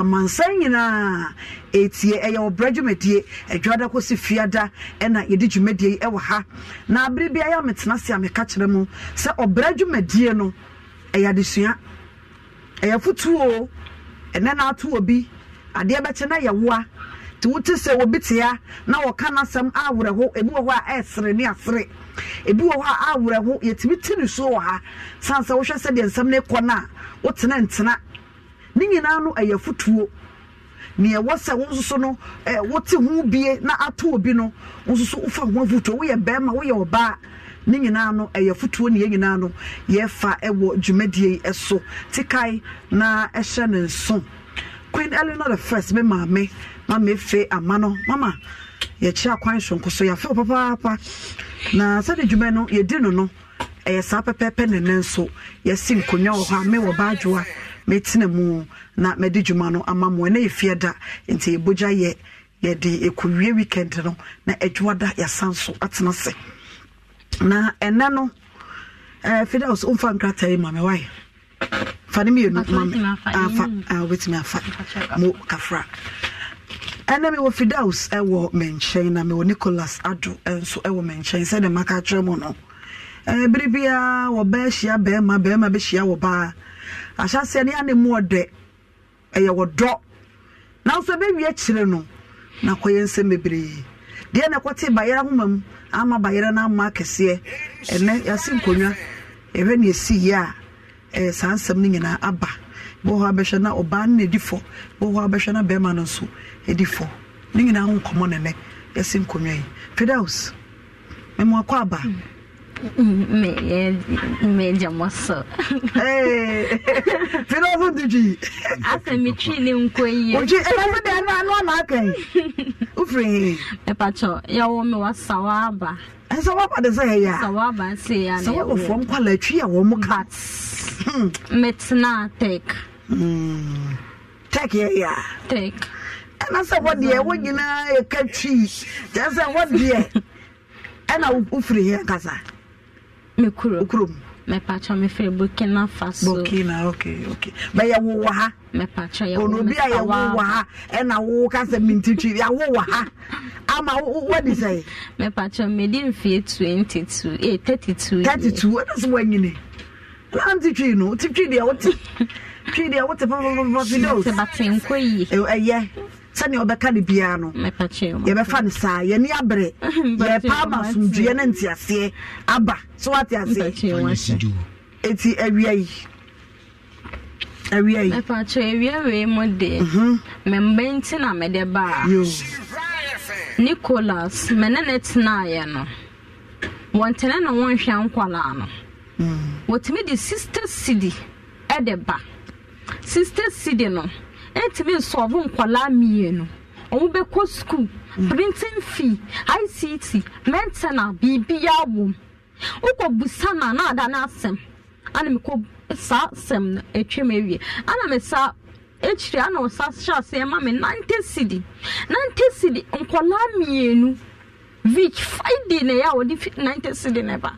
amansan nyinaa etie ɛyɛ ɔbrɛ dwumadie adwada kɔsi fiada ɛna yɛde dwumadie yi ɛwɔ ha na abere bi ayɛ ametena se ameka kyerɛ mu sɛ ɔbrɛ dwumadie no ɛyɛ adesua ɛyɛ futuo ɛnɛ n'ato obi adeɛ bɛkyɛ na yɛ woa te wote sɛ obi tea na wɔka n'asɛm awerɛho ebi wɔ hɔ a ɛsere ne asere ebi wɔ hɔ a awerɛho yɛtumi ti ne so wɔ ha san sɛ wohwɛ sɛ deɛ nsɛm ne kɔ na wotena ntena ne nyinaa no ɛyɛ fotuo nea ɛwɔ sɛ wo nsoso no ɛɛ wote ho bie na ato obi no wo nsoso wofa ho afutuo woyɛ bɛrima woyɛ ɔbaa ne nyinaa no ɛyɛ fotuo ne yɛn nyinaa no yɛfa ɛwɔ dwumadie yi so tikae na ɛhyɛ ne nso queen eleanor the first me maame maame efe ama no mama yɛkyi akwan sonko so yɛafew papaapa na sɛde dwuma no yɛdi no no ɛyɛ saa pɛpɛɛpɛ ne ne nso yɛsi nkonnwa wɔ hɔ a me wɔ baadwoa mɛtena mu na mɛde dwuma no ama mo ɛna yɛfie da nti yɛbogya yɛ yɛde ɛkɔwie weekend no na adwuma da yɛasan so atena se na ɛnɛ no ɛɛ eh, fidelis ɔmfa nkrataa yi ma me wayɛ fa ne mmienu ma me afa ah, a ah, wobɛtumi afa mo kafra ɛna mewɔ fidelis ɛwɔ me nkyɛn na mewɔ nicholas ado eh, nso ɛwɔ me nkyɛn sɛdeɛ maka kyerɛ mu no ɛɛ eh, biribiara wɔ bɛrima bɛrima bɛhyia wɔ baa ahyɛseɛ no yɛane mu ɔdɛ ɛyɛ wɔdɔ nanso ɛbɛwie kyerɛ no na kɔyɛ nsɛm bebree deɛ na ɛkɔte bayerɛ ahoma mu ama bayerɛ no ama akɛseɛ ɛnɛ yɛase nkonnwa na esi ɛsiyie a ɛyɛ saa nsɛm no nyinaa aba bɛwɔ abɛhwɛ na ɔbaa no na ɛdi fɔ na bɛrima no nso ɛdi fɔ ne nyinaa ho nkɔmmɔ aba mɛgya mɔsɔ fina so didi asɛ metwi ne nkɔ yiwokyi ɛnɛso deɛ no ano ana aka wofiri ɛpakyɛ yɛwo me wasawa aba ɛsɛ woaba de sɛ ɛyɛ a sawa aba sɛ ɛyɛ wobɔfoɔ nkwala atwi a wɔ mo ka metena tek tek yɛyɛ a tek ɛna sɛ wɔdeɛ wo nyinaa yɛka twi kyɛ sɛ wɔdeɛ ɛna wofiri hɛ kasa me kurom kurom mɛpatsɔ mefiri burkina faso burkina ok ok bɛyɛ wowɔ ha mɛpatsɔ yɛ wɔn obi a yɛ wowɔ ha ɛna wowo kasa minti twi yɛ wowɔ ha ama wɔdi sɛ. mɛpatsɔ mɛdi mfie twenty two eh thirty two. thirty two ɛna sɛ wɔnyini lanti twi no ti twi deɛ wɔte twi deɛ wɔte papapapapi dɔw. ti bati nko yie. ɛyɛ sɛnea ɔbɛka no biara no yɛbɛfa no saa yɛne aberɛ yɛpa ma somdua no nteaseɛ aba so wate aseɛ ɛti awia yi awia yi mepatwe awia wei mu deɛ mhm. memba nti na mede baa nicolas mene ne tenaeɛ no wɔntene na wɔnhwɛ nkwalaa no mm. wɔtumi de sister city ɛde ba sister city no ɛtumi nsɔɔbo nkɔlaa mmienu ɔmo bɛkɔ sukuu printing fee ict mɛntɛna biribiya wɔm wokɔ busa na na ada na ana mekɔ saa asɛm no atwam awie ana mesa akyire ana ɔsa hyɛ aseɛ ma me nante sidi nante sidi nkɔlaa mmienu vich friday na ɛyɛ a wɔde nante sidi na ɛba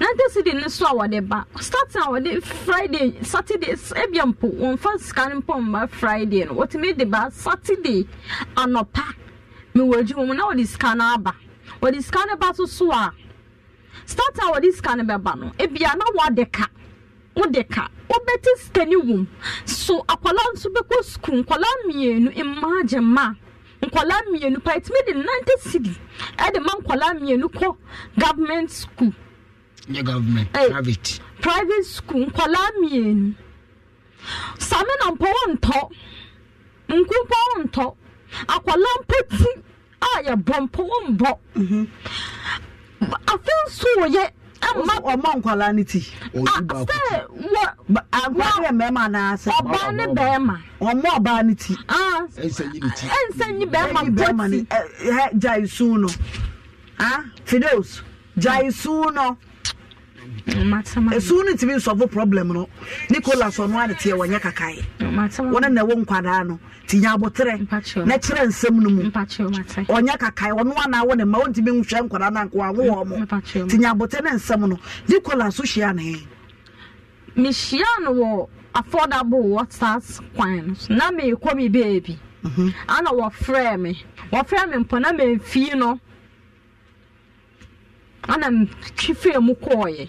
nante si de ne so a wɔde ba starting a wɔde friday saturday ebi mpo wɔn fa sika ne mpɔ mba friday no wɔtumi de ba saturday anɔpa mewɔ adwuma mu na wɔde sika no aba wɔde sika no ba so so a starting a wɔde sika no bɛba no ebia na wɔde ka wɔde ka wɔbɛte sika ne wɔm so akwadaa nso bɛkɔ sukuu nkwadaa mmienu mmaa gye mmaa nkwadaa mmienu pa etumi de nante si de ɛde ma nkwadaa mmienu kɔ government school. nyɛ government hey, eh, private private school nkwadaa mmienu sami na mpɔ ntɔ nku mpɔ ntɔ akwadaa mpɔ a yɛbɔ mpɔ wɔ mbɔ afe nso wɔyɛ ama ɔmɔ nkwadaa ne ti sɛ wɔ akwadaa mmarima ne bɛrima ɔmɔ ne ti gya ah, eh, esun eh, no gya ah, esun no. ɛsuo no ntumi nsɔfo problem no nicolas ɔno ade teɛ wɔnyɛ kakae wɔne na ɛwɔ nkwadaa no nti nya aboterɛ na kyerɛ nsɛm no mu ɔnyɛ kakae ɔno ana wɔ ne ma wɔntumi nhwɛ nkwadaa no ankoa wowɔ mo nti nya aboterɛ ne nsɛm no nicolas wohyia ne mehyia no wɔ affordable waters kwan no na meekɔ me baabi mhm. ana wɔfrɛ me wɔfrɛ me mpo na mamfie no ana mtwi fie mu kɔɔeɛ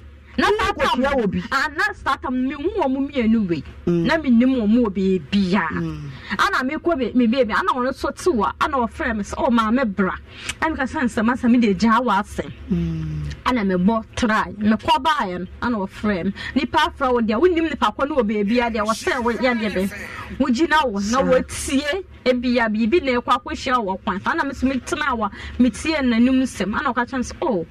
na satam ah, mm. mm. wɔ oh, mm. bi ana satam mi hu wɔn mmienu wei na mi nim wɔn wɔ beebia ana mi kɔ mi beebi ana wɔn nso te wɔ ana wɔfrɛ mi sɛ ɔ maame bra ɛmi ka sɛ nsɛm asɛm de gya wɔ asɛm ana mi bɔ try mi kɔ baayɛ no ana wɔfrɛ mi nipa afra wɔ deɛ wonim nipa kɔ no wɔ beebia deɛ wɔsɛ wɔ yɛ deɛ bɛ wogyina wɔ na wɔtie ebia biribi na ɛkɔ akɔhyia wɔ kwan ana mi nso mi tena wɔ mi tie n'anim oh, nsɛm ana ɔka kyɛn sɛ ɔ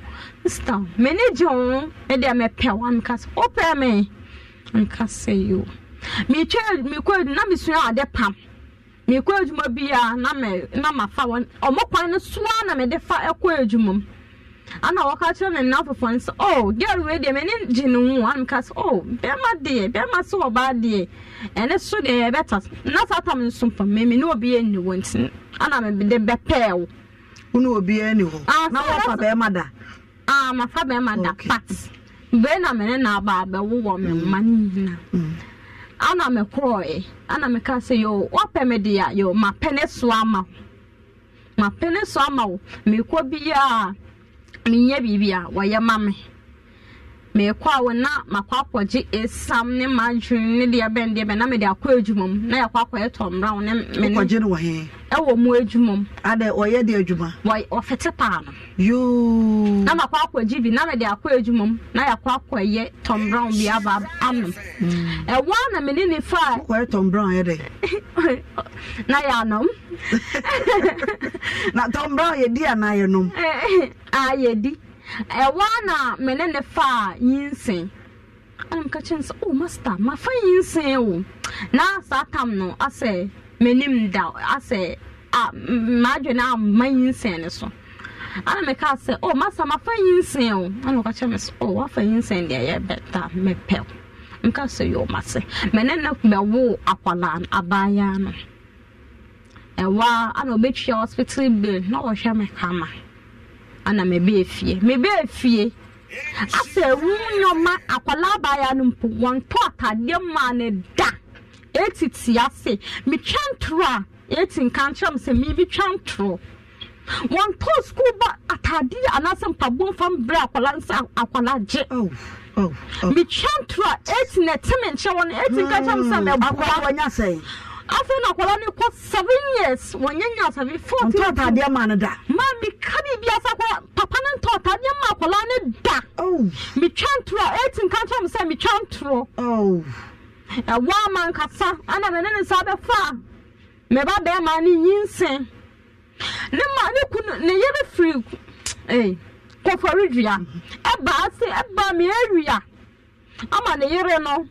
star mene gye ho ɛde mɛpɛ wo ankasa wopɛ me ankasa metwa mekɔ na mesua ade pam mekɔ adwuma bi na me na mafa wɔn kwan no na mede fa ɛkɔ adwuma mu ana wɔka kyerɛ nna oh girl wei deɛ mene gye ne anka oh deɛ ɔbaa deɛ ɛne so deɛ yɛbɛta na saa tam nso mfa mmemme ne obi yɛ wɔ ana mede bɛpɛɛ wo obi mafa bɛrima da pat bɛɛ na mene na aba abɛwo wɔ me mma ne nyina ana mekorɔɛ ana meka sɛ yo woapɛ me de a yo mapɛ ne so ama wo mapɛ ne so ama wo mekɔ bi a menyɛ biribi a wɔyɛ ma me mekɔ a wo na makɔ akɔgye esam ne madwin ne deɛ bɛn deɛ bɛn na mede akɔ edwuma mu na yɛkɔ akɔ ɛtɔ mmra wo ne me kɔgye no wɔ he ɛwɔ mu adwuma mu adɛ ɔyɛ de adwuma ɔfete paa no yoo na makɔ akɔgye bi na de akɔ edwuma mu na yɛkɔ akɔ ɛyɛ tɔm brown bi aba anom hmm. ɛwɔ na mene ne fa kɔyɛ tɔm brown yɛ dɛ na yɛanom na tɔm brown yɛdi anaa yɛnom a di. ɛwɔ na mene ne fa yinsen ɛna meka sɛ o oh, master na saa tam no asɛ menim da asɛ a m'adwene na ma yinsen ne so ɛna meka oh, sɛ o master mafa yinsen o ɔka bɛta sɛ yɛ ɔma sɛ mene ne abaayaa no ɛwɔ a ɛna hospital bill na ɔhwɛ me kama. ana mebe efie mebe efie asɛ ewu nyɔma akwadaa abaayewa no mpo wɔn to ataadeɛ maa ne da etiti ase metwa ntoro a eti nkankyɛm sɛ mebi twa ntoro wɔn to sukuu ba ataadeɛ anaasɛ mpaboa nfa mbrɛ akwadaa nsa akwadaa gye. Oh. Oh, oh. metwa ntoro a eti na ɛte me nkyɛn wɔn eti nkankyɛm sɛ hmm. mɛboa. akwadaa wɔnyɛ sɛn afei na akwadaa no kɔ seven years wɔnyɛ nya seven fourteen. ntɔ ataadeɛ maa no e, da. maa mi ka biribi asa akwadaa papa ne ntɔ ataadeɛ maa akwadaa no da. mi twa ntoro eighteen kan kyerɛ mi sɛ mi twa ntoro. ɛwɔ ama nkasa ɛna mɛ ne ne nsa bɛfa mɛ ba bɛrima ne nyinsɛn ne ma ne kunu ne yɛrɛ firi ee kɔfɔri dua ɛba ase ɛba mi ewia ama ne yɛrɛ no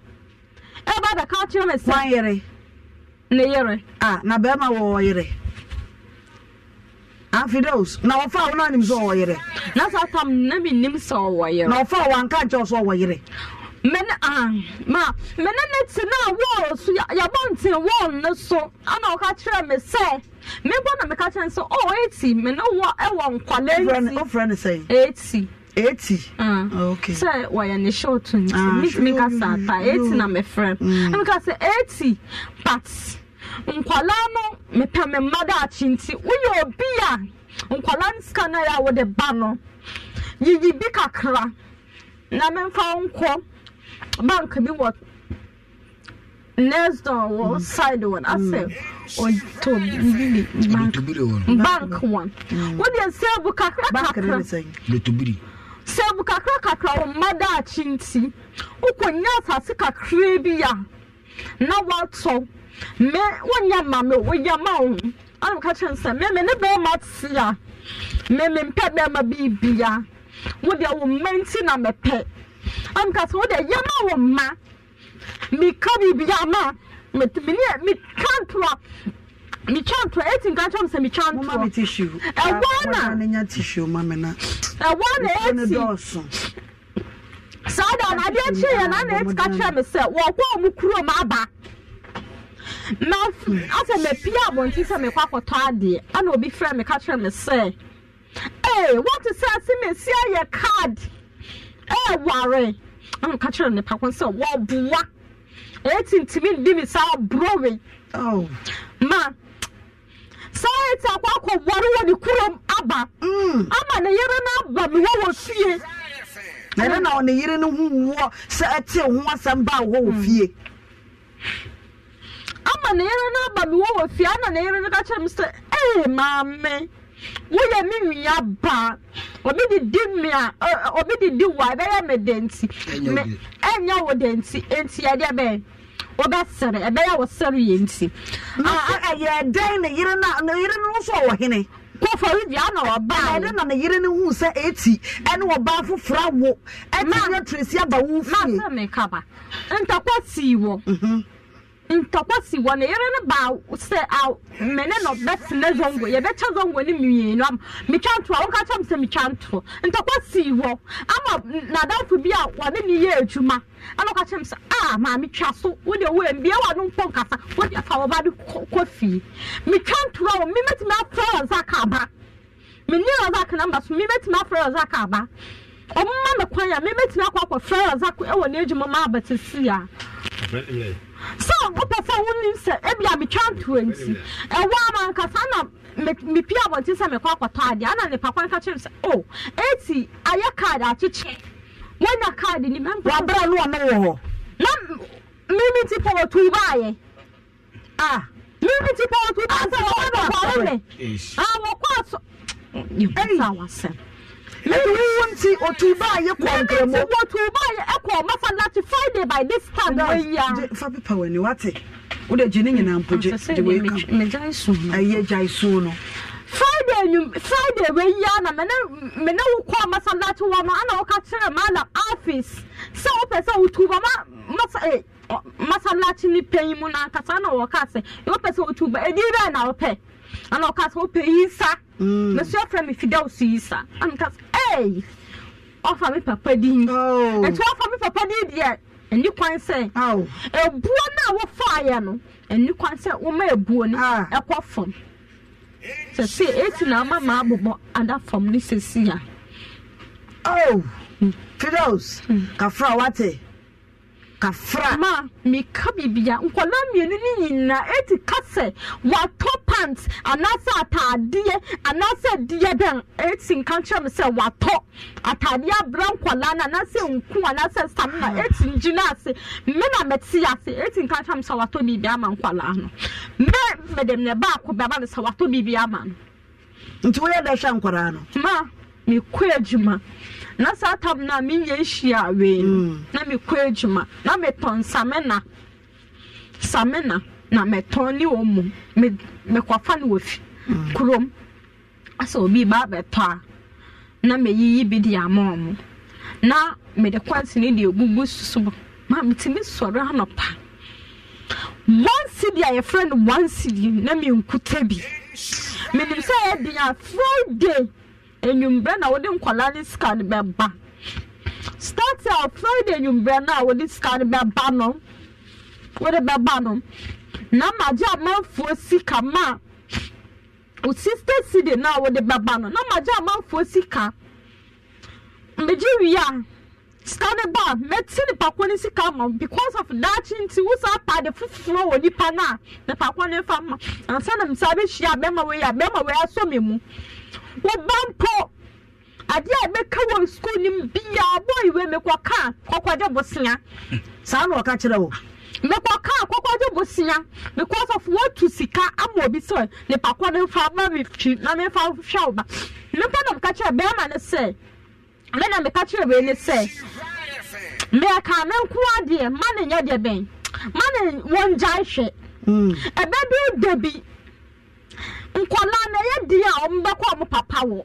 ɛba bɛka kyerɛ mi sɛ. wɔn yɛrɛ ne yere a na bɛrima wɔ wɔ yere afideus na wɔfa a wɔn anim sɛ ɔwɔ yere. na sa sam na mi nim sɛ ɔwɔ yere. na wɔfa a anka nkyɛn sɛ ɔwɔ yere. mene ah ma mene ne te na wall so yabɔ nten wall ne so ana ɔka kyerɛ me sɛ mebɔ na meka kyerɛ sɛ oh eti mene wɔ ɛwɔ nkwale nti. ofurɛ ne sɛ. eti. eti. okay sɛ wɔyɛ ne show tuntun ah, mi mi ka sa ata eti na me frɛ mm. mi ka sɛ eti but. nkwalaa no mepɛ me mma nti woyɛ obi a nkwalaa no sika no a wɔde ba no yiyi bi kakra na memfa nkɔ bank bi wɔ next door wɔ mm. side wɔn mm. asɛ ɔtɔ biri bank bank wɔn mm. wɔde sɛɛbu kakra kakra sɛɛbu kakra kakra wɔn mma daakye nti wokɔ nyɛ asase kakra bi a na wɔatɔ. me wonya e, e e ma me woya ma wo ana ka kyerɛ sɛ me ne bɛrima te a me mpɛ biribia mma nti na mepɛ ana ka sɛ yɛ ma wo ma meka biribia ma meka a metwa ntoa nka sɛ ɛwɔ na ɛwɔ na ɛti saa da na adeɛ kyeeɛ na na ɛti ka kyerɛ me sɛ wɔkɔ mu kurom na afọ mepie abọnti sị mekọ akọtọ adịe ana obi fere me ka kyerɛ me ee wɔte sɛ ase mesi ayɛ kaadị ee ware ana ka kyerɛ nipa ko sɛ wɔboa ee tintimi di mi saa browe oh. ma saa eti akɔ akɔ wɔre wɔ ne kurom aba mm. ama ne yere na aba mi wɔ wɔ fie. na ɛno na ɔne yere no ho wɔ sɛ ɛte ho asɛm baa wɔ wɔ fie. Mm. ama ne yere no aba me wɔ wɔ fie ana ne yere no ka kyerɛ me sɛ ee maame woyɛ me nua baa obi de di mi a obi de di wa ɛbɛyɛ me dɛnti me ɛnyɛ wo dɛnti nti yɛ deɛ bɛyɛ wɔbɛsere ɛbɛyɛ wɔ sere yɛ nti. Ah, ah, ɛyɛ dɛn ne yere na ne yere no nso wɔ hene. kófòrò di àná ọba àwọn. ẹni na ne yere ni hun sẹ eti ẹni ọba foforọ awo ẹni yẹ tracy abawun fie. máa sẹ mi kaba ntakwa tii wọ ntɔkwa si wɔ ne yere ne baa sɛ aw mene na ɔbɛtena zongo yɛbɛkyɛ zongo ne mmienu ama metwa nto a wɔka kyɛm sɛ metwa nto ntɔkwa si hɔ ama nadamfo bi a wɔne ne yɛ adwuma ana ɔka kyɛm sɛ a maame twa so wode wo ambia wɔ no mpɔ nkasa wode afa wɔ ba de kɔ fie metwa nto a wɔ memɛtumi afrɛ ɔzaka aba menni ɔzaka namba so memɛtumi afrɛ ɔzaka aba ɔmoma me kwan a memɛtumi akɔ akɔfrɛ ɔzaka ɛwɔ n'adwuma ma sɛ wopɛ sɛ wonim sɛ ebia metwa ntoanti ɛwɔ ama nkasa na mepi abɔnten sɛ mekɔ akɔtɔ adeɛ ana nipa kwan ka kyerɛ me sɛ o eti ayɛ kaade akyekyɛ wanya kaade ni mɛmpa wabra no ɔno wɔ hɔ na mimi ti pɔ wɔtu baayɛ a mimi ti pɔ wɔtu baayɛ sɛ wɔkɔ akɔkɔ me a wɔkɔ ato ɛyi awasɛm ɛtuwo nti otuba ayɛ kɔ nkremo. ɛmi ti otuba ayɛ ɛkɔ ɔmafa lati friday by this time wɔyi a. fa pepa wɔ ni wate o de gye ne nyinaa mpo gye gye wɔyi kan ɛyɛ gya isu no. friday nyum friday wɔyi a na mene mene wo kɔ ɔmafa lati wɔ no ana wɔka kyerɛ ma na office sɛ wɔpɛ sɛ otuba ma masa ee. masalachi ni panyin mu nankasa na wɔka sɛ wɔpɛ sɛ otuba edi bɛɛ na wɔpɛ ana wɔka sɛ wɔpɛ yi sa na so yɛfrɛ eh, mm. me fidel so yi sa ana wɔka sɛ hey ɔfa mi papa din ɛtwa ɔfa mi papa din deɛ ɛni kwan sɛ ebuo na a wofa ayɛ no ɛni kwan sɛ woma ebuo no ah. ɛkɔ fam sɛsi eti na ama maa bobɔ ada fam ne sɛsi a. oh fidos hmm. kafra wate. kafra. ma mika bibia nkwadaa mmienu ni nyinaa eti kasɛ wato pant anaasɛ ataadeɛ anaasɛ deɛ bɛn eti nka kyerɛ mi sɛ wato ataadeɛ abira nkwadaa na anaasɛ nku anaasɛ stamina eti ngyina ase mme na mɛte ase eti nka kyerɛ mi sɛ wato bibia ama nkwadaa no mme mɛdɛm baako bɛɛ mi sɛ wato bibia ama no. nti wɔyɛ dɛ hwɛ nkwadaa no. ma miko adwuma. na saa tab na meyɛ ahyia wei no mm. na mekɔ adwuma na metɔn samena samena na mɛtɔn ne wɔ mu mekɔfa no wɔ fi mm. kurom asɛ obi baa bɛtɔ a na yiyi bi de ama ɔmo na mede kwansi ne deɛ ogugu susu mu maa metumi sɔre anɔpa one cd a yɛfrɛ no one cd na menkuta bi menim sɛ ɛyɛ den a full day enyimbrɛ na wɔde nkwadaa ne sika no bɛba start out friday enyimbrɛ na wɔde sika no bɛba no wɔde bɛba no na magye amanfoɔ sika ma o sista sidi na wɔde bɛba no na magye amanfoɔ sika megye wia sika ne ba mɛti nipa ko ne sika ma because of daakye nti wusa apaade foforɔ wɔ nipa na nipa ko ne fa ma ansa na msa bɛhyia bɛma wei a bɛma wei asɔ mi mu. wɔba mpo adeɛ a ɛbɛka wɔ sukuu nim biaa bɔyi wei mekɔka kɔkɔgye bosea saa na ɔka kyerɛ wo because of wɔtu sika ama obi sɛ nipa kɔ ne na memfa hwɛ ba na meka kyerɛ bɛrima ne sɛ na meka kyerɛ wei ne sɛ nko adeɛ ma ne nyɛ deɛ bɛn ma ne hwɛ hmm. bi da bi nkwadaa na ɛyɛ di a wɔn bɛkɔ wɔn papa wɔ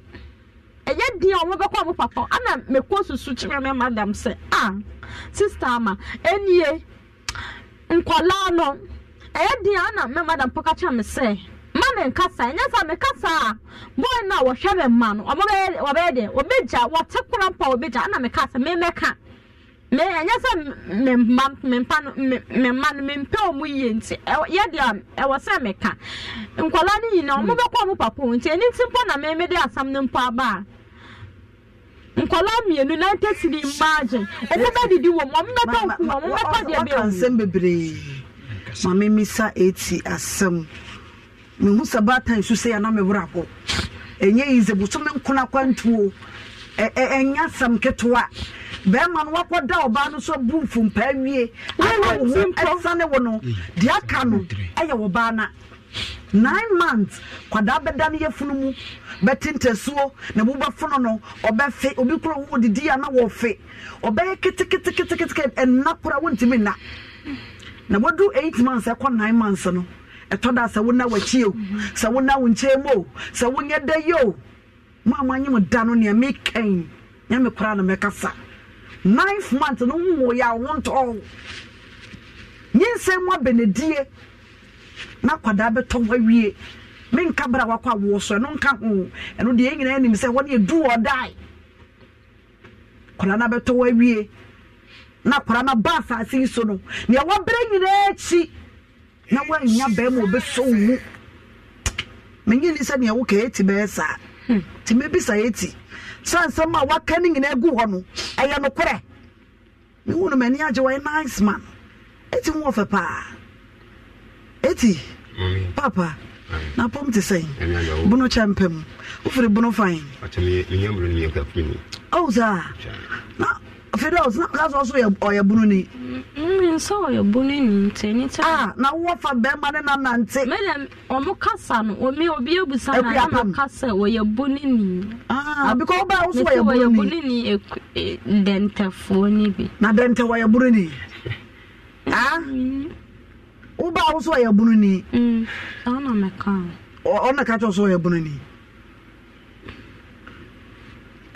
ɛyɛ a wɔn bɛkɔ wɔn papa ɛna mɛkɔ susu kyerɛ mɛ madam a sista ama ɛnie nkwadaa no ɛyɛ a ɛna mɛ madam pɔka sɛ mma mi nkasa ɛnyɛ sɛ mi kasa a bɔɔl no a wɔhwɛ mi no wɔbɛyɛ wɔbɛyɛ deɛ wɔbɛgya wɔte me ɛnyɛ sɛ memma mempa no memma no mempɛ ɔmo yie nti e, yɛde a ɛwɔ sɛ meka nkwadaa no nyinaa ɔmo hmm. bɛkɔ ɔmo papa wɔn nti ɛni nti mpo na mɛmɛ de asam no mpo aba a nkwadaa mmienu na ntɛsi ni mmaagye ɔmo bɛdidi wɔm ɔmo bɛtɔ nkum ɔmo bɛkɔ deɛ bɛyɛ wɔn. nsɛm bebree maame misa eti asɛm mehu sɛ baatan so sɛ yana mewerɛ akɔ ɛnyɛ yi sɛ bosome nkona kwantuo ɛnyɛ e, e, asɛm ketewa. bɛrima no wakɔ da ɔbaa no so bu mfumpaa wie ama wo ɛsane wo no deɛ aka no ɛyɛ wɔbaa na nine months kwadaa bɛda no yɛfunu mu bɛte ntasuo na wobɛfono no ɔbɛfe obi koro wo didi a na wɔfe ɔbɛyɛ keteketeketeketeke ɛnna kora wontumi nna na wadu eight months ɛkɔ nine months no ɛtɔ da sɛ wona w'akyi o sɛ wona wo nkyɛn mu o sɛ wonyɛ dɛ yi o mo a mo anyim da no nea mekɛn nyɛ me na mɛkasa ninth month no wo yɛ a wontɔw nyɛnsɛm mu abɛnedie na akwadaa bɛtɔ wawie menka bra wakɔ awoɔ so ɛno nka ho ɛno deɛ ɛnyinaa nim sɛ wɔne ɛdu ɔdae akwadaa no bɛtɔ wawie na akwadaa no ba asase yi so no nea wɔbrɛ nyinaa akyi na woanya bɛrima ɔbɛsɔ wo mu menye ni sɛ nea wokɛ ɛti bɛyɛ saa hmm. nti mɛbisa ɛti sɛ nsɛm a waka no nyinaa gu hɔ no ɛyɛ nokorɛ mehu no m'ani agye wɔyɛ nice man ɛti ho ɔfɛ paa ɛti papa na pɔm te sɛn bono kyɛ mpɛ wofiri bono fan o na fidelis nakaso so ɔyɛ mmiri nso mm, ɔyɛ bununi nti ni tɛ. Ah, na wɔ fa bɛrima ne na nante. mɛlɛ ɔmo kasa no omi obi ebusa na ama kasa ɔyɛ ah, ɔbaa ɔyɛ ɔyɛ e, dɛntɛfoɔ ni bi. na dɛntɛ ɔyɛ bununi. Mm. aa ah? ɔbaa woso ɔyɛ bununi. Mm, ɔna mɛka. ɔna kakyɛ so ɔyɛ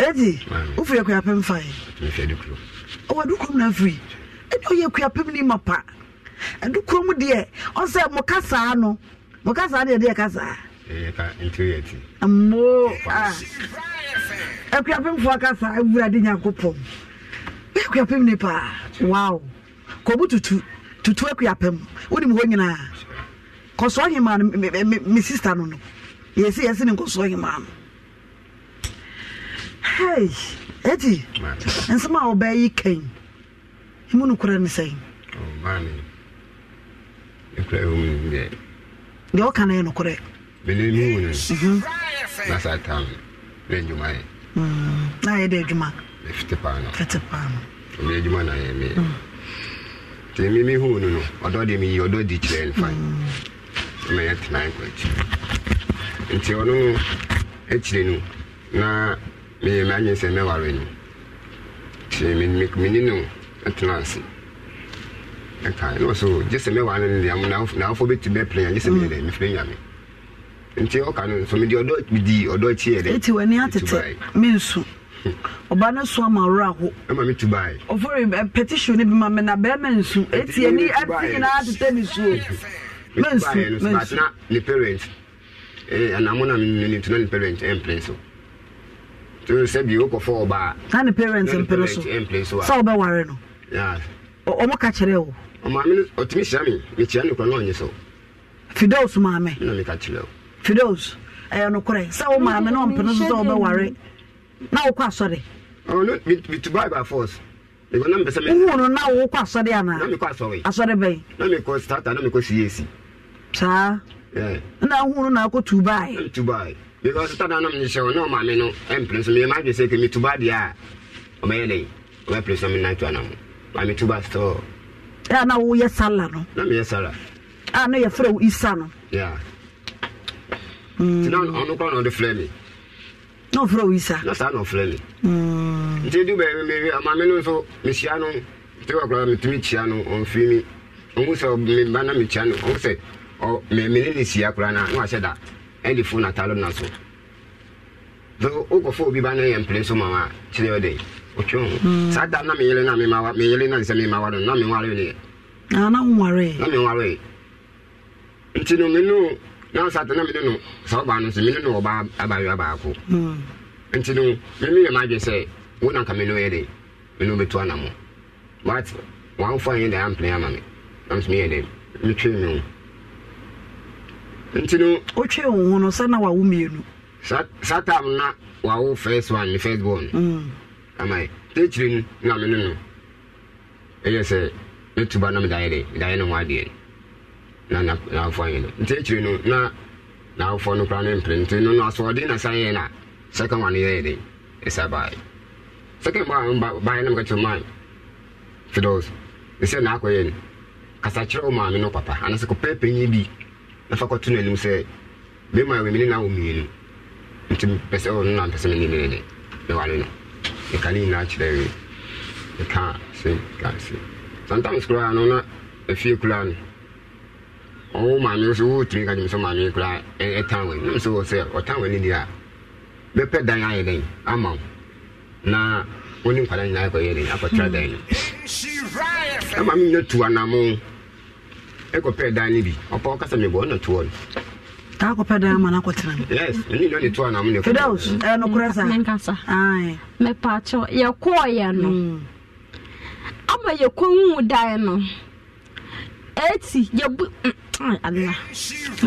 ɛdi wofiri akuapɛm fae ɔwɔ adukurom no afiri ɛne ɔyɛ akuapɛm ni ma eh, ah. pa adukurom deɛ ɔsɛ mo kasaa no mo kasaa deɛ deɛ kasaa mo akuapɛmfoɔ kasaa awurade nyankopɔn woyɛ akuapɛm ni paa wow kɔbu tutu tutu akuapɛm wonim hɔ nyinaa kɔsɔɔ hemaa no me sista no no yɛsi yɛsi ne nkɔsɔɔ hemaa no hey eti nsɛm a wɔbɛyi kɛn mu no kora ne sɛn oh, deɛ ɔka no yɛ nokorɛ mhm. na yɛ dɛ adwuma mm. fete paa no adwuma na yɛ meyɛ mm. nti me mehu no no ɔdɔ deɛ meyi ɔdɔ di kyerɛ no fan mɛyɛ mm. tenae kɔ akyi nti ɔno no akyire no na meyɛ m'agye sɛ mɛware no nti mene no ɛtena ase ɛka na so gye sɛ mɛware no deɛ naafo bɛtu bɛpere a gye sɛ meyɛ dɛ mefiri nyame nti ɔka no so mede ɔdɔ di ɔdɔ akyiɛ dɛ ɛti w'ani atete mensu ɔba no so ama ɔwerɛ aho ɛma metu bae ɔfɔre petition no bi ma me na bɛrima nsu ɛti ani ɛti nyinaa tetɛ me suo mensu mensu ne parent ɛnamo eh, na mene tuna ne parent ɛmpere eh, so to sɛ bi wokɔfɔ ɔbaa na ne parents mpere so sɛ wobɛware no ɔmo ka kyerɛ wo ɔmaame no ɔtumi hyia me mekyia ne kwan na ɔnyɛ sɛ fidos maame na meka kyerɛ wo fidos ɛyɛ nokorɛ sɛ wo maame no ɔmpene so sɛ wobɛware na wokɔ asɔre ɔno metu bai by force wohu no na wowokɔ asɔre anaa asɔre bɛn na mekɔ stata na mekɔ siesi saa na wohu no na akɔ tu bae because tada no mehyɛ wo ne ɔmaame no ɛmpere so meyɛma adwe sɛ kɛ metuba deɛ a ɔmɛyɛ dɛn ɔmɛpere so menanto ana mo ma metuba store ɛa na woyɛ sala no na meyɛ sala a ah, na yɛfrɛ wo isa no ya nti hmm. na ɔno kora na ɔde frɛ me na ɔfrɛ wo isa na saa na ɔfrɛ me hmm. nti du baabi mewe ɔmaame no nso mehyia no nti wɔkora metumi kyia no ɔmfiri mi ɔhu sɛ meba na mekyia no ɔhu sɛ mene ne sia koraa na na wahyɛ da ɛde fo natalem na so wokɔfa obi ba no yɛ mpere nso ma a kyerɛ dɛ ɔtwe ho saa da na meyere na memawa meyere na nsɛ memawa no na meware neɛ na woware na meware nti no meno na sata na mene no saa ɔbaa no so mene no ɔbaa abayewa baako nti no memeyɛ maadwe sɛ wo na nka mene yɛ dɛ mene wobɛtu ana mo but wɔamfa yɛ dɛ ampene ama me na nso meyɛ dɛ metwe me ho nti na wawo first one ne first born mm. ama tekyiri no na mene no ɛyɛ sɛ metuba na medayɛ de medayɛ ne ho adeɛ na naafoɔ anyɛ no nti akyiri no na naafoɔ no koraa ne mpere nti no no asoɔden na sa yɛɛ no second one yɛyɛ de ɛsa baeɛ second baeɛ na meka kyerɛ ma fidos ɛsɛ naakɔyɛ no kasakyerɛ wo maame no papa anasɛ kɔpɛ nafa kɔto n'anim sɛ bɛma memene na wo mmienu nti pɛ sɛ ɔno na mpɛ sɛ mene mene ne meware no meka ne nyinaa kyerɛ we meka se ka se sometimes koraa no na afie koraa no ɔwo maame so wotumi ka gyem sɛ maame koraa ɛtan w'ani nam sɛ wɔ sɛ ɔtan w'ani deɛ a bɛpɛ dan ayɛ dɛn ama wo na wo ne nkwadaa nyinaa akɔyɛ dɛn akɔtra dan no ama menya tu anamo ɛkɔpɛ dan no bi ɔpɔ ɔkasa mebɔ ɔna toɔ no taa kɔpɛ dan ma na kɔtena mu. yes ɛni na ne to a na mu ne kɔ. fidaus ɛɛ nukura sa. mɛnka sa mɛpa akyɛw yɛ kɔɔ yɛ no mm, mm. ama yɛ kɔnwu dan no eti yɛ bu ala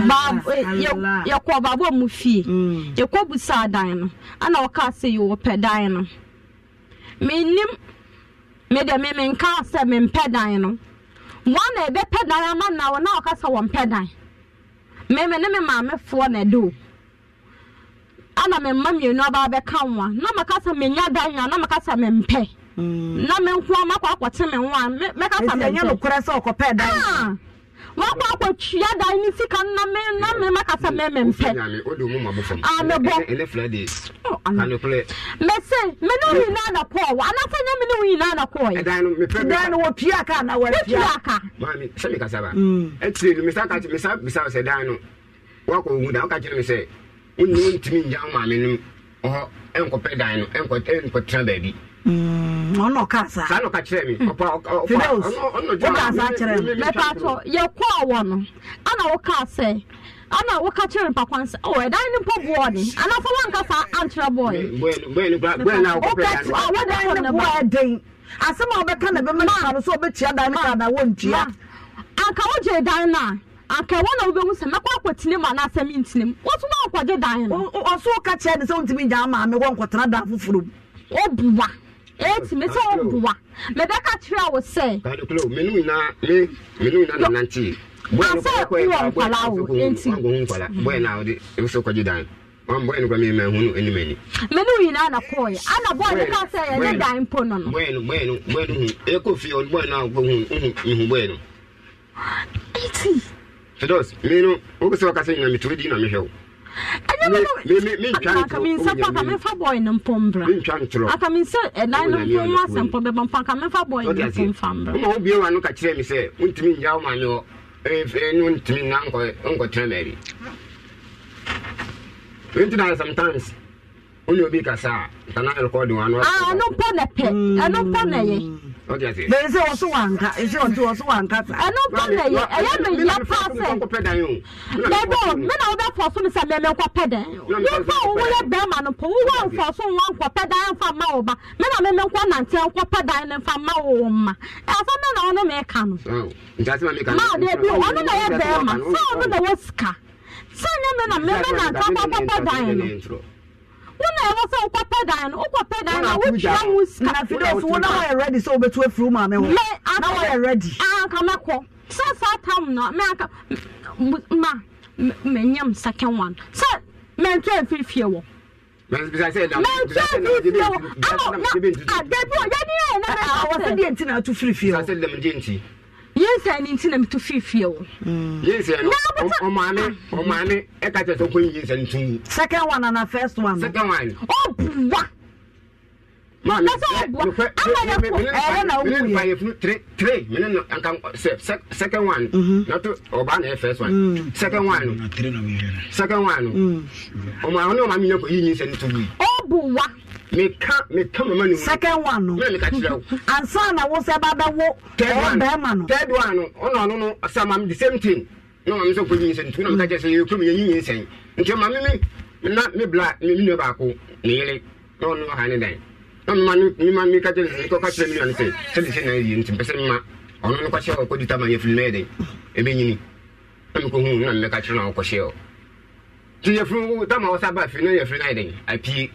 baabu yɛ yɛ kɔ baabu a mu fie mm. yɛ kɔ busa dan no ɛna ɔka sɛ yɛ wɔpɛ dan no mɛ nim mɛ dɛ mɛ mɛ nka sɛ mɛ dan no. wọn ebe pedan ama na wọn a ɔkasa wɔn pedan mmemme ne maame foɔ na ɛde me mma mmienu aba ka nwa na ma kasa me nya dan ya na ma kasa me mpɛ mm. na me nko ama kɔ te me nwa me kasa me mpɛ. sɛ ɔkɔ wakɔ akɔtua dan ne sika na me na me ma kasa me me mpɛ a ah, me eh, bɔ eh, eh, oh, me se me ne wo nyinaa na pɔɔ wa anasɛ nyɛ me ne wo nyinaa na kɔɔ yɛ dan no wɔtua ka na wɔtua ka maame sɛ kasa ba ɛtiri mm. no mesa ka mesa bisa sɛ dan no wakɔ owu dan wɔka kyerɛ me sɛ wonni wontumi ngya wo maame nom ɔhɔ ɛnkɔpɛ dan no ɛnkɔtena baabi ɔnɔ mm, kasa saa nɔka kyerɛ mi fideos wokasa kyerɛ mi yɛkɔɔ wɔ no ana woka sɛ ana woka kyerɛ sɛ ɔ oh, ɛdan mpɔ boɔ anafo wankasa ankyerɛ asɛm a wobɛka na bɛma no dan no wɔntua anka wogye dan no a anka ɛwɔ na wobɛhu sɛ mɛkɔ akɔtene mu anaasɛ mentenem woso woankɔgye dan no ɔso woka kyerɛ ne sɛ wontumi gyaa maame wɔnkɔtena dan foforom ɔboa eti mi sɛ ɔboa mɛbɛka kyerɛ wo sɛ. kadokolo menu nyinaa mi menu nyinaa nanante. asɛ wɔ nkwala wo enti. bɔyɛ na ɔde ebuso kɔji dan wọn bɔyɛ nukura mi mɛ hunu enim eni. menu nyinaa na kɔɔ yɛ ana bɔyɛ no kaa sɛ yɛne dan mpo no no. bɔyɛ no bɔyɛ no bɔyɛ no hu eko fi ɔno bɔyɛ no a ɔbɔ hu hu ihu bɔyɛ no. eti. fedos mi no o bɛ sɛ ɔkasa nyina mi tuo di na mi hwɛ o akaminsa mpo akamefa boy no mpo mbra akaminsa ɛdan no mpo ho asɛm mpo bɛbɔ mpo boy no mpo mfa mbra woma no ka kyerɛ me sɛ wontumi nya wo maame eh, hɔ eh, no ntumi na nkɔtena baabi nti na sometimes wone obi kasa a ntana rekɔde wa no ɛno mpo na pɛ ɛno mpo yɛ bẹẹ sẹ wọn sọ wọn nka ẹsẹ wọn ti wọn sọ wọn nka sa. ẹnu bọ na yẹ ẹyẹ mi yẹ paase bẹẹbi o mi na ọbẹ fọ fún mi sẹ mẹmẹ nkọ pẹ dẹ nípa òwú yẹ bẹẹ ma no pọ wúwo nfọ fún wọn nkọ pẹ dẹ nfa ma wọ ba mi na mẹmẹ nkọ nantẹ nkọ pẹ dẹ nfa ma wọ ma ẹfọ mi na ọnu mi ka no. maa de bi ọnu na yẹ bẹẹ ma sẹ ọnu na wọ sika sẹ ẹni mi na mẹmẹ nantẹ nkọ pẹ dẹ no na ɛwɔ sɛ wokɔpɛ dan no wokɔpɛ dan na wotua ho sikanafidoso wo na ready sɛ wobɛtu afiri wo maame ho na woyɛ ready anka mɛkɔ sɛ saa tam no meaka ma manyam second one sɛ mɛntu afiri fie wɔ mɛntu afiri fie wɔ ama dabi ɔ yɛne yɛ na mɛkɔ sɛ deɛ nti na ato firi yɛnsa ni ntina mi to fiifie o. Mm. yɛnsa no ɔmaane ɔmaane ɛka kyerɛ sɛ ɔkɔnyi yɛnsa ni tun. second one and first one. second one. ɔbuwa. maami nufɛ ɛyɛ na ɔbu yɛ. mene nfa yɛfunu tire tire mene na nka sɛ second one. nato mhm. ɔba na yɛ first one. Mm. second one. second one. Mm. ɔmaane ɔmaame yɛ kɔ yi yɛnsa ni tun. ɔbuwa meka meka mama ni second one no meka kyerɛ wo ansa na wo sɛ baba wo ɛyɛ bɛrima no third one no ɔno oh, ɔno no sɛ mam the same thing na mam sɛ kɔnyi nsɛ ntu na meka kyerɛ sɛ yɛ kurom yɛnyi yɛ nsɛn nti ma me na me bla me nua baako na ɔno ha ne dan na mma me ma meka kyerɛ sɛ mekɔka kyerɛ me nua no sɛ sɛ de sɛ na yɛ nti mpɛ sɛ mma ɔno no kɔhyɛ wɔ kɔdi tama yɛfiri na yɛ den ɛbɛnyini na mekɔhu na meka kyerɛ na wɔkɔhyɛ wɔ nti yɛfiri tama wɔ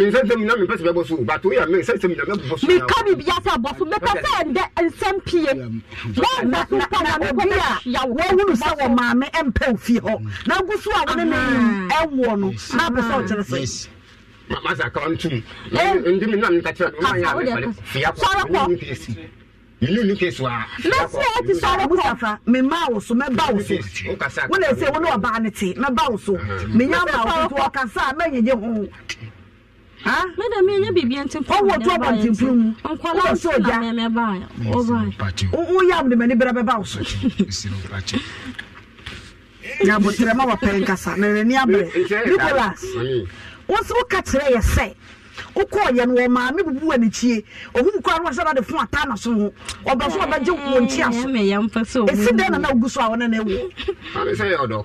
nsɛnsɛm nyinaa mi pɛsɛ bɛ bɔ so bato yi a mi nsɛnsɛm nyinaa mi bɔ so. mi ka mi bi ase abɔfo mi pɛsɛ ɛdɛ nsɛm pie na na na na obi a yawo ehunu sɛ wɔ maame ɛmpɛ ofie hɔ na gusu a wɔn ne ɛwɔ no na apɛ sɛ ɔkyerɛ sɛ. masa kawa ntum ndi mi nam ntakyerɛ no mayɛ awɛfale fia kɔ pesi yìí ní kesi wa. lẹ́sìn ẹ ti sọ̀rọ̀ kọ́ mi máa wò so mẹ́ bá wò so wọ́n lè ṣe wọ́n ní ọba ni ti mẹ́ bá wò so mi yàn máa wò so ọ̀kasá mẹ́yìn yẹn hù meda menyɛ biribia ntimpɔwɔtoabɔntempim nkwalawoyam de m'ani bra bɛba wo so nyabotrɛ ma wɔpɛre nkasa na nani aberɛ nicolas wo sɛ woka kyerɛ yɛ sɛ wokɔɔyɛ no wɔmaa me bubu wa nekyie ɔhum kora no wasɛ nade fo ataa na so ho ɔba so wɔbɛgye wɔ nkyia so ɛsi dɛn na na wogu so a wɔne na ɛwu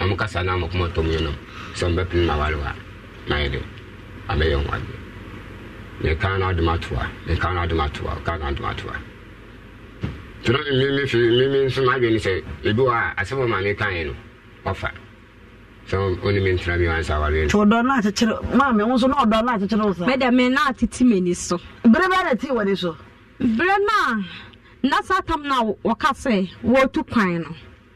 na mo kasa na mo kuma to mu yɛnam sɛ mo ma wale wa na yɛ de abɛyɛ ho ade ne kan na adom atoa ne kan na adom atoa kan na adom atoa tena mmemme fi mmemme nso n'adwene sɛ ebi wɔ a asɛm ma ne kan yɛ no ɔfa ɔdɔ no akyekyere maame wo nso na ɔdɔ no akyekyere wo sa mɛdɛ me na atete m'ani so bere bɛɛ na tii w'ani so bere no a na saa tam no a wɔka sɛ wɔtu kwan no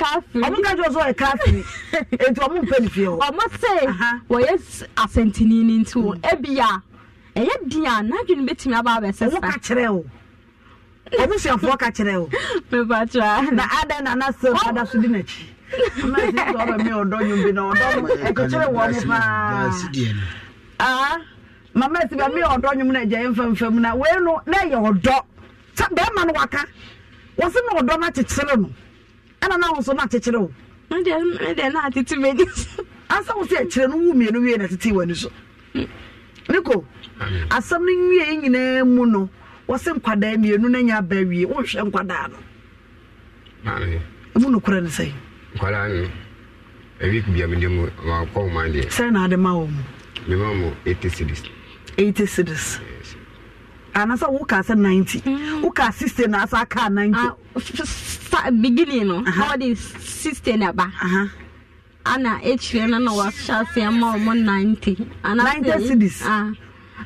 kafiri. ọmọ kájọ sọ yẹ kafiri etu ọmọ mpẹ nìfẹ o. ọmọ sẹ wọyẹ asẹntini ni nti wọn ebi a ẹyẹ di a n'adwene bẹtumi aba abẹ sẹsa. ọmọ kakyerẹ o ọmọ suafoɔ kakyerẹ o. mẹba tura. na ada na ana sẹ ada so di n'akyi. ọmọ ẹsẹ sọ ọbẹ mi ọdọ yun bi na ọdọ ẹkẹkyerẹ wọn mu paa. mama ẹsẹ bẹ mi ọdọ yun na ẹjẹ yẹn fẹmfẹm na wẹẹnu n'ẹyẹ ọdọ bẹẹma ni waka wọsi na ọdọ na kyekyere no ɛna na ahosuo no akyekyere wo deɛ na atete m'ani so ansa wo sɛ kyerɛ no wu mmienu wie na tete w'ani so niko asɛm no nwie nyinaa mu no wɔse nkwadaa mmienu na nya aba wie wonhwɛ nkwadaa no ɛmu nokorɛ ne sɛ nkwadaa no ɛwik bia mede mu wakɔ wo ma deɛ sɛ na ade ma wɔ mu mema mo Eighty cities 80 cities yeah anasa wo ka sɛ 90 mm. wo ka 60 na asa ka 90 ah, beginning no how the 60 na ba aha ana ekyire na na wa hyɛ ase ama 90 anasa 90 cities uh.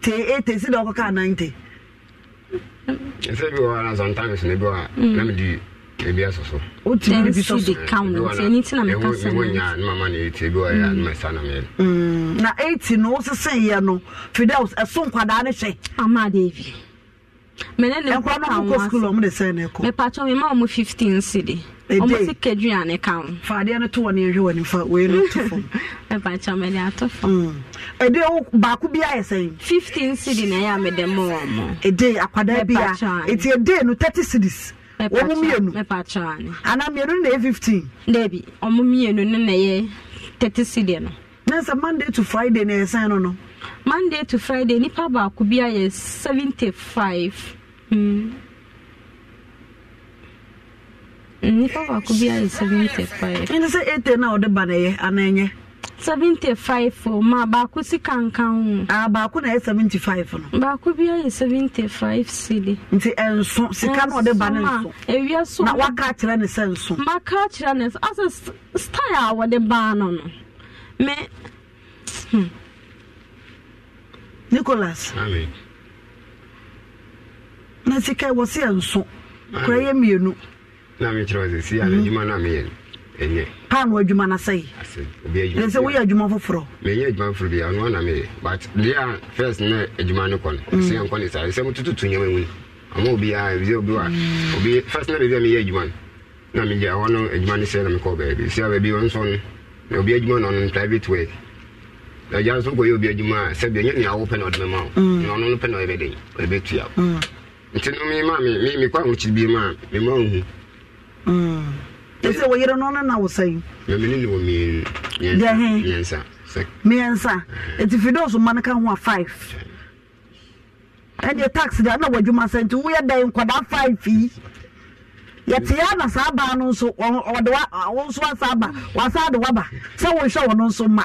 te eighty si dɛ ɔkɔka ninety. ɛsɛ bi wɔ hɔ na sometimes ne bi wɔ hɔ na mi di ebi asoso. o ti mi bi soso ebi wɔ na ewu ewu nya ne mama na eighty ebi wɔ ya ne ma sa na mi yɛ. Mm. na eighty no o sisi yɛ no fidels ɛso e nkwadaa ne hyɛ. ama de ebi mene ne nkwa no kɔ school ɔmo de mepatɔ mi ma ɔmo fifteen si de ɔmo si kedu a ne ka ho faadeɛ to wɔ ne nhwɛ wɔ ne fa wei no to fam mepatɔ mi de ato fam mm. ɛde baako bi ayɛ sɛn fifteen si de na ɛyɛ a mi de mo ɔmo ɛde akwadaa bi a eti ɛde no thirty cities ɔmo mmienu mepatɔ ani ana mmienu na ɛyɛ fifteen deebi ɔmo mmienu no na ɛyɛ thirty cities no. na monday to friday na ɛsɛn no no monday to friday nipa baako bi ayɛ seventy five hmm. hmm. nipa baako bi ayɛ seventy five. ɛnna sɛ eighty na ɔde ba na yɛ anan seventy five o ma baako si kankan o. aa baako na yɛ seventy five no. baako bi ayɛ seventy five sidi. nti ɛnso sika na ɔde ba ne nso. na waka akyerɛ ne sɛ nso. maka akyerɛ ne sɛ ɔsɛ style a wɔde baa no no mɛ. Hmm nicholas na sika wɔ se nso kora yɛ mmienu na si ano mhm. adwuma no a meyɛ ɛnyɛ paano adwuma no sɛi ɛn sɛ woyɛ adwuma foforɔ menyɛ adwuma foforɔ bia ɔno ana meyɛ but deɛ a first na adwuma no kɔ no mhm. sɛ nkɔ ne mo sɛ motototo nyɛma mu no ɔma obiaa bisɛ obi a mhm. obi first na baabi a meyɛ adwuma no na megya hɔ no adwuma no sɛ na mekɔ baabi sia baabi ɔnso no na obi adwuma no ɔno private way agya nso nkɔyɛ obi adwuma a sɛdeɛ nyɛ nea wopɛ na ɔde mɛma wo mm. na ɔno no pɛ na ɔyɛbɛdɛn ɔyɛbɛtua wo mm. nti no mema mekɔ ahokyi bi ma a mema wo hu mm. ɛsɛ wɔyere no no na wo sɛi mamene ne wɔ mmiɛnsa mmiɛnsa ɛti fi dɔɔso ma no ka ho a five ɛdeɛ tax da na wɔadwuma sɛ nti woyɛ dɛn nkwadaa five yi yɛte ya na saa baa no nso ɔde wo nso asa aba wasa de waba sɛ wohwɛ wɔ no nso ma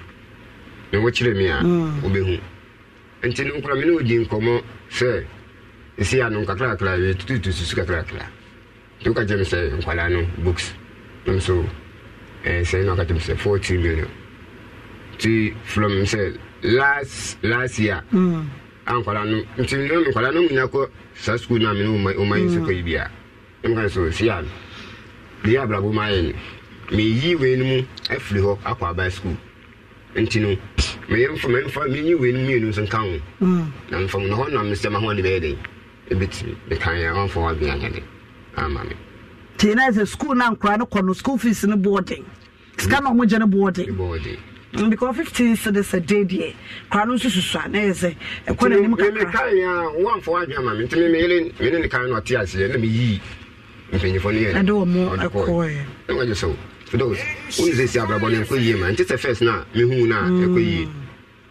na wɔkyerɛ me a mm. wobɛhu nti no nkora me ne ɔdi nkɔmmɔ sɛ ɛsi ano nkakrakra yɛtututu susu kakrakra nti woka kyerɛ me sɛ nkwadaa no books nom so eh, sɛi na wakatem sɛ 40 million nti from sɛ last last year mm. ankwala no nti na nkwala no nyina kɔ saa school na me no ɔma yi sɛ mm. kɔ yi bia ɛmka so sia no meyɛ abrabɔ ma yɛ no meyi wei no mu afiri hɔ akɔ aba school nti no meyɛmfa memfa menyi wei no mmienu nso nka ho mm. na mfam na hɔ na mesɛm ahoɔ de bɛyɛ dɛn ɛbɛtumi mekaeɛ ɔmfa hɔ abea nyɛ dɛn ama me nti na sɛ school na nkora no kɔ no school fees no boɔden sika na ɔmogya no boɔden mm, because fifteen cedis a day deɛ kora no nso susu a na yɛ sɛ ɛkɔ n'anim kakrakaeɛ a woamfa wɔ adwe ama me nti memeyere mene ne kan no ɔte aseɛ na meyii mpanyimfoɔ no yɛ ɛde wɔ ɛkɔɛ na wagye sɛ because wone sɛ si abrabɔ no ɛkɔ yie ma nti sɛ first na a mehu no ɛkɔ yie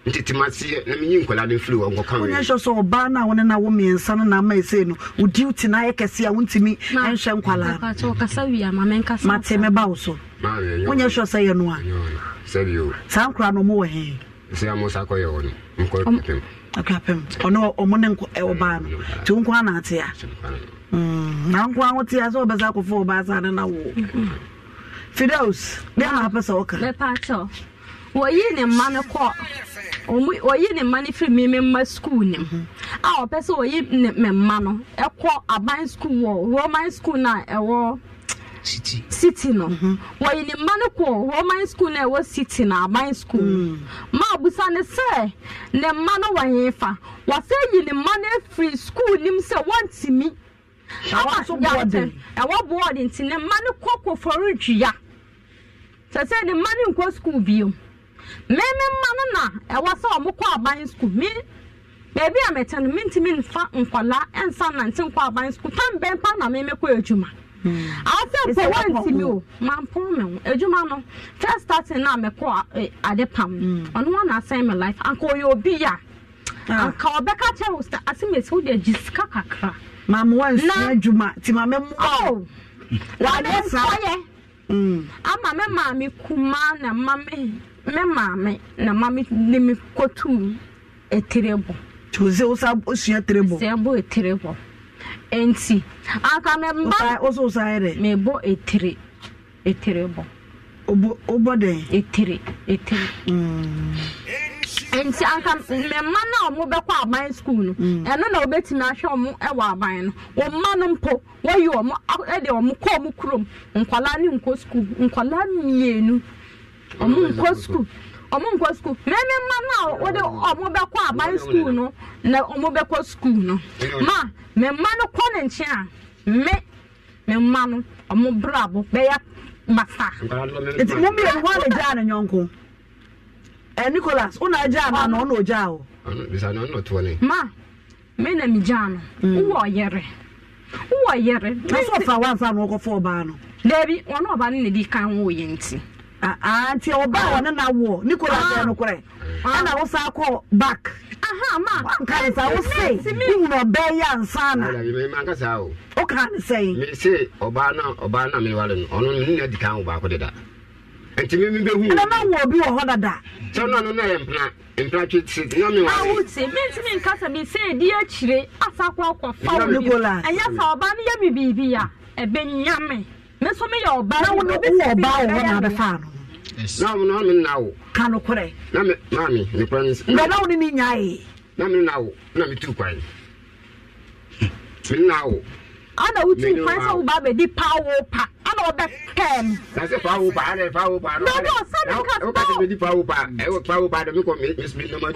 na menyi nkwadaa no mfiri wɔ nkɔka wonyɛ hyɛ sɛ ɔbaa no a na wo mmiɛnsa no naama ɛsei no wo duty no ayɛ kɛse a wontumi ɛnhwɛ nkwalaa mate meba wo so wonyɛ hyɛ sɛ a saa nkora no ɔmowɔ he sɛ mo sa kɔyɛ wɔ no mkɔ pɛm akrapɛm ɔne ɔmo ne ɔbaa no nti wo nko na nko a wote a sɛ wɔbɛsa akɔfo ɔbaa saa ne na wo mm-hmm. fideos deɛ na apɛ sɛ woka mepaakyɛw wɔyi ne mma no kɔ wɔyi ne mma no firi mimi mma skuul ne mu a ɔpɛ sɛ wɔyi ne me mma no ɛkɔ aban skuul wɔ roman skuul na ɛwɔ city no mhm. wɔyi ne mma no kɔ roman na ɛwɔ city na aban skuul mm. ma abusa ne sɛ ne mma no wɔ wɔsɛ yi ne mma no afiri skuul nim sɛ wɔntimi ɛwɔ boɔde nti ne mma no kɔ kɔfɔre sɛ sɛ ne mma no nkɔ sukuu bio me me mma no na ɛwɔ sɛ ɔmo aban sukuu me beebi a mɛtɛ no nsa nante nkɔ aban sukuu tam pa na me adwuma awɔsɛ pɛ wɔntumi o mampɔn me ho adwuma no first starting na mɛkɔ eh, ade pam hmm. ɔno life anka ɔyɛ obi a ah. anka ɔbɛka kyerɛ wo maame wansi adwuma ti maame mu awo wade sa ama me maame kuma na maame me maame na maame ne me kotu eterebo tuze osa osua eterebo sebo eterebo enti aka me mba osa osa ere me bo etere eterebo obo obo de etere etere mm. nti anka mmarima no a wɔbɛkɔ aban school no mm. ɛno na wɔbɛtumi ahwɛ wɔn wɔ aban no wɔn no mpo wɔyi wɔn de wɔn kɔɔ wɔn kurom nkwadaa ne nkɔ mmienu nkɔ nkɔ mmemme mma a wɔde aban na wɔn bɛkɔ school no ma no kɔ ne nkyɛn a mme no brabo bɛyɛ masa. nti mo mmienu a Eh, Nicholas, unajua ana na unaoje hao? Bisa na not one. Eh. Ma. Me na mijano. Hmm. Uwo yere. Uwo yere. Na so fa wansa na okofo ba no. Debi, ono ba ni ne di kan wo ye nti. Ah, nti ọba ọ na na wo. Nicholas ya ah. eh, no kure. Ana ah. eh, wo sa ko back. Aha, ma. Kan sa wo say. Ni no be ya nsa na. Me man ka sa o. O kan say. Me say ọba na ọba na me wale no. Ono ni na di kan wo ba de da. nti mi mi bɛ hu. ɛnna maa wɔ bi wɔ hɔ dada. sɛ ɔno ano yɛ mpena mpena twe ti ti nyame wa. awo ti mi ti mi nkasa mi sɛ edi akyire asa akɔ akɔ fawo bi ɛyɛ sa ɔbaa mi yɛ mi biribi ya ɛbɛ nyame mi nso mi yɛ ɔbaa. na wɔn wɔ ɔbaa wɔ hɔ na abɛfa ano. na wɔn e. na mi na wo. ka no korɛ. na mi maami nukura ni. nga na wɔn ni nya ye. na mi na wo na mi tu kwan. E. mi na wo. ɔna wotu kwan sɛ wo ba bɛ di paawo pa na ɔbɛ hɛn mi. na se fa wo pa ma du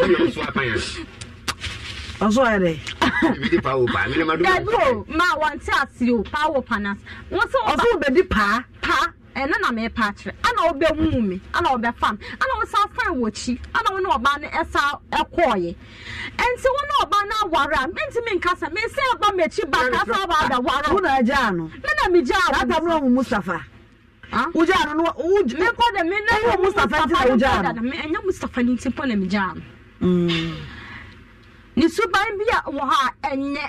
yɛ so apan yan. ɔsɔ yɛ dɛ. mi pa. pa. ɛna na mepa akyerɛ ana wobɛwu me ana wobɛfam ana na fan wɔkyi ana wo ɔbaa no ɛsa ɛkɔɔyɛ ɛnti wo na ɔbaa no a mentimi nkasa mesɛ ɛba m'akyi ba kasa baada ware wona agyaa no mena megyaa atam no mu mustafa wogyaa no menkɔ na wogyaa no ɛnyɛ mustafa no na nsuban bi a wɔ hɔ a ɛnɛ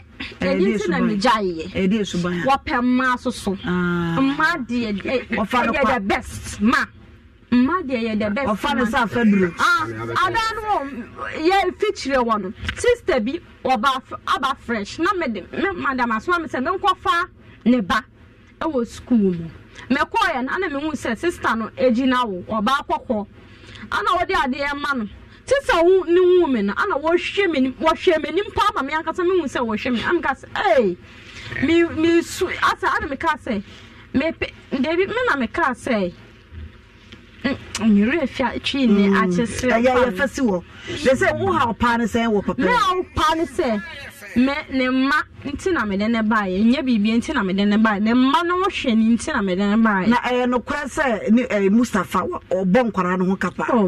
ɛdi nti na ne gya yɛ ɛdi nsuban wɔpɛ mmaa soso ah. mmaa deɛ ɛyɛ eh, the best mmaa mma deɛ yɛ the best mmaa ɔfa ne sa afɛ duro adan no yɛ fikyire wɔ no sista bi ɔba aba fresh na mɛ de mɛ madam asoma mi sɛ mɛ nkɔfa ne ba ɛwɔ sukuu mu mɛ kɔɔ yɛ no ana mɛ hu sɛ sista no egyina wo ɔbaa kɔkɔɔ ana wɔde adeɛ ma no. te sɛ wo ne wu me no ana wɔhwɛ me wɔhwɛ me me ankasa me sɛ wɔhwɛ me ka sɛ ana me ka sɛ me mm, debi na me ka sɛ nyere fia twi ne mm. akyesere pa sɛ wo ha ɔpa ne sɛ wɔ papa me a ɔpa ne sɛ mɛ ne mma nti na mede ne baa yɛ nyɛ biribi nti na mede ne baa yɛ ne mma no wɔhwɛ ni nti na mede ne baa yɛ na ɛyɛ nokorɛ sɛ ne ɛɛ mustafa ɔbɔ nkwaraa no ho kapa ɔ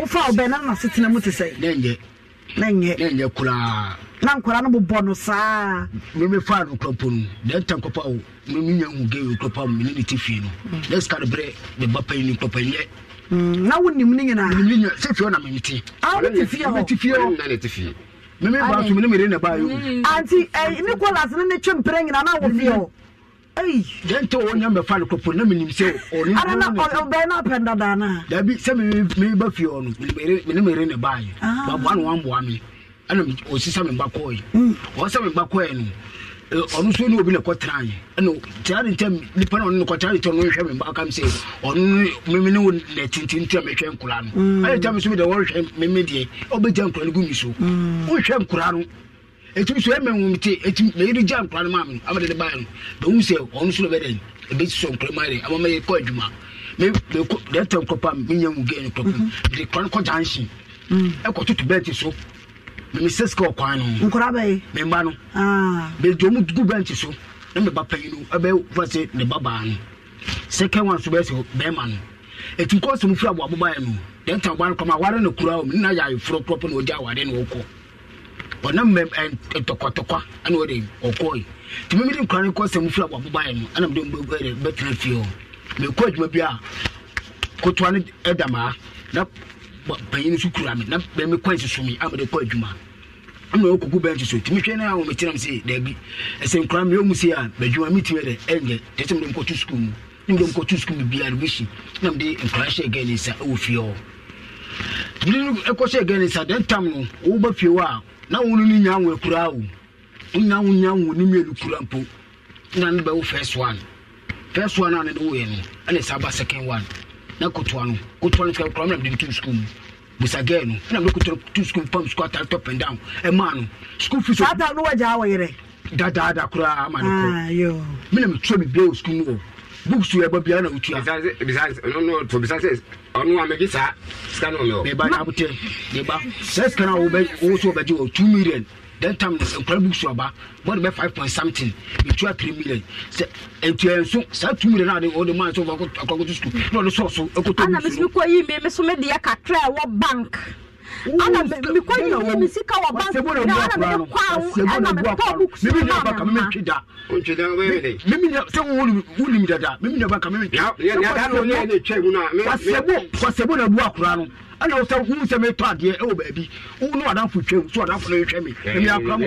wofa ɔbɛn na nase tena mu te sɛ nɛnyɛ nɛnyɛ nɛnyɛ koraa na nkwaraa no bobɔ no saa memefa no kurɔpo no dɛnta nkɔpa o meminya hu gɛ kurɔpa m mene ne te fie no mm. ne sika no berɛ me ba pa yi ne kurɔpa nyɛ mm, na wonim ne nyinaa sɛ fie na memete ah, wte fie hɔte fie meme baa so mene mede ne baa yɛ anti eh, nikolas ne ne twe mprɛ nyina na wɔ fie hɔ dɛntɛ wɔ nya mɛfa no kɔpɔ na menim na ɔnbɛɛ no apɛ dadaa no daabi sɛ meba fie ɔ no mene mere ne baayɛ baboa no wamboa me ɛna ɔsi sɛ meba kɔɛ ɔɔ sɛ meba kɔɛ no ɔno so ne obi na ɛkɔtenaeɛ ɛna kyerɛ ntam nipa na ɔno no kɔkyerɛ ntam no nhwɛ me mba kam sɛ ɔno meme ne wo na tintinti a mɛhwɛ nkora no ɛyɛ tam so bi dɛ wɔrehwɛ meme deɛ ɔbɛgya nkora no gu mi so wohwɛ nkora no etum mhm. mhm. e so ɛmɛ wɔn ti etum mɛyiri gya nkura no maa mi ama de de baa no bɛhu sɛ ɔno so bɛ dɛn ebi sɔ nkura maa de ama mɛ kɔ adwuma mɛ mɛ kɔ deɛ nkura paa mi nya mu gɛ nkura de kura no kɔ jansi ɛkɔ tutu bɛnti so mɛ mi sɛ sika ɔkwan no nkura bɛ yi mɛ mba no mɛ di ɔmu gu bɛnti so na mɛ ba panyin no ɛbɛ fa se ne ba baa no second one so bɛ sɛ bɛrima no etu kɔɔsi mu fi abo aboba yɛ no deɛ tɛ ɔbaa no kɔma aware bɔnam mɛ tɔkɔtɔkɔ ɛna wɔde ɔkɔɛ nti mímí de nkura ne kɔ sɛm fura wɔbɔbɔ ayɛ no ɛna mɛ de ɛdɛ bɛtena fie hɔ mɛ kɔ adwuma bi a kotoa ne ɛda maa na panyin nso kura mi na mɛ kɔ nsoso mi a mo de kɔ adwuma ɛna ɔkɔkɔ bɛn soso tìmí twɛn na wɔn mɛkyerɛ mi sɛ dɛbi ɛsɛ nkura mi ɔmu se a bɛdwuma mi ti yɛ dɛ ɛnyɛ tɛ sɛ mɛ de nkɔtu sukuu mu ne mɛ de nkɔtu sukuu mu biara bi si na mɛ de nkura hyɛ gɛɛ ne nsa ɛwɔ fie hɔ na wo no nya wo akura wo wonya wo nya wo ne mmienu kura mpo na ne bɛwo first one first one a ne de woyɛ no ɛne saa ba second one na kotoa no kotoa no fɛ kora mna mede to sukuu mu busagɛ no ɛna mede kotoa to sukuu pam sukuu atare top and down ɛmaa no sukuu fi so saa ta no wagyaa wɔ yerɛ dadaada koraa ama ne kɔ mena metua mebia wɔ sukuu mu wɔ books to ɛbɔ biara na otua. bisase bisase ɔno for bisase ɔno wa mebi saa sika na ɔmɛ o. ne ba n'abotɛ ne ba sɛ sika na ɔbɛ ɔwɔsɔ ɔbɛ o two million then time na nkura books aba bɔdi bɛ five point something etua three million sɛ etua so, saa two million naa de ɔde maa nso ɔkɔ ɔkɔ to school na ɔde sɔɔso ɛkɔtɔ books. ana bisibi kɔ yi mi mi so mi di yɛ kakra ɛwɔ bank ana mi kɔ yi yie mi sika wɔ bank na ana mi de kɔ awo ana mi tɔ bu kusi ma mi ma. mi mi nya mi mi nya sɛ wɔn wɔn nim dada mi mi nya ba ka mi mi nya. wasebo wasebo na bu akura no ɛna wosɛ hu sɛ metɔ adeɛ ɛwɔ baabi wo ne wadamfo twam so wadamfo no hwɛ me ɛmi akora mu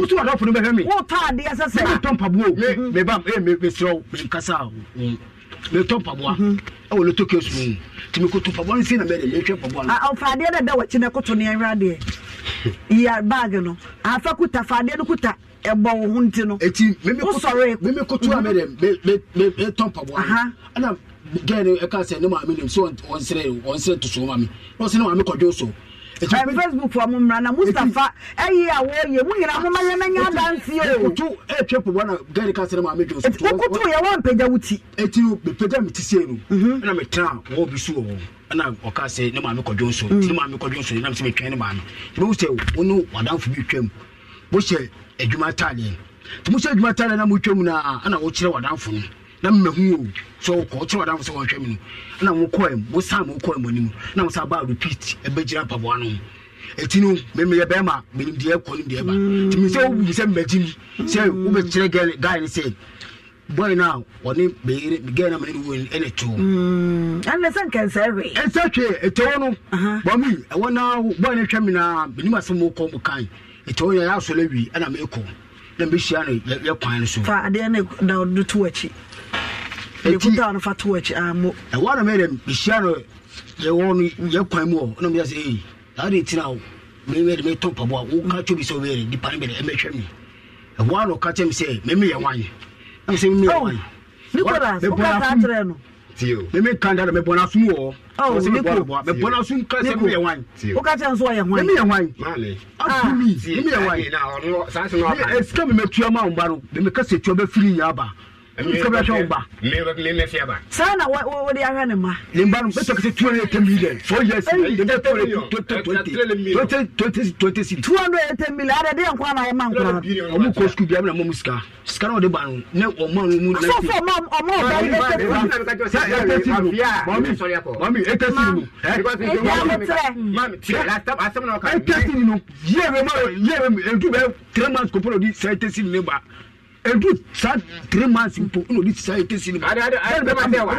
wo so wadamfo no bɛhwɛ me wotɔ adeɛ sɛ sɛ metɔ mpaboɔ mebam mesrɛ wo menkasa wo mm metɔ mpaboa ɛwɔ lotɔ kesu mu tìmí koto mpaboa nsi na mɛde mɛtwɛ mpaboa no. ɔfadeɛ na da wɔ akyi na koto ne ɛwura deɛ yia baagi no afa kuta fadeɛ no kuta ɛbɔ wo ho nti no wosɔre mímí koto a mɛde mɛtɔ mpaboa ɛna gɛɛ ni ɛka sɛ ne maame nim so wɔnsere wɔnsere to so maame wɔnsere maame kɔdwo so facebook fɔ mo mmara na mustapha ɛyi a wɔyɛ mu nyinaa moma yɛ n'anya adansi o. kutu ɛtwe po wɔna gɛri ka sɛnɛ ma mi jɔ so. wokutu yɛ wɔn mpagya wo ti. eti mpagya mi ti se no mhm. ɛna mi tena wɔn bi so wɔ ɛna ɔka sɛ ne maame kɔdwo Ti mm. ne maame kɔdwo nso ɛna mi sɛ metwɛn ne maame ebi wusɛ wɔn no wadanfo bi twɛm wɔhyɛ adwuma Mo tumuhyɛ adwuma ataadeɛ na mo twɛm na ɛna wɔkyerɛ wadanfo no na mmahu o sɛ wɔkɔ ɔkyerɛ ɔdamfo sɛ wɔnhwɛ me no ɛna wokɔɛ wosan ma wokɔɛ m'anim na wo sa baa repeat ɛbɛgyina mpaboa no ho ɛti no memeyɛ bɛrima menim deɛ kɔ nim deɛ ba nti me sɛ wowu sɛ mmagyi mi sɛ wobɛkyerɛ guy no sɛ boy no a ɔne gɛ na mane no wɔ ɛne too sɛ nkɛnsɛ we ɛsɛ hwee ɛtɛwo no bɔmi ɛwɔ na boy no hwɛ me naa menim asɛm wokɔ mo kan ɛtɛwo yɛyɛ asɔre awi ɛna meekɔ na mɛhyia no yɛ kwan so fa adeɛ na ɔdo to akyi ɛkuta no fa to akyi amo ɛwa na mɛdɛ mehyia no yɛwɔ no yɛkwan mu hɔ na meyɛ sɛ ei saa de tena wo mɛmɛde mɛtɔ mpaboa woka kyɛ bi sɛ wobɛyɛ nipa no bɛdɛ ɛmɛhwɛ me ɛwa na ɔka kyɛ me sɛ memeyɛ wan na mesɛ memeyɛ wan nicolas woka saa kyerɛ no meme kanda da mebɔna sum wɔ mebɔna sum ka sɛ meyɛ wan woka kyerɛ nso wɔyɛ hwan memeyɛ wan asomi memeyɛ wan ɛsika memɛtua ma wo ba no memeka sɛ tua bɛfiri nyɛ aba saa na wode ahwɛ ne ma nembanobɛtɔkɛsɛ 280 million 4 years 280 million adɛde yɛ nkoa na ɛma nkora ɔmo kɔ skul biam na mɔmu sika sika na ɔde ba no ne ɔma no mu no yɛwɛma yɛwɛ ntu bɛ 3 months kɔpɔ na ɔdi sɛ tɛsi ne ba edu saa three months mpo ɛna odi saa ete sinima. ade ade ade bɛɛ ma se wa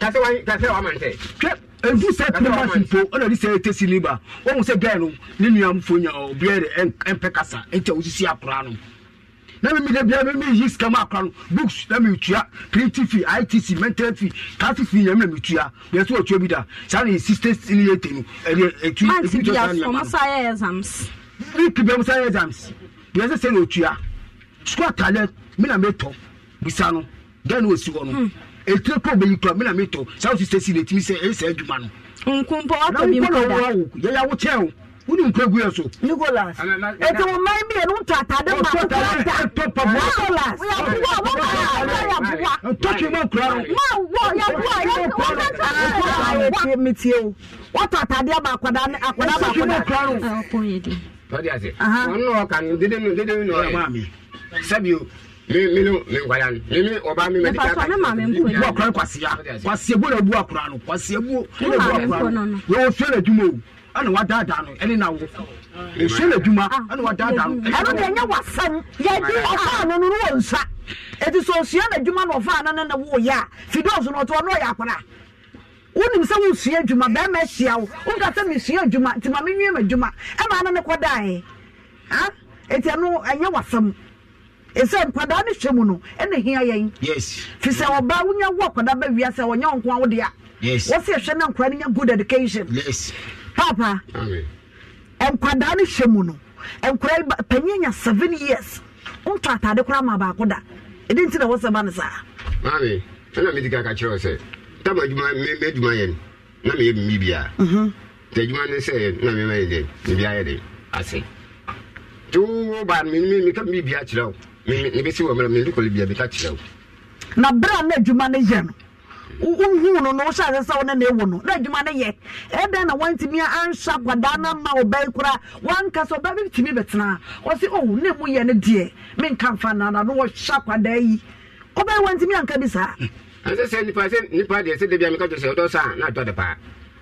kase wa kase wa ma n tɛ. twɛ edu saa three months mpo ɛna odi saa ete sinima wɔn sɛ bɛɛ no ne nua mfo nya obiɛ de ɛnpɛ kasa ɛnkyɛ osisi akora no na mi mi de bia mi mi yi sika mu akora no books na mi tua creative fee itc mental fee traffic fee yɛn mi na mi tua yɛ so ɔtua bi da saa na yɛ sisters ni yɛ te no etu ebi tɔ yɛ ma. maa ti bi a ɔmo sa yɛ exams. bi kibi ɔmo yɛ exams mi na mi tɔ bisa no gɛn no osi hɔ no etire kuro bɛyi kura mi mi tɔ saa o ti sɛ si na etimi sɛ esa adwuma no. nkunpɔ ɔtɔ bi nkɔ da yɛyɛ awo kyɛn o wúni nkura gu yẹ so. nicholas ètò wọn máa ń bí ẹnu tó àtàdé máa ń kúrò àtà nicholas yàbúwà wọn máa ń kúrò yàbúwà. ntọ́kì mọ̀ nkura rẹ. máa wọ yàbúwà yàbúwà wọn tẹ̀ sọ́ọ́ yàbúwà. ayé tiẹ̀ mi tiẹ̀ o wọ́n tó àtàdé àmà àkọ́dá àkọ́dá àmà àkọ́dá. tọ́jú àti wọn nù ọkàn dídé nù dídé nù ọ̀rẹ́ mọ́ àmì sẹ́bi o ɔkra kwasia kwasia bo na bu akora no kwasia bu na bu akora no yɛwɔ fia no adwuma o ɛna wadaadaa no ɛne na wo ɛfia no adwuma ɛna wadaadaa no ɛno deɛ ɛnyɛ wasɛm yɛdi ɔfaa no no no wɔ nsa ɛti sɛ ɔsua no adwuma na ɔfaa no no na woyɛ a fidɔɔso no ɔtoɔ no ɔyɛ akora wonim sɛ wosua adwuma bɛrima ahyia wo wonka sɛ mesua adwuma nti ma menwie m adwuma ɛma no ne kɔdaeɛ ɛti ɛno ɛnyɛ wasɛm ɛsɛ nkwadaa no hwɛ mu no ɛna hia yɛn fi sɛ ɔbaa wonya wo akwadaa bɛ wia sɛ ɔnyɛ nkoa wo dea wɔsi ɛhwɛ na nkwadaa no nya good education papa nkwadaa no hwɛ mu no nkwadaa panyin nya seven years ntɔ ataade koraa ma baako da ɛdi nti na wɔsɛ ba no saa. maame ɛna mi di ka kakyerɛ sɛ tam adwuma mɛ mɛ adwuma yɛn na mɛ yɛ mi bia mhm. tɛ adwuma ne sɛ na mɛ mɛ yɛ dɛ mɛ bi ayɛ dɛ ase tí wọn bá mi mi ka mi bia kyerɛ o mebɛsi wɔ mmerɛ mede kɔle bia meka kyerɛ wo na berɛ a na adwuma no yɛ no wohu no no wohyɛ ase sɛ wo ne na ɛwo no na adwuma no yɛ ɛdɛn na wantumi anhyɛ akwadaa no ama ɔbɛi koraa wanka sɛ ɔbaa bɛtumi bɛtena ɔse o ne mu yɛ no deɛ menka mfa nana no wɔhyɛ akwadaa yi ɔbɛi wantumi anka bi saa ɛsɛ sɛ nipa sɛ nipa deɛ sɛ da meka kyerɛ sɛ ɔdɔ saa na adɔ de paa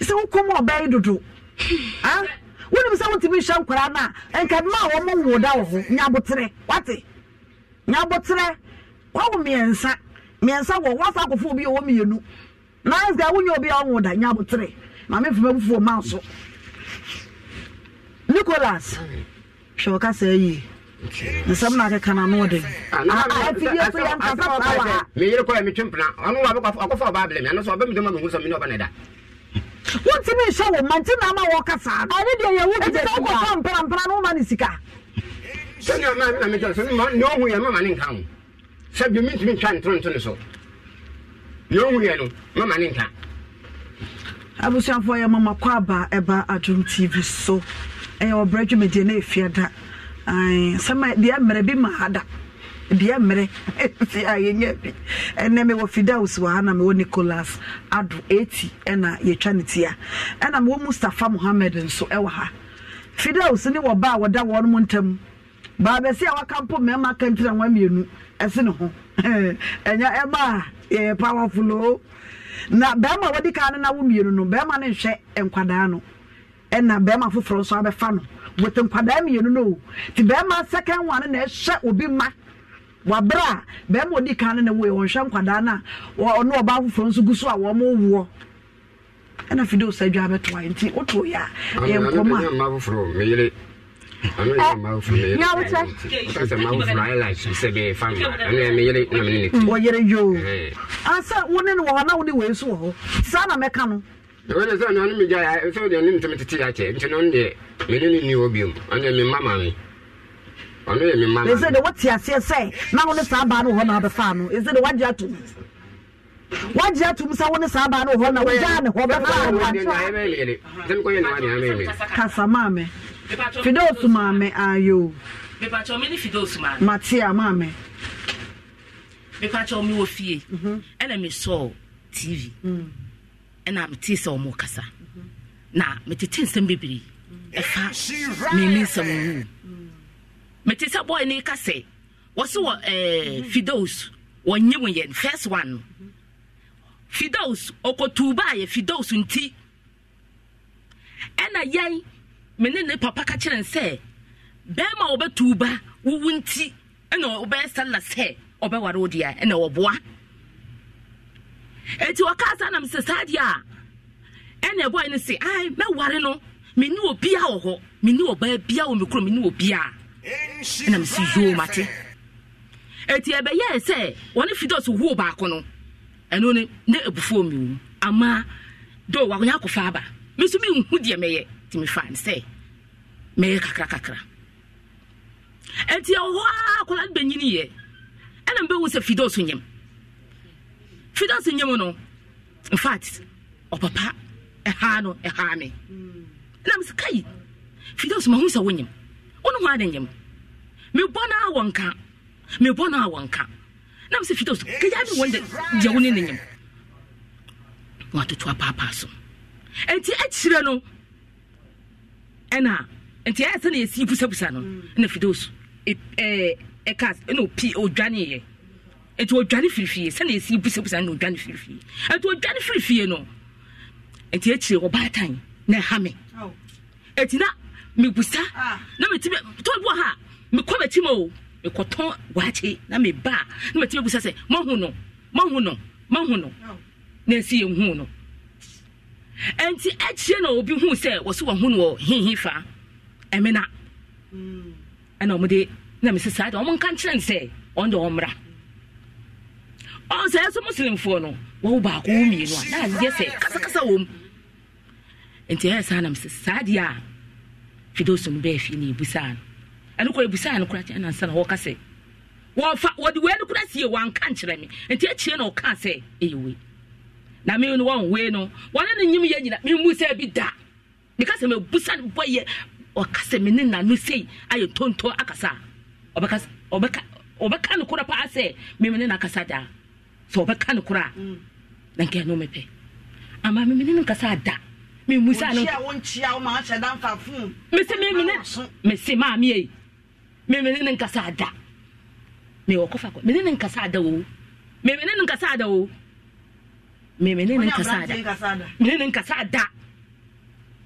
sɛ wokɔ ɔbɛyɛ dodo hmm. ah? wonim sɛ wotumi hyɛ nkwaraa no a nka a wɔmɔ wo da wɔ ho nyaboterɛ wate nyaboterɛ wawo mmiɛnsa mmiɛnsa wɔ akɔfo obi ɔwɔ mmienu na wonyɛ obi a da bufuo nicolas hwɛ sɛ na akeka ah, na no afidie so yɛnkasa saa wɔ ha meyere kɔɛ wontumi nhyɛ wo ma nti na ama wɔka saa no ɛne deɛ yɛwo ɛti sɛ wokɔfa mperampera no woma ne sika sɛnea ma na megyɛ so ne ɔhu yɛ mama ne nka ho sɛ bi mentumi ntwa ntonto no so ne ɔhu yɛ no mama ne nka abusuafoɔ yɛ mama kɔ aba ɛba adwom tv so ɛyɛ ɔbrɛ dwumadie na ɛfia da sɛ deɛ mmerɛ bi ma ha da bia mmerɛ nti a yɛnya bi ɛnɛ mewɔ fidaus wɔ ha na mewɔ nicolas ado 80 ɛna yɛtwa ne tia ɛna mewɔ mustafa mohammed nso ɛwɔ ha fidaus ne wɔba a wɔda wɔn mu ntam baabɛsi a waka mpo mmarima kɛntiri anwa mmienu ɛsi ne ho ɛnya ɛma a yɛyɛ powerful o na bɛrima a wɔdi kan no n'awo mmienu no bɛrima no nhwɛ nkwadaa no ɛna bɛrima foforɔ nso abɛfa no wɔte nkwadaa mmienu no o ti bɛrima second one na ɛhyɛ obi ma wabra bɛrima odi kan no na wei ɔnhwɛ nkwadaa no a ɔno ɔbaa foforɔ nso gu so a wɔn woɔ ɛna fidie osa adwa abɛto ayɛ nti woto yɛ a yɛ nkɔm a. wɔyere yoo asɛ wo ne no wɔ hɔ na wode wei nso wɔ hɔ na mɛka no ɛwɛne sɛ ɔne ɔne megyaɛ sɛ ode ɔne mtɛmetete yɛ akyɛ nti no ɔne deɛ mene ne nni hɔ biom ɔne memma ma me ɔno yɛ ne ma na ɛsɛ de wote aseɛ sɛ na wo ne saa baa no wɔ hɔ na wobɛfaa no ɛsɛ de woagye ato wagye ato sɛ wo saa baa no wɔ hɔ na wogyaa ne hɔ bɛfaa kasa maame fidosu maame ayo matea maame mepakyɛ mewɔ fie ɛna mesɔɔ tv ɛna metee sɛ ɔmo kasa na metete nsɛm bebree ɛfa memi nsɛm wu mete sɛ boy ne ka sɛ wɔse wɔ eh, mhm. fidos wɔnye mu yɛn first one mhm. fidos ɔkɔtuu baayɛ fidos nti ɛna yɛn me ne ne papa ka kyerɛ sɛ bɛrima wɔbɛtuu ba wowu nti ɛna wɔbɛyɛ sala sɛ ɔbɛware wo deɛ ɛna wɔboa eti wɔkaa saa nam sɛ saa deɛ a ɛna ɛbɔe no se ai mɛware no menni obiaa wɔ hɔ menni ɔbaa bia wɔ me kuro menni obiaa ɛna mesi yoo mate eti ɛbɛyɛ sɛ wɔne fidɔ so huo baako no ɛno ne ne ebufuo mi wo ama do wakonya akɔfa aba mi nso mi nhu deɛ mɛyɛ ti mi fa ne sɛ mɛyɛ kakra kakra eti ɛwɔ hɔ akɔla bɛ nyini yɛ ɛna mbɛwu sɛ fidɔ so nyɛm fidɔ so nyɛm no in fact ɔpapa ɛhaa no ɛhaa mi ɛna mi sɛ kai fidɔ so ma hu sɛ wɔnyɛm wone ho ade nyem mebɔ no a wɔ nka mebɔ no a wɔ nka na mesɛ fita so kagya me wɔ deɛ wo ne no nyem watotoa paapaa so ɛnti akyirɛ no ɛna nti ɛyɛ sɛ na yɛsi busabusa no na fidoo so ɛka e, e, e ɛna opi odwaneeɛ nti odwane firifie sɛ na yɛsi busabusa no na odwane firifie nti odwane firifie no nti akyire wɔbaatan na ɛha me na mebusa ah. na metumi tɔn bi wɔ ha mekɔ bɛkyi ma o mekɔtɔn waakye na meba na metumi busa sɛ mahu no mahu no mahu no oh. na esi yɛ nhu no nti akyire na obi hu sɛ wɔsi wɔn ho no wɔ hihi fa ɛmena ɛna wɔn na hmm. mesi saa de wɔn nka nkyerɛ nsɛ wɔn de wɔn mra ɔsɛ ɛsɛ muslimfoɔ no wɔwɔ baako mmienu a na ayɛ sɛ kasakasa wɔm nti ɛyɛ saa na mesi saa deɛ a fidoso no bɛɛ fie na ebusaa no ɛno kora ebusaa no kora kyɛn na nsa na wɔka sɛ wɔfa wɔde wei no kora sie wɔanka nkyerɛ me nti akyire na ɔka sɛ ɛyɛ wei na me no wɔn wei no wɔn ne nyim yɛ nyina me mu sɛ bi da ne kasa me busa no bɔ yɛ ɔka sɛ me ne nanu sei ayɛ tonto akasa ɔbɛka ɔbɛka ɔbɛka no kora paa sɛ me ne nakasa daa sɛ ɔbɛka no kora mm. na nkɛ no mepɛ ama me ne no nkasa da mi musa no mese mi mine mese maame yi mi mine ne nkasa ada mi wɔ kɔfa kɔ mine ne nkasa ada o mi mine ne nkasa ada o mi mine ne nkasa ada mine ne nkasa ada.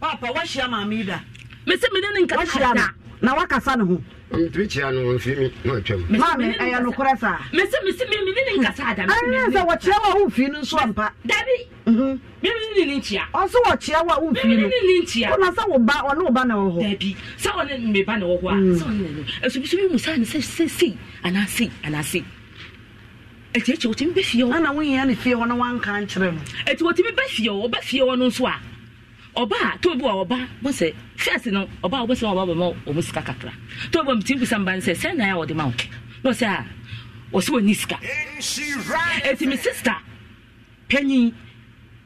papa wahyia maame yi da. mese mine ne nkasa ada. na wakasa ne ho ntwikyia no mfie mi na ɔtwam maame ɛyɛ nokorɛ saa mese mese mene ne nkasa da ɛyɛ sɛ wɔkyerɛ wo a womfie no nso ampa dabi mhm. mene ne nkyia ɔso wɔkyerɛ wo a womfie no ne nkyia wona sɛ wo ba ɔne wo ba na wɔ hɔ dabi sɛ ɔne me ba na wɔ hɔ a mm. sɛ ɔne ne ɛsobisobi ana wohia ne fie hɔ na woanka nkyerɛ no ɛti wotumi bɛfie hɔ wobɛfie hɔ no nso a ɔbaa tó bi wa ɔba bɔ sɛ fɛs no ɔbaa wɔbɛ sɛ ɔba bɛ ma ɔmo sika kakra tó bɔ mutin kusa mba nsɛ sɛ nan a wɔde ma wo kɛ na ɔsɛ a ɔsɛ wɔn ni sika eti mi sista panyin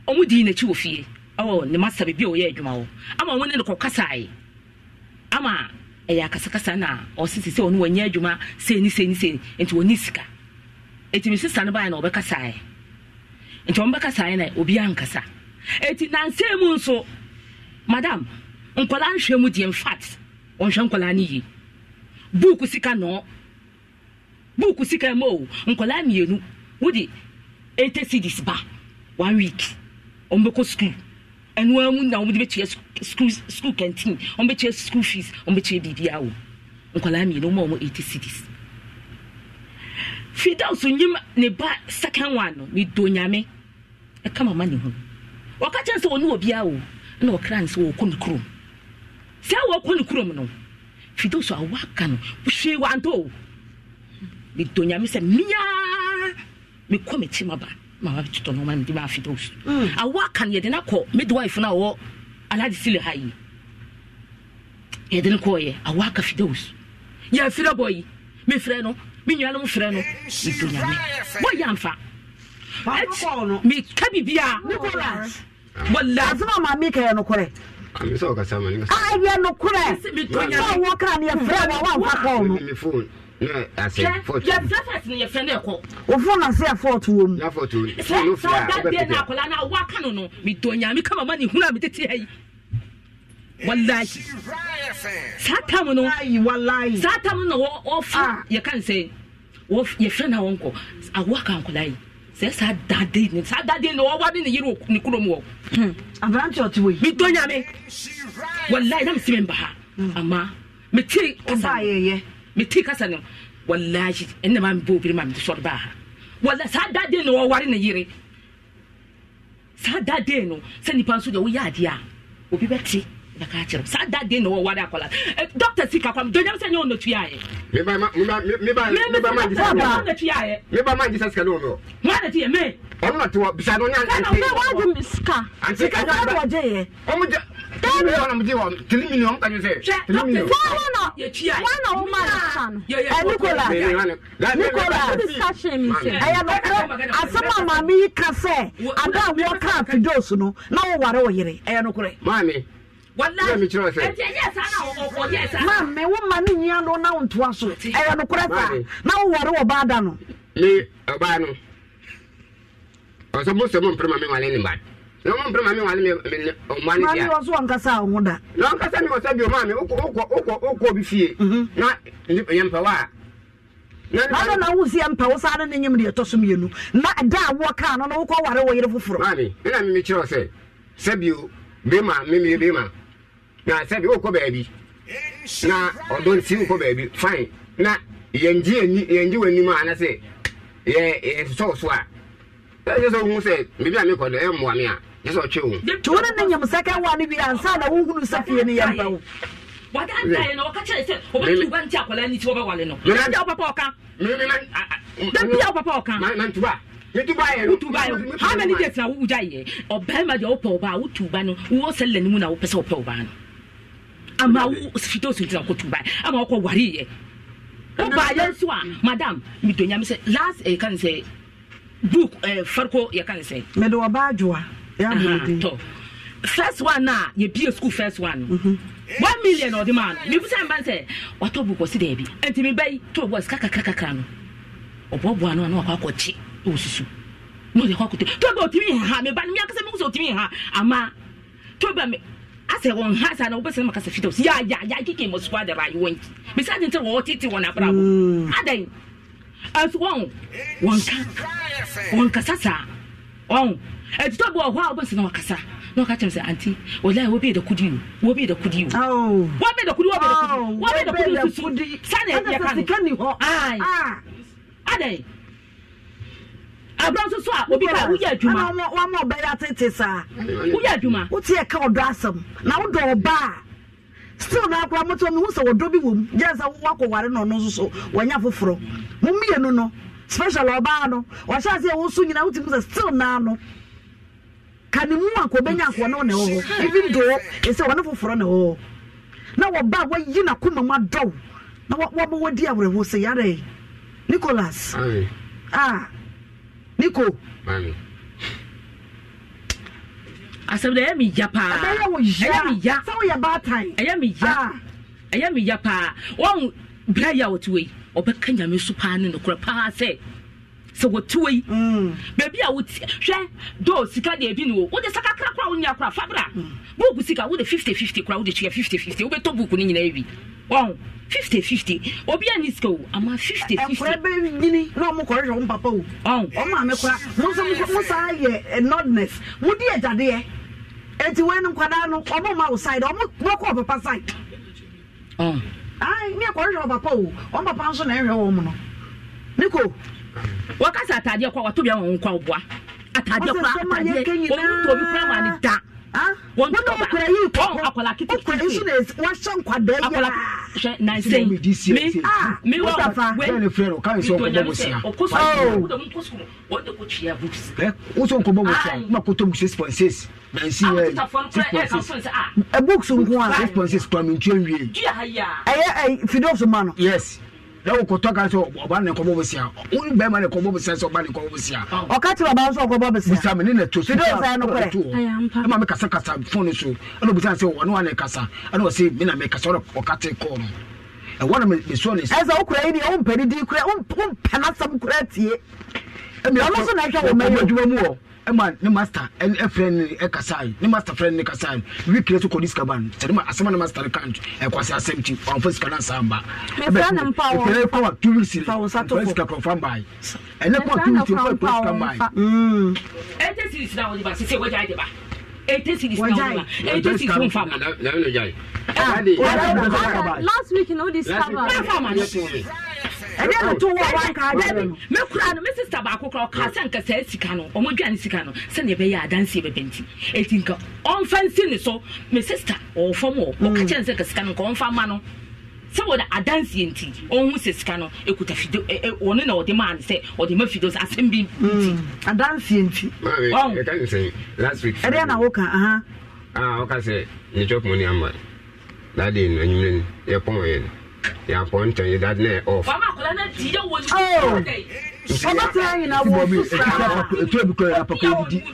ɔmo di n'akyi wɔ fie ɔwɔ ne ma sa beebi a ɔyɛ adwuma wɔ ama wɔn ne no kɔ kasa yi ama ɛyɛ akasakasa na ɔsisi sɛ ɔno wɔnyɛ adwuma sɛni sɛni sɛni nti wɔn ni sika eti mi sista no baa na ɔbɛkasa yi nti ɔmo bɛkasa yi na obi ankasa eti nansɛn mu nso madam nkwadaa nhwɛ mu deɛ nfat ɔnhwɛ nkwadaa no yie buuku sika nɔɔ buuku sika mu o nkwadaa mmienu wodi eighty cedis ba one week wɔn bɛkɔ sukuu ɛnua mu na wɔn de bɛtua sukuu sukuu kɛntɛn wɔn bɛtua sukuu fees wɔn bɛtua biribi awo nkwadaa mmienu wɔn a wɔn eighty cedis fidaw so nyim ne ba second one no ne do nyame ɛka mama ne ho ɔka kyɛn sɛ ɔne obiara o na ɔkra ne sɛ wɔkɔ ne kurom sɛ wɔkɔ ne kurom no fidoo so a waka no hwee wantɔ o medo nyame sɛ meyaa mekɔ mekyi maba mama totɔ no ma mede maa fidoo so mm. awaka no yɛde no akɔ midwife no a ɔwɔ alade sile ha yi yɛde no kɔɔyɛ awaka fidoo so yɛafirɛ bɔ yi mefrɛ no me nuanom frɛ no medo nyame bɔyɛ amfa meka bibia wala asema maame ka yɛ nokorɛ ami sɛ ɔkasa ma ne ka a yɛ nokorɛ sɛ ɔwɔ kra ne yɛfrɛ wa wamfa kɔɔ no me phone na ase fɔtu yɛ fɛ fɛ sini yɛ fɛ ne kɔ o fɔ na se yɛ fɔtu wo mu n'a fɔtu wo ni fɛn n'o fila o bɛ pɛtɛ n'a kɔla ah. n'a wa kanu no mi don ya mi kama ma nin hunna mi tɛ tiɲɛ ye walayi saa taamu no saa taamu no wɔ ɔfa yɛ kan sɛ yɛ fɛn na wɔn kɔ a wa kan kɔla yi sɛ saa dade ne saa dade ne ɔwa ne ne yere ne kurom wɔ. aberante ɔte wɔ yi. mi dɔ nyame walayi na mi si mi ba ha mm. ama mi ti kasa no mi ti kasa no walayi ɛnna maa mi bɔ obiri maa mi sɔrɔ ba ha wala saa dade ne ɔwa ne yere saa dade no sɛ nipa nso deɛ ɔyɛ adeɛ a obi bɛ ti bɛka kyerɛ saa da den na wɔ wade akɔla eh, dɔkta sika kwam donyam sɛ nyɛ wɔ natuaeɛ meba ma ngyesa sika ne wɔ me hɔ nateyɛ me ɔno na tewɔ bisa no nyawade sika sika sɛ de wɔgyeyɛ ɔmogya asɛm a maame yi ka sɛ ada a wɔka afidos no na woware wo yere ɛyɛ nokorɛ maame wo ma ne nyia no na wo ntoa so ɛyɛ na wowɔre wɔ baada no me ɔbaa no ɔsɛ mose mo mprɛ ma me me wale me ɔma ne dia ɔso ɔnkasa wo ho da na ɔnkasa me ɔsɛ bio maame bi fie na yɛmpɛ wa a na wo sie mpɛ wo saa ne ne nyem deɛ ɛtɔ na da a woɔ kaa no na wokɔ ware wɔ yere foforɔ maame na sɛbi wokɔ baabi na ɔdɔ nti wokɔ baabi fine na yɛngye ani yɛngye w'anim a anasɛ yɛ yɛsosɔ so a ɛyɛ sɛ ohun sɛ biribi a mekɔ do ɛmmoa me a yɛ sɛ ɔtwe wo. tiwo ne ne nyam sɛ kɛ waa ne bi ansa na wohunu sɛ fie ne yɛ wo. wàdà àgbà na wọ́n kàkye sẹ́ ọba tí wọ́n ti àkọlẹ́ ní tí papa ọ̀kan. dẹ́bi papa ọ̀kan. mà n deɛ wopɛ ɔbaa wotuba no wowɔ sɛ lɛ na wopɛ sɛ wopɛ ɔbaa no ama fita osintira ko tuba ama ɔkɔ wari yɛ o ba yɛn a madam mido last ɛyɛ kan sɛ book ɛɛ fariko yɛ kan sɛ. mɛdi wa baa jua. tɔ first one na yɛ bie school first one. Mhm. one million ɔdi maa no mibusa n ba sɛ watɔ book ɔsi dɛbi ɛntumi bɛyi tɔ bɔ sika kakrakakra no ɔbɔbɔ ano ano akɔ akɔkye ɛwɔ susu n'o de kɔ akɔte tɔ bɛ otimi yɛ ha mɛ ba ni mi akasɛ mi kusa otimi yɛ ha ama tɔ bɛ mi asɛ wɔn ha sa na wobɛsɛ maka sɛ fita s yayaya keke ma sukuu adara ayewɔ nti bisa de nkyɛ wɔn tete wɔn abrabɔ mm. adan ɛti wɔn wɔn ka wɔn kasa saa wɔn ɛtutɔ bi wɔ hɔ a wɔbɛsɛ na wakasa na ɔka kyerɛ sɛ anti wɔlɛ wɔbɛ yɛ dakudi o wɔbɛ yɛ dakudi o wɔbɛ yɛ dakudi wɔbɛ yɛ dakudi wɔbɛ yɛ dakudi susu sani ɛyɛ ka no adan abúlé nso so a obi ka woyɛ adwuma ana wɔn ama ɔbɛyɛ atete saa woyɛ adwuma wotu yɛ ka ɔdɔ asɛm na wodɔ ɔbaa still na akora moto mi wusa wɔdɔ bi wɔm gyɛ sɛ wakɔ ware na ɔno nso so wɔnyɛ foforɔ mo mmienu no special ɔbaa no wɔhyɛ ase ɛwɔ so nyinaa wotu mu sɛ still na ano kane mu a kɔbɛnya akɔ na ɔna ɛwɔ hɔ even though ɛsɛ ɔne foforɔ na ɛwɔ hɔ na wɔba a wɔayi n'akoma mu adɔw na wɔbɔ wɔdi awerɛhoɔ sɛ yare nicholas ah niko asɛm no ɛyɛ me ya paa ɛyɛ me ya ɛyɛ me ya ɛyɛ me ya mi paa wɔn bra yi a wɔte wei ɔbɛka nyame so paa ne nokorɛ paa sɛ sɛ wɔtiwa yi mm. baabi a wɔti hwɛ dɔɔ sika deɛ bi ne wo wode saka kra kora wonya kora fa bra mm. buuku sika wode 5050 kora wode tua 5050 wobɛtɔ buuku no nyinaa wi ɔn 5050 obi a ni sika o ama fifty ɛkura bɛ nyini na ɔmo kɔrɔ yɛ ɔmo papa o. ɔn ɔmo ame kura musa musa yɛ nɔdnɛs mo di ɛdadeɛ eti wɛni nkwadaa no ɔmo ma o side ɔmo bɔkɔ ɔpapa side. ɔn. ayi mi ɛkɔrɔ yɛ ɔpapa o ɔmo papa nso na ɛhwɛ wɔn mo no niko wakasa ataadeɛ kɔ wato bia wɔn nkɔ boa ataadeɛ kɔ ataadeɛ wɔn to bi kura ma ne da wɔn to ba wɔn akɔla kitikiti akɔla hwɛ nansɛn mi ah, mi wɔ wɛ bitɔnyam sɛ ɔkɔ sɔrɔ ɔkɔ sɔrɔ ɔkɔ sɔrɔ wɔn de ko tia books. ɛ wosan nkɔmɔ wo tia kuma ko tom six point six nansi yɛ ah. eh, ah. six point six ɛ books nkun a six point six kura mi n tiɲɛ wiye. ɛyɛ ɛ eh, eh, fidɔs ma no. yes na o kɔtɔ kan sɛ ɔba ne kɔbɔ bɛ sia o ni bɛrima ne kɔbɔ bɛ sia sɛ ɔba ne kɔbɔ bɛ sia. ɔka ti ɔba nso ɔkɔbɔ bɛ sia. busa mi ne na to so fún wa ne kɔrɔ to o ɛma mi kasa kasa fún ne so ɛna busa sɛ ɔne wa ne kasa ɛna ɔsi mi na mi kasa ɔka ti kɔɔ no ɛwɔ na mi sɔ ne si. o kura yi ni o mpɛ ni di kura o mpɛ na sam kura tie. ɛmi ɔno so na ɛhwɛ wɔ mɛ ɛma ne master ɛfrɛ e, e no e ɛkasa yi ne master frɛ ne kasa yi wikire so kɔdi sika ba no ne ma asɛm ne master ka ɛkwasi asɛm ti ɔnfɔ sika na nsa mba ɛfɛrɛ kɔ wa two si ne ɔfɔ sika kɔ fa mba yi ɛnɛ kɔ two weeks ne ɔfɔ sika mba yi. ɛn tɛ siri sira wɔn ba sise wɔjɛ de ba eighty six na ọmọ eighty six fún fama. last week na o discover. bẹ́ẹ̀ fama ni tún mi. ɛdeɛ na to wɔ wankaadɛ me kora no me sista baako kora ɔkaa sɛ nka saa sika no ɔmo dwa ne sika no sɛneɛ ɛbɛyɛ adanseɛ bɛbɛ nti ɛti nka ɔmfa nsi ne so me sista ɔwɔ fam wɔ ɔka kyɛ ne sɛ ka sika no nka ɔmfa ma no saboda adansi nti ɔnhu sɛ sika no ekuta fido ɛ ɔno na ɔde maa sɛ ɔde ma fido asɛm bi nti. Mm. adansi nti. ɔn ɛka n sɛn last week. ɛdɛ na woka ahan. aa ah, ɔka sɛ ne twɛ kumuni ama laadi nu enyimire nu yɛ pɔn yɛ yɛ apɔ ntɛn yɛ daadi oh! na yɛ ɔf. wàá ma kɔlá náà di yẹ wọ ní kúrò ọba tí a yìí na wọ fún sara etu ebi kọ yẹra papa didi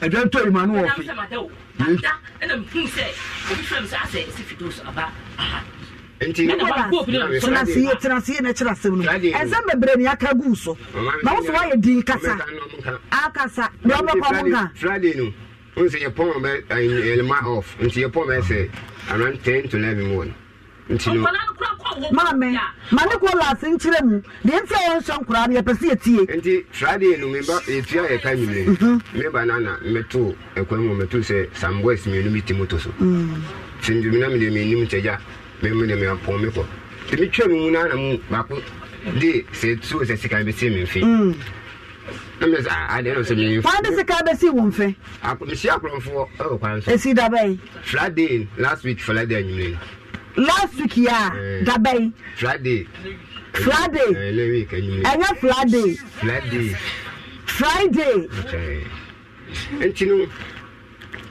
ẹdẹ ntọ yìí ma ni wọ fẹ. ẹnna mi fún sẹ obi fẹ sẹ asẹ esi fi do so aba tenase tenase na kyerɛ asɛm no ɛnsɛm bebree ne aka gu so na wo so woayɛ din kasa akasa ne ɔbɛkɔ mo ka friday no nsɛ yɛpɔn bɛ off nti yɛpɔn bɛ sɛ around ten to eleven one maame mane kɔ laase nkyerɛ mu deɛ nti a yɛnhyɛ nkoraa no yɛpɛ sɛ yɛtie friday no meba yɛtua yɛka nwumere meba nana mɛto akwa mu mɛto sɛ samboys mmienu bi te moto so sɛ ndwumina mede menim nkyɛgya mɛmu ne meapɔn me kɔ nti metwa mu mu na ana mu baako de sɛ tuo sɛ sika bɛsie me mfe na mɛ sɛ adeɛ na sɛ me wade sika bɛsie wo mfe mehyia akorɔmfoɔ ɛwɔ kwan so ɛsi da bɛn friday last week friday anwumere last week yɛ a eh. da bɛn friday friday ɛnɛ eh, week anwumere ɛnyɛ friday friday friday eh. nti no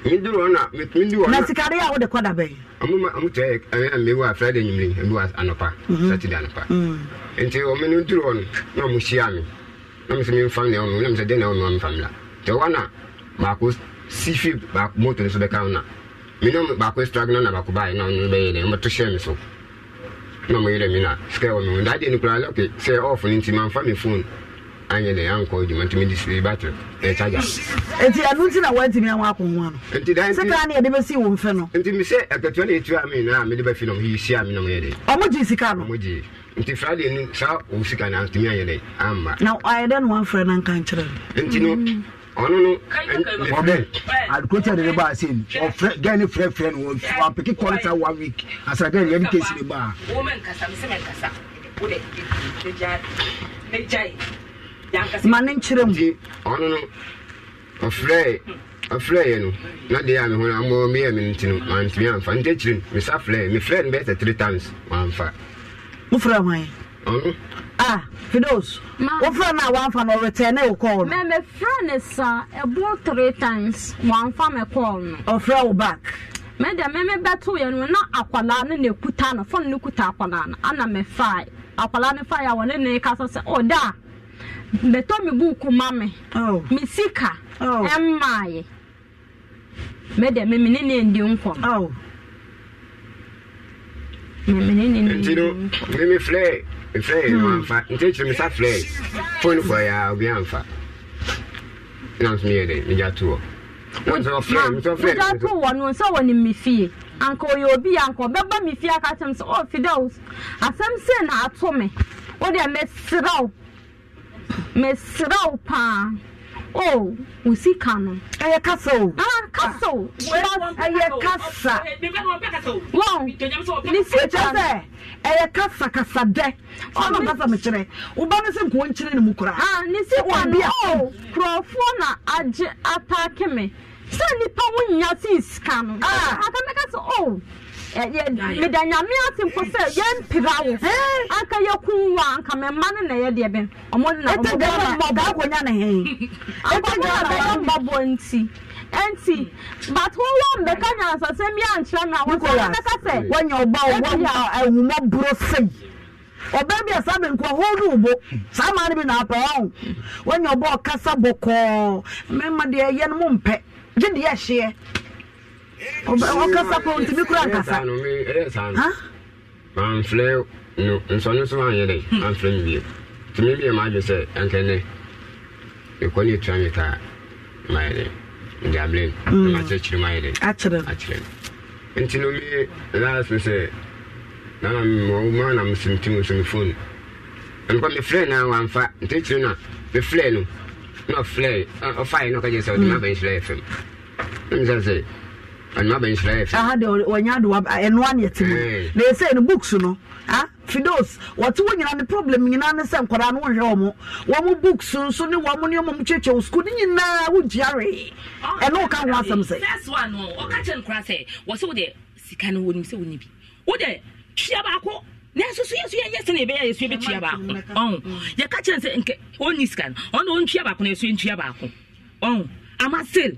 meduru hɔ na meduru hɔ na na sikade a wode kɔ da bɛn ɔmotɛ mmewu friday nwumere mmewu anɔpa saturday anɔpa mm-hmm. nti ɔmo no duru hɔ no na ɔmo me na mo sɛ memfa me na ɔmo na mo sɛ dɛn la nti ɔwa na baako si fi moto no so bɛka ho na me ne baako strag na na baako baeɛ na ɔno bɛyɛ dɛ ɔmo hyɛ me so na ɔmo yerɛ na sika wɔ me ho daadeɛ no koraa sɛ ɔɔfo no nti mamfa me phone anyɛ na yɛankɔ adwuma ntumi de sii batere ɛkyagya nti ɛno nti na woantumi awo ako ho ano nti da sika ne yɛde bɛsii wo mfɛ no nti me sɛ ɛkatua ne ɛtua me nyinaa mede bɛfi nom yɛsia me nom yɛde ɔmo gyee sika no ɔmo gyee nti friday no saa ɔwo sika no antumi ayɛ dɛ amma na ayɛ dɛ no wamfrɛ no anka nkyerɛ no nti no ɔno no ɔbɛ adekotia de ne ba ase mu ɔfrɛ gɛn ne frɛfrɛ no wapeke kɔlita one week asra gɛn yɛde kesi ne ba. wo mɛ nkasa mi sɛ nkasa ma ne nkyerɛ mu ɔno no ɔfrɛɛ ɔfrɛɛ no na deɛ a me ho amɔ meyɛ me nti no mantumi amfa nti akyiri no mesa frɛɛ mefrɛɛ no bɛyɛ sɛ times mamfa mofrɛ hwan ɔno ah fidos wofrɛ no a wamfa no ɔretɛɛ ne wo kɔɔ no mefrɛ ne sa ɛbo 3 times wamfa me kɔɔ no ɔfrɛ wo back mede meme bɛto no na akwadaa no na ekuta no fone no kuta akwadaa no ana mefae akwadaa no fae a wɔne ne kasa sɛ ɔda bɛtɔ mi buuku ma mi sika ɛmmaayɛ oh. mɛ dɛ mɛmi ne ne ndi oh. ne ne ndi nkɔ. mɛmi filɛ filɛ yɛ ma kyerɛ mi filɛ fone kɔ ya o bi yan fa to wɔ sɛ wɔne me fie anka ɔyɛ obi anka ɔbɛba me fie aka kyɛm sɛ ɔfidɛl asɛm sei na ato me wode mɛserɛ wo mesrɛ wo paa o wo sika no ɛyɛ ah. kasa o oh. kasa o ɛyɛ kasa wɔn ne sika sɛ ɛyɛ kasa kasa dɛ ɔno basa mekyerɛ woba no sɛ nkoɔ nkyerɛ ne mu kora ne sika no o kurɔfoɔ na agye ataake me sɛ nnipa wonya se sika no akamɛka sɛ o meda nyame ase mpo sɛ yɛmpira wo anka wo anka no na yɛ bɛn na nti nti but wowɔ mbɛka nyansasɛm bi ankyerɛ no a wɔsɛbɛka sɛ wanya ɔba sɛi ɔbɛn bi nkɔ hɔn bo saa maa bi na ɔkasa mɛma deɛ mpɛ deɛ ɔkasa pɔ ntumi kura nkasa. manfilɛ nsɔnni so anyɛ dɛ manfilɛ mi bie tumi bie maa bi sɛ ɛnkɛ nɛ ekɔ ne etua mi taa maa yɛ dɛ ndi abile mu ma kyerɛ kyerɛ maa yɛ dɛ akyerɛ akyerɛ nti no mi laas mi sɛ nana mi mɔ mɔ na mi si mi ti mi mi fon nkɔ mi filɛ na wanfa nti kyerɛ na mi filɛ no na ɔfilɛ ɔfa yi na ɔka gye sɛ ɔdi ma bɛn filɛ yɛ fɛm ɛn sɛ sɛ ɛnoa bɛnhyerɛ yɛ fɛ aha deɛ ɔnyɛ ade ɛnoa ne yɛte mu na ɛsɛ no books no ha fidos wɔte wo nyina ne problem nyinaa ne sɛ nkɔdaa no wohwerɛ wɔ mo wɔ mo books nso ne wɔ mo ne ɔma mu kyekyɛ wo sukuu ne nyinaa wogyia ree ah, ɛne woka ho asɛm sɛ first one no oh, ɔka kyerɛ nkora sɛ wɔ sɛ wode sika no wɔnim sɛ wonni bi wode tua baako nanso so yɛso yɛnyɛ sɛ ne ɛbɛyɛ yɛso yɛbɛtua baako ɔn yɛka kyerɛ sɛ nkɛ ɔnni sika no ɔne ɔntua baako na yɛso yɛntua baako ɔn ama sale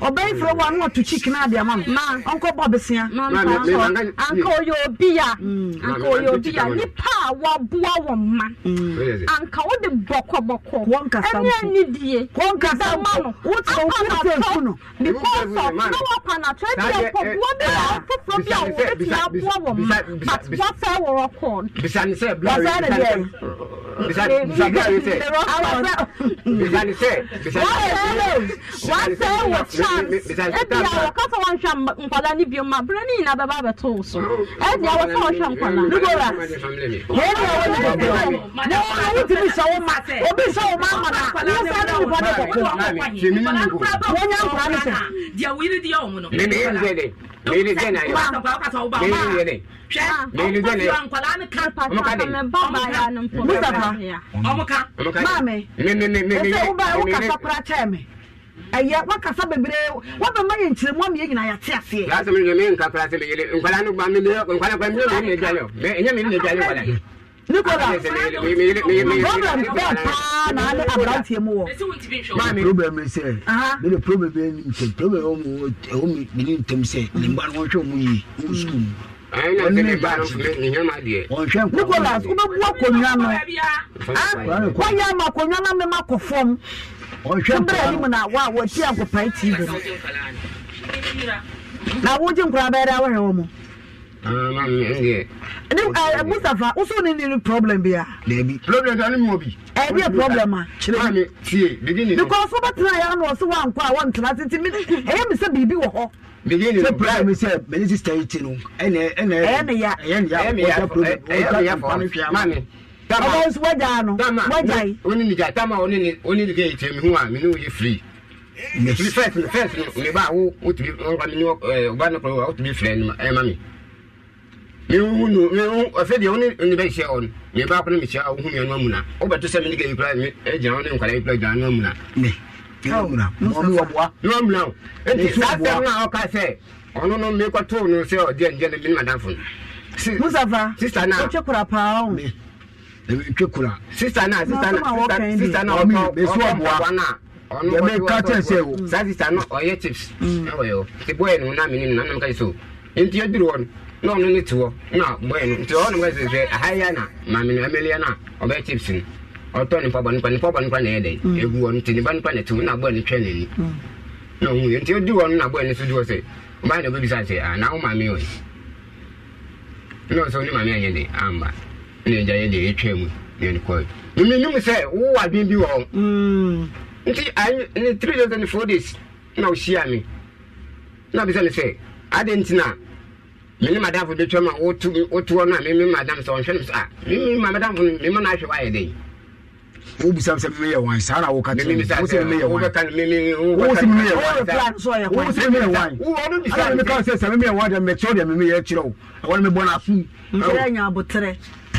ɔbɛn fura wa n'o tu chicken na di eh, eh, a ma ma ɔnkɔ bɔ besia anka oyɛ obi a anka oyɛ obi a nipa a waboa wɔn ma anka o de bɔkɔbɔkɔ ɛni ɛni die kɔnkasa mpo wotu nkunu because of na wa panatɔ ɛdi ɛkɔ buwa bi a foforɔ bi a wɔn ti aboa wɔn ma but wɔfɛ wɔrɔ kɔn bisanisɛ bilawo de deɛ bisanisɛ bilawo chance ebi a wɔkasa wɔnhwɛ nkwadaa ne biom ma bere ne nyinaa bɛba abɛto so ɛdi a wɔka wɔhwɛ nkwadaa. dubora yɛn ni ɔwɔ ne bɛbɛ ne wɔn ayi ti bi sɛ wɔn ma obi sɛ wɔn ma ama na ne nsa ne nipa ne kɔkɔ wɔn nyɛ nkwadaa ne sɛ. deɛ wuli di yɛ wɔn no. mɛ mɛ yɛn sɛ dɛ mɛ yɛn sɛ na yɛ mɛ yɛn sɛ dɛ mɛni zɛnɛ ɔmu ka de mustapha maame ɛsɛ wo ba wo kasa kura kyɛn mi ɛyɛ wakasa bebree wabɛma yɛ nkyiremu ama yɛ nyinaa yɛate aseɛ. yaasa mi nyɛ mi nka kura se mi yele nkwalaa no gba mi mi nkwalaa gba mi yɛ mi ne dwale o mɛ ɛnyɛ mi ne dwale wala yi. nicola problem bɛɛ paa na ale aberanteɛ mu wɔ. maami problem sɛ mi de problem bɛ n tɛ problem yɛ mu ɛwɔ mi ni ntɛm sɛ nin ba ni wɔn twɛ mu yi mu mm. sukuu mu. nicolas wobɛbu akonnwa no ah, woyɛ ma akonnwa no mema kɔ fam Somebody ni muna wa wa ti an ko pai Na wo jin kura ba da mu. Ah, ni eh, eh, Mustafa, wo so problem bia. Na bi. Eh, problem ta ni mo bi. bi a. Because wo betra ya na wo so wa nkwa problem se me ni sister yi ti no. ya ọba nso wagya oh, no wagya yi. oni ni gya tama oni ni oni ni gya yi tẹmi hu a mi ni o ye firi firi fẹs ni fẹs ni ne ba awo o tibi ọba mi ni ẹ ọba ne kọrọ o tibi firi ẹni ẹ ma mi mi hu nu mi hu ọfẹ deɛ oni oni bɛ hyɛ ɔnu mi ba kɔnɔ mi hyɛ awo hu mi ɛnua mu na ɔba to sɛ mi ni gya yi kura mi ɛ gyina ɔne nkɔla yi kura gyina ɛnua mu na. ɛnua mu na nti saa sɛm na ɔka sɛ ɔno no mi kɔ to no sɛ ɔdiɛ ndiɛ ne mi ni ma da fo no. musafa o ti kura paa o twekura sista na sista na sista na ọmi besi ọbua yẹmẹ kátẹ sẹ o. saa sista na ọyẹ tips na o ti bọ ẹnu na mi ni nana ka so nti eduru wọn na ọno ne ti wọ na bọ ẹnu nti ọno ka sẹ aha ya na maami na ameli ya na ọbẹ tips ni ọtọ nipa bọ nipa nipa bọ nipa na yẹ dẹ egu wọn nti nipa nipa na ti wọn na bọ ẹni twẹ n'ani na ohun yẹ nti eduru wọn na bọ ẹni so di wọ sẹ ọbaa na ọbẹ bisa sẹ ah na ahọ maami yọ yi na ọsọ ọ ni maami ayẹ de amba. Ah, ya na agya yɛ deɛ yɛtwa mu na ɛne kɔe memenim sɛ wowɔ adwen bi wɔ hɔ nti ne three days and four days na wohyia me na bisɛ me sɛ adɛn nti na mene madamfo bɛtwa mu a wotoɔ no a meme madam sɛ ɔnhwɛ no sɛ a meme ma madamfo no mema no ahwɛ woayɛ dɛn wobisa sɛ memeyɛ wan saa na woka meka sɛ sɛ memeyɛ wan dɛ mekyerɛ deɛ memeyɛ kyerɛ wo ɛwɔ no mebɔ no afom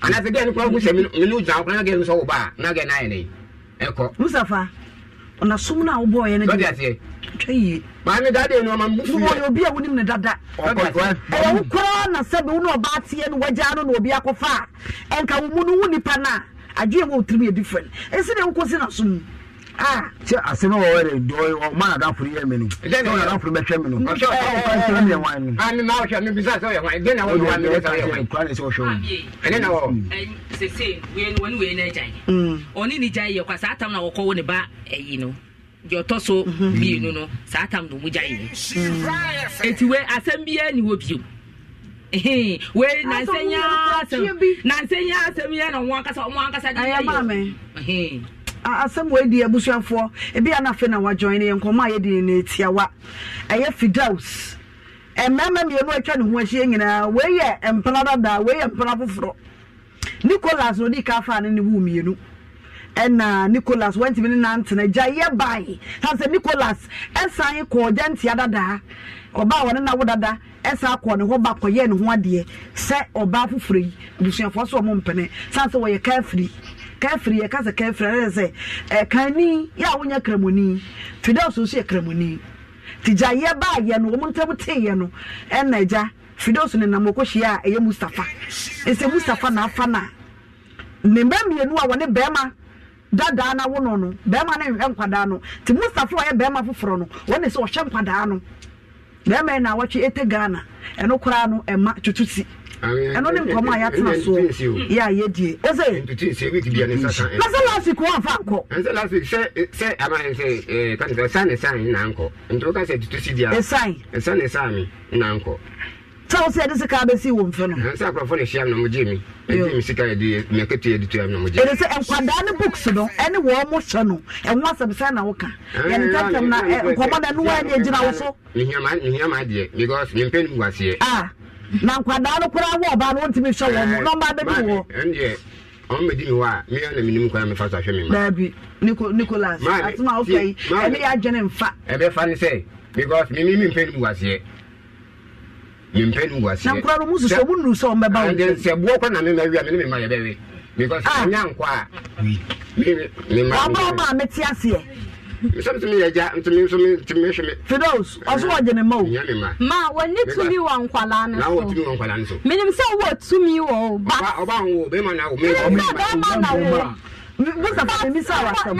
anaasɛ gɛɛ no kora wohu sɛ mene wogyina wokora na gɛɛ no sɛ woba a na gɛɛ no ayɛ ne ɛkɔ musafa ɔnasom no a wobɔɔyɛ no sɔde aseɛ twa yie maame dade no ɔma mbɔyɛ obi a wonim ne dada ɛyɛ wo koraa na sɛbe wo ne ɔbaa teɛ no no na obi akɔfa a ɛnka wo mu no wo nipa no a adwene wɔ wo tirim yɛ different ɛsi ne wokɔsi nasom Ah. sɛ asɛm wɔwɔ de ɔma nadaforo yɛ me no nadaforo bɛhwɛ me no ɔmfa nsɛm yɛ wan no ɔne ne gyae yɛ kwa saa tam na wɔkɔ wo ne ba ayi no deɛ ɔtɔ so mm-hmm. mmienu no saa tam no mu gyae ɛnti mm-hmm. we asɛm biaa ni hɔ bio wei nansɛnya asɛm nansɛnya asɛm yɛ na ɔmo ankasa ɔmo ankasa de yɛ yɛ asɛm wɔadi abusuafoɔ ebi a n'afɛ na wajoin yɛ nkɔmɔ a yɛde ne tiawa ɛyɛ fidaus mmarima mmienu atwa ne ho ahyia nyinaa wɔyɛ mpana dada wɔyɛ mpana foforɔ nicolas na odi ka afa ne ne wu mmienu ɛna nicolas wɔntumi ne tena gya yɛ bae ha sɛ nicolas ɛsan kɔɔ gya ntia dadaa ɔbaa wɔne nawo dada ɛsan kɔɔ ne hɔ ba kɔyɛ ne ho adeɛ sɛ ɔbaa foforɔ yi abusuafoɔ so ɔmo mpene san sɛ wɔyɛ kaa firi kafiri yɛ kasa kafiri ɛrɛ sɛ ɛkani yɛ a wonya kramoni fidel so so yɛ kramoni ti gya yɛ baa yɛ no wɔn ntɛm tee yɛ no ɛna gya fidel nenam okohyia a ɛyɛ mustapha ɛsɛ mustapha na afa na ne mbɛ mmienu a wɔne bɛrima dadaa na wono no bɛrima ne nhwɛ nkwadaa no ti mustapha a ɔyɛ bɛrima foforɔ no wɔn ne sɛ ɔhwɛ nkwadaa no bɛrima yɛ na awɔtwe ɛte ghana ɛno koraa no ɛma tutu si ɛno ne nkɔm a yɛatena soɔ yɛ a yɛdie ɛsɛ na sɛ last week wɔamfa nkɔ ɛsan sɛ wo sɛ yɛde sika bɛsi wɔ mfe nosɛ akorɔfo ne hyiam na mogye me ɛgye me sika mɛkatu yɛde tuam na mogye ɛde sɛ nkwadaa ne books no ɛne wɔ mo hyɛ no ɛho asɛm sɛ na woka yɛne ntɛmtɛm na nkɔmmɔ da no woanyɛ gyina wo so mehiama adeɛ because mempɛ no mu waseɛ na nkwadaa no koraa wɔ ɔbaa no wɔntumi hwɛ wɔn mo nɔmba bɛbi wɔ. ɛnjɛ bɛ di mi wa mi yɛn na mi ni mu kora mi fa so ahwɛ mi ma. daabi niko nikolas atuma ofe yi ɛmi yɛ adwene nfa. ɛbɛ fa ni sɛ because mi mi mi mpɛ ni mu waseɛ mi mpɛ ni mu waseɛ. na nkura mu soso mu sɛ ɔn bɛ ba wɔn. ɛnjɛ sɛ buwɔ kɔ na mi ma wia mi ni mi ma yɛ bɛ wi because anya ah. nkɔ a mi mi ma. mi ti aseɛ sɛ ntumi yɛ gya ntumi nso ntumi hweme. fidos ɔso wɔ ma o. nyɛ ne ma. ma tumi wɔ nkwalaa ne so. wɔ nkwalaa ne so. minimu sɛ wɔ tumi wɔ o ba. ɔba ɔba ahun o bɛrima na o mɛ. minimu o. bisa fa mi sa wa sɛm.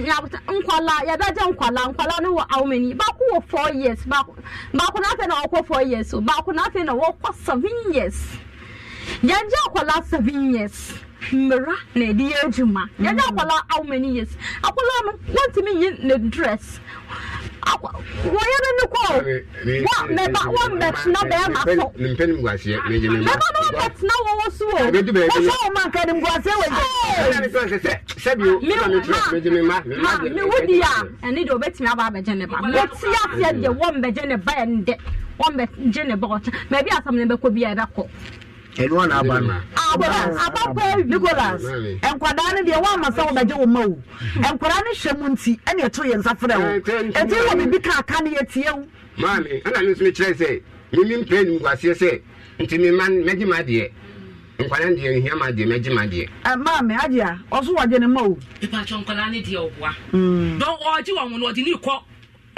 nyabutɛ nkwalaa yabɛgye nkwalaa nkwalaa ne wɔ awo mɛni baako wɔ four years baako baako n'afɛ na ɔkɔ four years o baako n'afɛ na ɔkɔ seven years yɛgye nkwalaa seven years mmara na ɛde yɛ adwuma yɛde mm. akwala how many years akwala no wɔntumi yi ne dress wɔyɛ no ne kɔɔ wɔmmɛba wɔmmɛtena bɛrima so bɛrima no wɔmmɛtena wɔwɔ so o wɔsɛ wɔ ma nka ne nkuaseɛ wɔ gye mewodi a ɛne deɛ wɔbɛtumi aba abɛgye ne ba mɛte aseɛ deɛ wɔmbɛgye ne ba ɛndɛ wɔmbɛgye ne ba ɔkyɛ maabi asɛm no bɛkɔ bi a ɛbɛkɔ ɛnu wa n'aba na. ababa ah, ababa nicholas nkwadaa ni deɛ wɔn amasa wɔn bɛgye wɔn ma o nkwadaa ni hyɛ mu nti ɛna ɛto yɛn nsa fɛrɛ o eti eh, wɔ bibi kaaka ni yɛ tie o. maame ɛna ne nso kyerɛ sɛ mimi mpɛ nim waseɛ sɛ nti mi ma mɛgye ma deɛ nkwadaa deɛ nhia ma deɛ mɛgye ma deɛ. ɛ eh, maame agye a ɔso wɔgye ne ma o. ìpàtɔ nkwadaa ni deɛ ɔboa. Mm. dɔn ɔgye wɔn no ɔde ne kɔ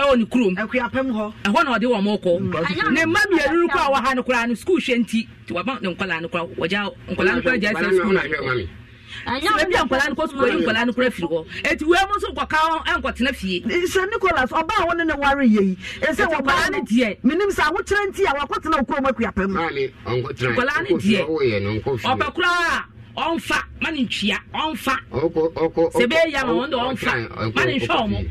ɛwɔ mm. ne kurom akuapɛm hɔ ɛhɔ na ɔde wɔn kɔ ne mma mmienu kɔ a wɔ ha no koraa no sukuu hwɛ nti nti wɔba ne nkɔlaa no koraa wɔgya nkɔlaa no koraa gya sɛ sukuu na hwɛ sɛ bia sukuu yi nkɔlaa no firi hɔ eti wei mu nso nkɔka wɔn nkɔtena fie. Eh, sɛ nicholas ɔbaa wɔn ne ware yie yi ɛsɛ eh, nkɔlaa ne deɛ minim sɛ ahokyerɛ nti a wakɔtena okurom akuapɛm. nkɔlaa ne deɛ ɔbɛ koraa ɔnfa ma ne ntua ɔnfa sɛ bɛyɛ ama wɔn de ɔnfa ma nhwɛ wɔn.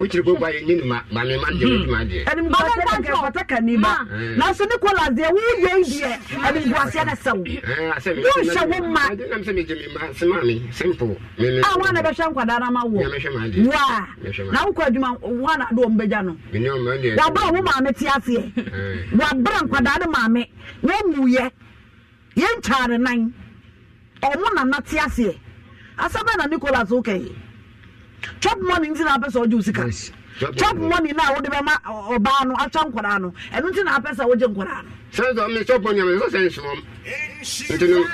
wokyiri gbogbo ayɛ nyɛ nima maame ma deɛ woduma deɛ ɛnim guaseɛ no kɛfata ka nima nanso ne kolas deɛ woyɛ yi deɛ ɛnim guaseɛ no sɛ wo wohyɛ wo ma nam sɛ megye me ma hmm. hmm. hmm. se maame simple a woana bɛhwɛ nkwadaa no ma wo woa na wokɔ adwuma woana de ɔmbɛgya no wabrɛ wo maame te aseɛ wabrɛ nkwadaa no maame wɔmuyɛ yɛntwaa ne nan ɔmo nana te aseɛ asɛ bɛ na nicolas wokɛyi chop money nti na apɛ sɛ ɔgye osika chop money na wode bɛma ɔbaa no atwa nkwadaa no ɛno nti na apɛ sɛ wogye nkwadaa no sɛsɛ chop money amɛ sɛ sɛ nsoɔm nti no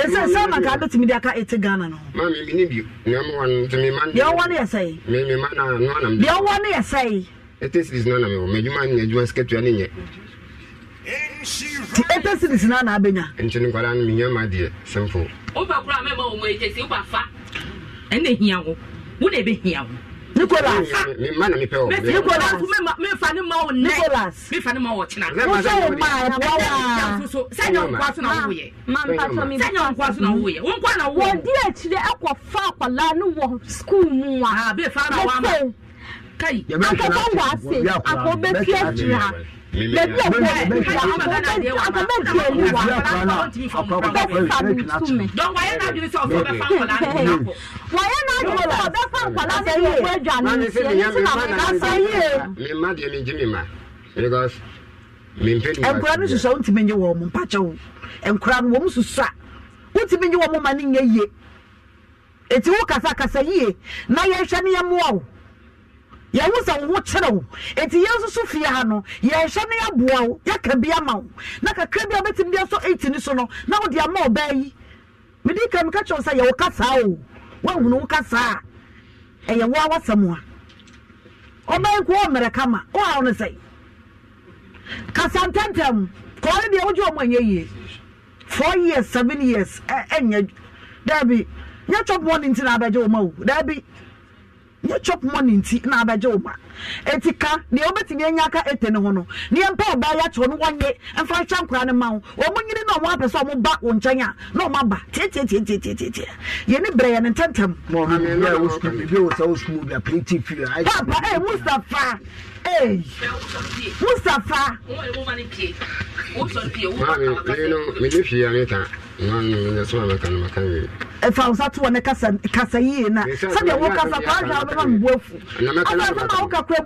ɛsɛ sɛ na ka bɛtumi de aka ɛte ghana no ma memene bio neɛmɔwɔ no nti mema deɛ wowɔ no yɛ sɛe mema na no anam deɛ wowɔ no yɛ sɛe ɛtɛ series no anamɛwɔ madwuma ne adwuma sikatua ne nyɛ ɛtɛ series no ana abɛnya nti no nkwadaa no menya ma deɛ simple wobɛkora mɛma wɔ mu ɛtɛ sɛ wobafa wo na ebe hia wo. nicholas mma na mepɛ wɔ nicholas mefa ne ma wo nɛ mefa ne ma wo kyena wosɛ wo ma ɛbɔwa so sɛ nyɛ nkoa so na woyɛ sɛ nyɛ nkoa so na woyɛ wo nkoa na wo wɔdi akyire ɛkɔ fa akwadaa no wɔ school mu a befa na wama kai akɔbɔ wɔ ase akɔbɛtua lẹbi ọkọ ẹ ọkọ bẹẹ di ẹni wa bẹẹ sàmì túmẹ. wàyẹ náà jùlọ sọ ọfọ bẹẹ fà nkọlá ní ìlú. wàyẹ náà jùlọ sọ ọfọ bẹẹ fà nkọlá ní ìlú ẹgbẹ jà ní ìṣe ní sinà kásá yìí. mi má di ẹni jí mi ma because mi n pe ni wa. nkura ni soso ntumi nye wɔn mu mpakyɛ o nkura ni wɔn mu soso a ntumi nye wɔn mu ma ni nye yie wo kasakasa yie na yɛn hwɛ ni yɛn yɛwo sɛ wo kyerɛ wo nti yɛn nso so fie ha no yɛnhyɛ no yɛboa wo yɛka bi ama wo na kakra bi a wobɛtumi de asɔ 8 ni so no na wode ama ɔbaa yi mede ka meka kyerɛ wo sɛ yɛwo ka o woahunu wo ka ɛyɛ wo wasɛm a ɔbaa yi ko ɔmmerɛ kama wohaw no sɛ kasa ntɛntɛm kɔɔre deɛ wogye ɔmo anyɛ yie four years seven years ɛnyɛ daabi nyɛ twɔpoɔ ne nti na abɛgye wo ma wo daabi yɛchop money nti na abɛgye wo ma ɛti ka deɛ wobɛtumi anya aka ɛte ne ho no ne yɛmpa ɔbaa yɛakyerɛ no wɔnye mfa nhyɛ nkora no ma wo ɔmo nyini na ɔmo apɛ sɛ ɔmo ba wo nkyɛn a na ɔmo aba tietietietietietietiɛ yɛne berɛ yɛ ne ntɛntɛm mustafa Hey, Mustafa. sa to ne kasa yie na sɛdeɛ wokasa koraa da wobɛma meboafu abasɛ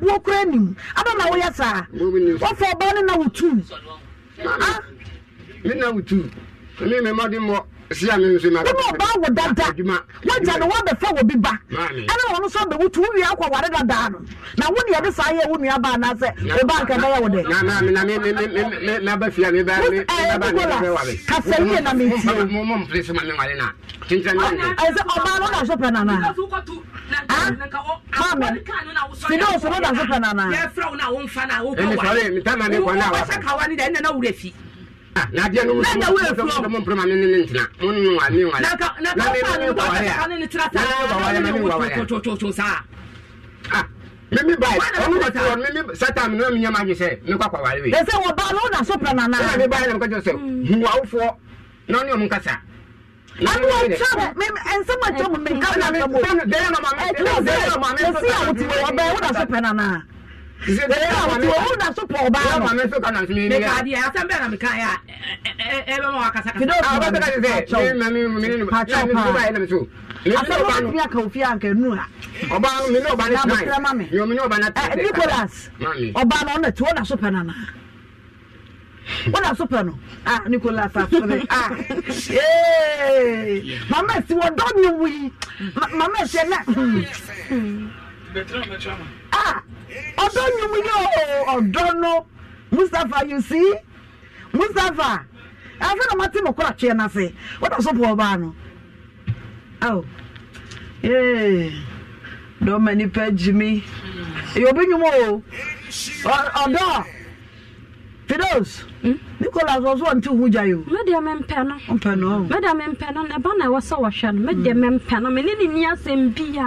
buo kora anim aba na woyɛ saa wofa ɔbaa ne na wotu mena si a mi nso na. wọ́n bá wọ dada wọ́n jà ní wọ́n bẹ fẹ́ wọ ba ẹni wọn nso bẹ wutu wúwi akọ wàdé dada nù na wọn ni ẹni sáyé wọn nìyà bá aná sẹ o bá nkà bẹ́yà wọ dẹ. na mi na mi mi mi mi na bẹ fi mi bẹ mi na bá mi bẹ mi. kasa yi yẹn na mi ti. mo mo mpere sima mi wàlẹ na kíntà mi nìyẹn. ẹ sẹ ọba ló dà so pẹ nana. maami fìdí òsò ló dà so pẹ nana. yẹ fúlọ̀ náà ó ń fa náà ó kọ wa. èmi sọ̀rọ̀ èmi tá nadeɛ no wosmprɛma mene ne ntena mone wa me ware mimi ba ɔno bɛ sɛ ɔno mimi sata mi na mi nyɛ ma nye sɛ mi kɔ akɔware wei. ɛsɛ wɔ ba n'o na so pɛrɛn na. ɛna mi ba yɛlɛ mi ka jɔ sɛ mm. hu awofoɔ na ɔne ɔmu kasa. anu wa ntwa mu nsɛm atwa mu mɛ nka na mɛ bɔ. ɛtú ɔsɛ ɛsɛ awotiwɔ ɔbɛ wo na so pɛrɛn na owuda so pɔ ɔbaa no meka adeɛ asɛm bɛɛ na meka ɛ a ɛbɛma wakasakasapatwapaa asɛm wobɛtumi aka ofie anka nu anabotrɛ ma me nicolas ɔbaa no ɔna ti woda so pɛ no anaa woda so pɛ no ah nicolas asore ah mama si wɔdɔ ne wu yi mama si ɛnɛ ah ọdọ nyum yẹ o ọdọ no mustapha you see mustapha afẹ na ọmọ tí mo kọra kyeẹ n'ase wọn dà so pọ ọbaa no awo ee dọọma nipa gyi mi èyí obi nyum o ọdọ fidos hmm? nicholas ọsọ ọntì hu gya yìí o. mẹ́díẹ̀ mi mpẹ́ no. mpẹ́ no. mẹ́díẹ̀ mi mpẹ́ no ẹ̀bá náà ẹ̀wọ́ sọ wọ́hwẹ́ no mẹ́díẹ̀ mi mpẹ́ no mi ní ni ní asẹ̀m bíyà.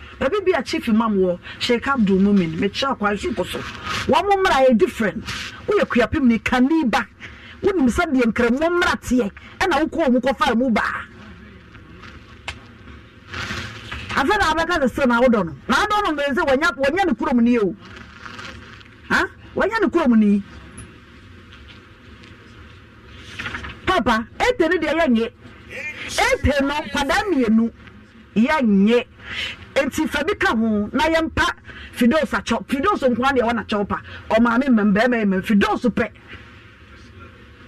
baabi bi a chief imam wɔ sheikh abdul mumin mekyerɛ akwanso nkoso wɔn mo yɛ different woyɛ kuapem ni kaniba wonim sɛ deɛ nkramu mmara teɛ ɛna wokɔ ɔmu kɔfa mu baa afei na abɛka sɛ na wodɔ no na adɔ no mbɛn sɛ wɔnya wɔnya ne kurom ni o ha wɔnya ne kurom ni papa ete ne deɛ yɛnyɛ ete no kwadaa mmienu yɛnyɛ nti fa bi ka ho na yɛmpa fidos akyɛw fidos nkoa deɛ ɛwɔ n'akyɛw pa ɔmaame mmɛm bɛrima mmɛm fidos pɛ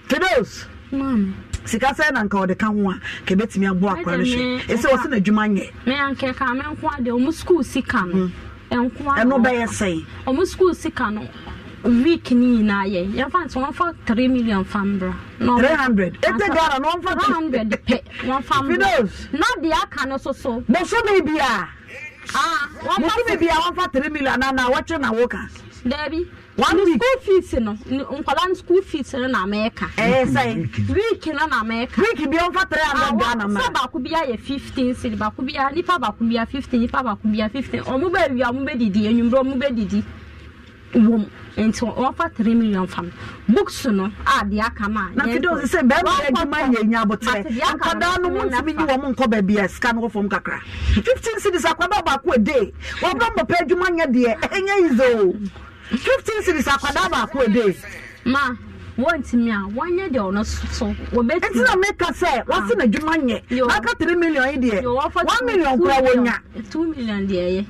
fidos. maame. sika sɛ na nka ɔde ka ho a ka ɛbɛtumi aboa akora no hwɛ ɛsɛ ɔsɛ n'adwuma nyɛ. me anka ka me nko ɔmo sukuu sika no. Hmm. nko ano ɛno bɛyɛ sɛn. ɔmo sukuu sika no week ni nyinaa yɛ yɛfa nso wɔmfa three million fa mbra. three hundred ɛsɛ ghana na wɔmfa two hundred pɛ wɔmfa mbra. fidos. na deɛ aka no soso. bɔsɔmi bi a. Ah, musu bibi a wɔmfa three million ana wɔtwe na woka. dabi one week school fees no nkwadaa school fees no na mɛɛka. ɛyɛ sɛn week no na mɛɛka. week bi wɔmfa three hundred ah, ghana na ma. sɛ baako bi ayɛ fifteen sidi baako bi a nipa baako bi a fifteen nipa baako bi a fifteen ɔmo bɛ wi a ɔmo bɛ didi enyimire ɔmo bɛ didi wom nti wɔfa three million fam books no a deɛ aka ma. na ti dɔw sɛ bɛɛ bɛ adwuma yɛ nya abotire akwadaa no mu ntumi nyi wɔn nkɔ baabi a sika no wɔ kakra fifteen cities akwadaa baako a day wɔbɛn bɔpɛ adwuma nyɛ deɛ ɛnyɛ yize o fifteen cities akwadaa baako a day. ma wɔntumi a wɔnyɛ deɛ ɔno so wɔbɛtumi. ɛti na meka sɛ ah. wɔsi na adwuma nyɛ n'aka three million yi deɛ one million kura wɔnya. two million deɛ ɛyɛ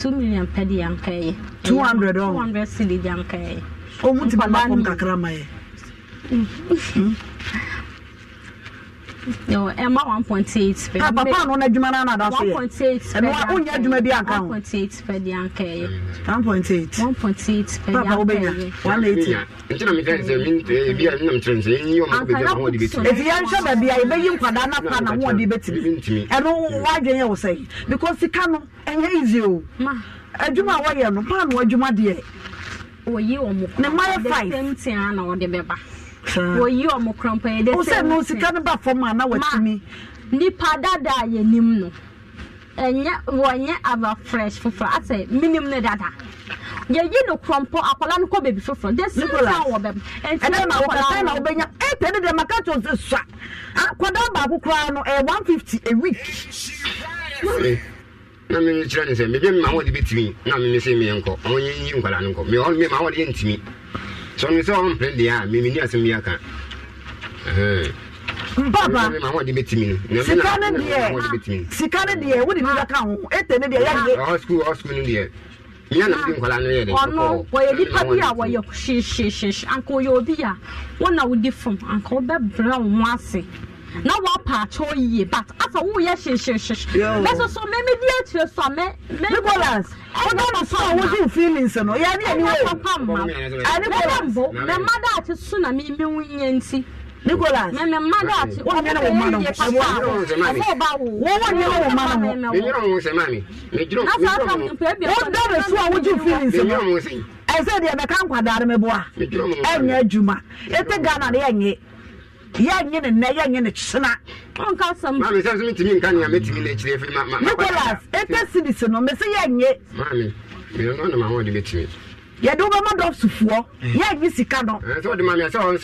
two million pɛ de yanka yɛ. two hundred ɔn two hundred cedi de yanka yɛ. o mu ti bɛ ma fɔ mu kakra ma yɛ ɛma one point eight fɛ. a ah, papa anu na adwuma na anada so yɛ one point eight fɛ ɛnu wa o nya adwuma bi anka ho one point eight fɛ di anka yɛ. one point eight one point eight fɛ di anka yɛ. papa o bɛ nya one eighty. nti na mi ka eh, nsɛm mi ntɛ ebi a mi na mi kyerɛ nsɛm eyi ɔmo bɛbi de bɛ tiri. efi yɛn nhyɛ baabi a ebeyi nkwadaa n'apa na wɔn de bɛ tiri ɛnu wadwe yɛ wosɛ yi because sika no ɛnyɛ easy o adwuma a wɔyɛ no paanu adwuma deɛ. wɔyi wɔn kɔ wɔyi ɔmo kurɔmpɔ yɛ de sɛ wosɛ no sika no ba fam a na watumi nipa dada a yɛnim no ɛnyɛ aba fresh foforɔ asɛ minim ne dada yɛyi no kurɔmpɔ akwadaa no desi beebi foforɔ de sɛ nsa wɔ bɛm ɛnti ma akwadaa no akwadaa na sọ mi sɛ ɔmpere deɛ a mimi ni asɛm bi aka mpapa sika ne deɛ sika ne deɛ wode bi bɛka ho ɛtɛ ne deɛ yɛdeɛ ɔno wɔyɛ nipa bi a wɔyɛ hyehyehyehye anka ɔyɛ obi a wona wodi fam anka wobɛbrɛ wo ho ase na wapa atwo yie but asa wo yɛ hyehyehyehy bɛso so mɛmi di akyire so a mɛ mɛ nicholas ɛna na so a wosi feelings no yɛ ni ɛni wo papa mma ɛna mbo mɛ mma da ati so na mi mi wu nye nti. Nicholas. Mẹ mẹ má dà tí. Wọ́n nyẹ́ wọ́n má nù. Wọ́n wọ́n bá wò. Wọ́n wọ́n nyẹ́ wọ́n má nù. Mi nyẹ́ wọ́n sẹ́ maami. Mi jíròm. N'a sọ àtàwọn ìpè bí. Wọ́n dábẹ̀ sún àwọn ojú feelings. Mi nyẹ́ wọ́n sẹ́yìn. Ẹ sẹ́ di ẹ̀bẹ̀ ká nkwadarí a. Mi jíròm. juma. Ẹ tẹ Ghana ni ẹ yɛnye ne nnɛ yɛnye ne kyena nicolas ɛpɛ cities no mese yɛnye yɛde wobɛma dɔsofoɔ yɛnye sika no yo ɛyɛ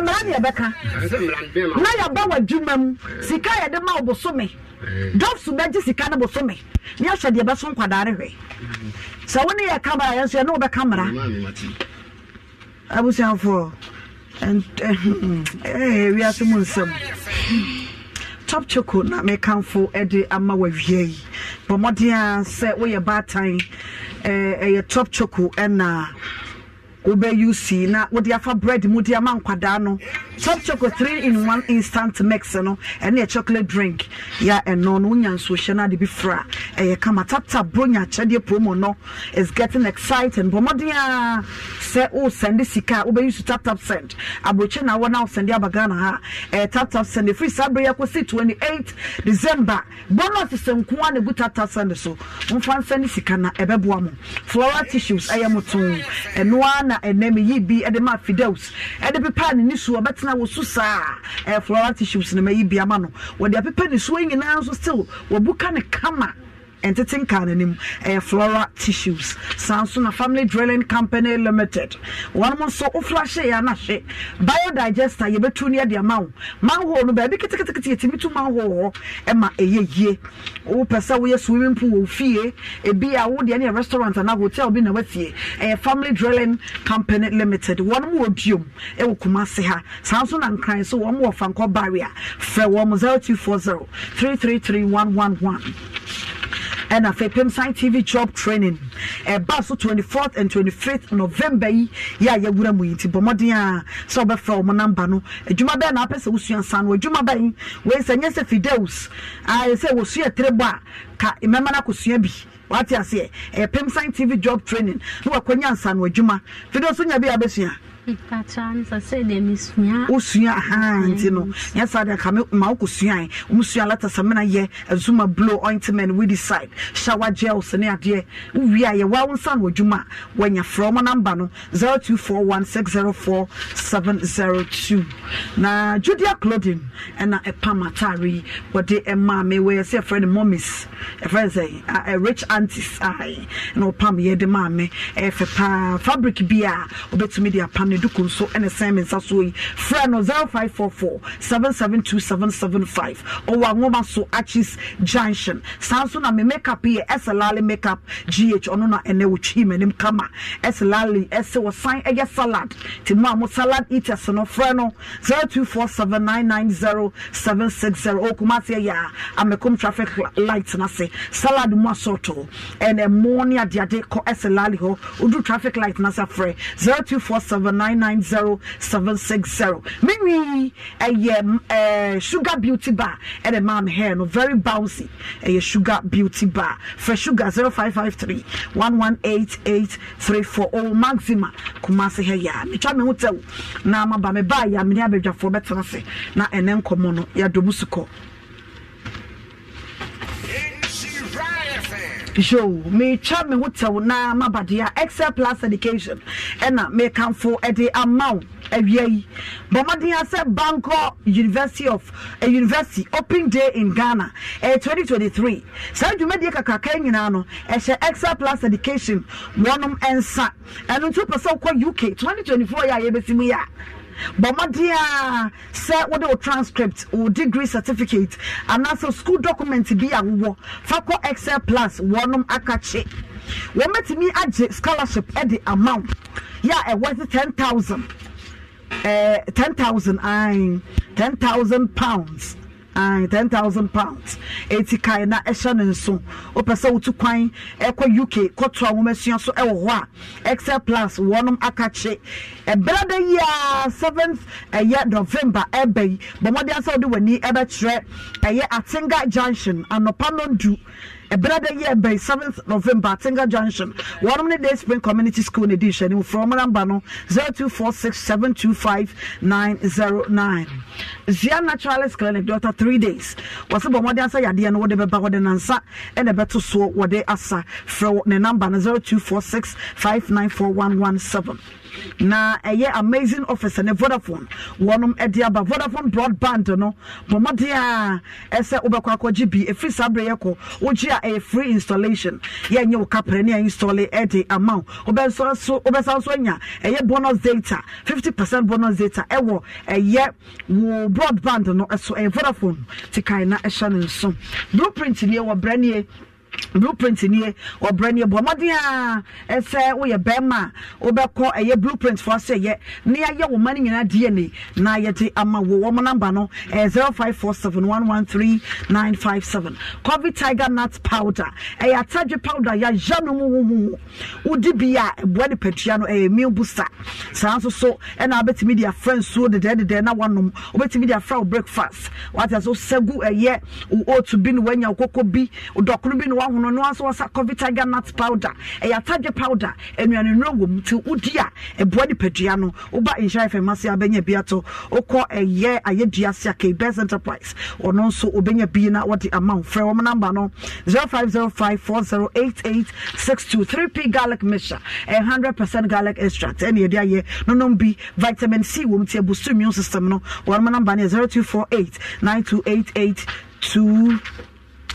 mmara ne yɛbɛka na yɛba wɔ adwuma mu sika yɛde ma wo bosome dɔso bɛgye sika no bosome ne yɛhwɛ deɛ bɛso nkwadaa ne hwɛ sɛ wo ne yɛ kamara yɛ nso yɛne wobɛka mmara abusuafoɔ wiase mu nsɛm top choco na mekamfo eh, de ama wawie yi bɔ mmɔden a sɛ woyɛ baatan ɛyɛ eh, eh, top choco ɛna wobɛyi si na wode afa bread mu de ama nkwadaa no top chocolate three in one instant mix no ɛne yɛ chocolate drink yɛ ɛno no wonya nsuohyɛ no ade bi fra ɛyɛ kama taptap bro nya akyɛdeɛ promo no is getting excited bɔ mmɔden a sɛ wosɛnde sika a wobɛyi so taptap send aborɔkyɛ na wɔ na wosɛnde aba ghana ha ɛyɛ taptap send ɛfiri saa berɛ yɛkɔsi 28 december bonus sɛ nko a na ɛgu taptap send so momfa nsɛne sika na ɛbɛboa mo flower tissues ɛyɛ mo too ɛnoa na ɛnɛ mi yi bi ɛde ma fideus ɛde pepa ne nisuo ɔbɛtena wɔ so saa ɛɛ floral tissues na ma yi bi ama no wɔde apepa nisuo nyinaa nso still wɔbuka ne kama. ɛntete nka n'anim ɛyɛ flora tissues san so na family drilling company limited wɔn mo nso ofura hyɛ yɛ anahwɛ biodigester yɛbɛtu ne ɛde ama wo manhole no baabi ketekete yɛtumi tu manhole hɔ ɛma ɛyɛ yie wopɛ sɛ woyɛ swimming pool wɔ fie ebi a wodeɛ ne yɛ restaurant anaa hotel bi na watie ɛyɛ eh, family drilling company limited wɔn mo wɔ biom ɛwɔ kumase ha san so na nkran so wɔn wɔ fankɔ barrier frɛ wɔn zero two four zero three three three one one one. ɛna afei pimsan tv job training ɛba so 24th and 25th november yi yɛ a yɛwura mu yi nti bɔmmɔden a sɛ wɔbɛfrɛ wɔn namba no adwuma bɛɛ na apɛ sɛ wosua nsa no adwuma bɛn wei sɛ nyɛ sɛ fideus a yɛ sɛ wɔsua tirebɔ a ka mmɛma no akɔsua bi wate aseɛ ɛyɛ pimsan tv job training na wakɔnya nsa no adwuma fideus so nya bi abɛsua wosua haa nti no nyɛ saa deɛ ka ma wokɔ suae womsua lata sɛ mena yɛ eh, Zuma blow ointment we decide. shower gels ne adeɛ wowie a yɛwoa wo nsa no w'adwuma a wanya frɛ ɔma namba no two. na Judea clothing ɛna eh, ɛpam atare yi wɔde eh, ɛmaa me wɔyɛ sɛ ɛfrɛ no mommies ɛfrɛ no sɛ rich aunties ae na ɔpam yɛde maa me ɛyɛ paa fabric bi a wobɛtumi de apam me duku nso ɛna sɛn me nsa so yi frɛ no zero five four four seven seven two seven seven five ɔwɔ anwoma so achis junction saa nso na me makeup yɛ ɛsɛ makeup gh ɔno na ɛnɛ wotwi m'anim kama ɛsɛ lale ɛsɛ wɔsan ɛyɛ salad te mu a mo salad eaters no frɛ no zero two four seven nine nine zero seven six zero okuma se yɛ amekom traffic light na se salad mu asɔɔtɔ ɛnɛ mo ne adeade kɔ ɛsɛ lali hɔ odu traffic light na se frɛ zero two four seven nine. nine nine zero seven six zero mimi a sugar beauty bar and a mom hair no very bouncy A sugar beauty bar fɛ sugar zero five five three one one eight eight three four o oh, maxima kumasi hair yaa mitwa mi ho tɛw na ama ba mi ba ya, mi ni abɛdwafoɔ bɛtena se na ɛnɛ nkɔmɔ no yɛ show chat me ho tɛw na mabadeɛ a excel plus education ɛna mekamfo ɛde ama wo awia yi bɔ mmɔden asɛ bankɔ university of uh, university open day in ghana uh, eh, 2023 saa dwumadie kakraka nyinaa no ɛhyɛ eh, excel plus education one nsa ɛno nso two sɛ wokɔ uk 2024 yɛ a yɛbɛsi mu But mmɔden a sɛ wode wo transcript wo degree certificate and also school document bi a wowɔ fa kɔ excel plus wɔnom akakye wɔmɛtumi agye scholarship the amount Yeah, was it ten thousand. a eh, ten thousand. I ten thousand pounds I ten thousand pounds eti kan na ɛhyɛ ne nso wopɛ sɛ wotu kwan ɛkɔ uk kɔtoa nwoma sua so ɛwɔ hɔ a excel plus wɔnom aka kyerɛ ɛbɛrɛ da yi a seventh ɛyɛ november ɛbɛ yi bɔmmɔden asɛ wode w'ani ɛbɛkyerɛ ɛyɛ atenga junction anɔpa nondu ɛberɛ da yɛ bɛn seventh november atenga junction wɔnom ne day spring community school ne di nhyɛne mu frɛ ɔmo no zero two four six seven two five nine zero nine zia naturalist clinic doctor three days wɔsi bɔ ɔmɔden asa yadeɛ no wɔde bɛba wɔde nansa ɛna ɛbɛto soɔ wɔde asa frɛ ne namba no zero two four six five nine four one one seven na ɛyɛ amazing officer ne vodafone wɔnom ɛde aba vodafone broadband no bɔmmɔden a ɛsɛ wobɛkɔ akɔgye bi ɛfiri saa berɛ yɛkɔ wogye a ɛyɛ free installation yɛnyɛ wo kaprɛ ne ɛinstɔle ɛde ama wo wobɛsan so anya ɛyɛ bonus data 50 percent bonus data ɛwɔ ɛyɛ wo broadband no ɛso ɛyɛ vodafone tikan na ɛhyɛ no nso blueprint ne ɛwɔ berɛ nie blueprint ni yɛ ɔbrɛ ni yɛ bɔ ɔmɔden a ɛsɛ woyɛ bɛrima a wobɛkɔ ɛyɛ blueprint fɔ sɛ yɛ ne yɛayɛ wo ma no nyinaa dna na yɛde ama wo wɔm namba no ɛyɛ zero five four seven one one three nine five seven covid tiger nut powder ɛyɛ atadwe powder yɛayɛ no mu mu mu wodi bi a ɛboa nipadua no ɛyɛ meal booster saa nso so ɛna wobɛtumi de afrɛ nsuo dedɛdedɛ na woanom wobɛtumi de afrɛ wo breakfast wate so sɛ gu ɛyɛ wo oat bi ne bi wo dɔkono bi wahono no nso wɔsa coffee tiger nut powder ɛyɛ atadwe powder nnuane nnuro wɔ mu nti wodi a ɛboa nipadua no woba nhyira fm ase abɛnya bi ato wokɔ ɛyɛ ayɛdua se aka best enterprise ɔno nso wobɛnya bi na wɔde ama wo frɛ wɔm namba no 0505408862 3p garlic mixture 100% garlic extract ɛne yɛde ayɛ nonom bi vitamin c wɔ mu nti immune system no wɔnom namba no 0248 9288 2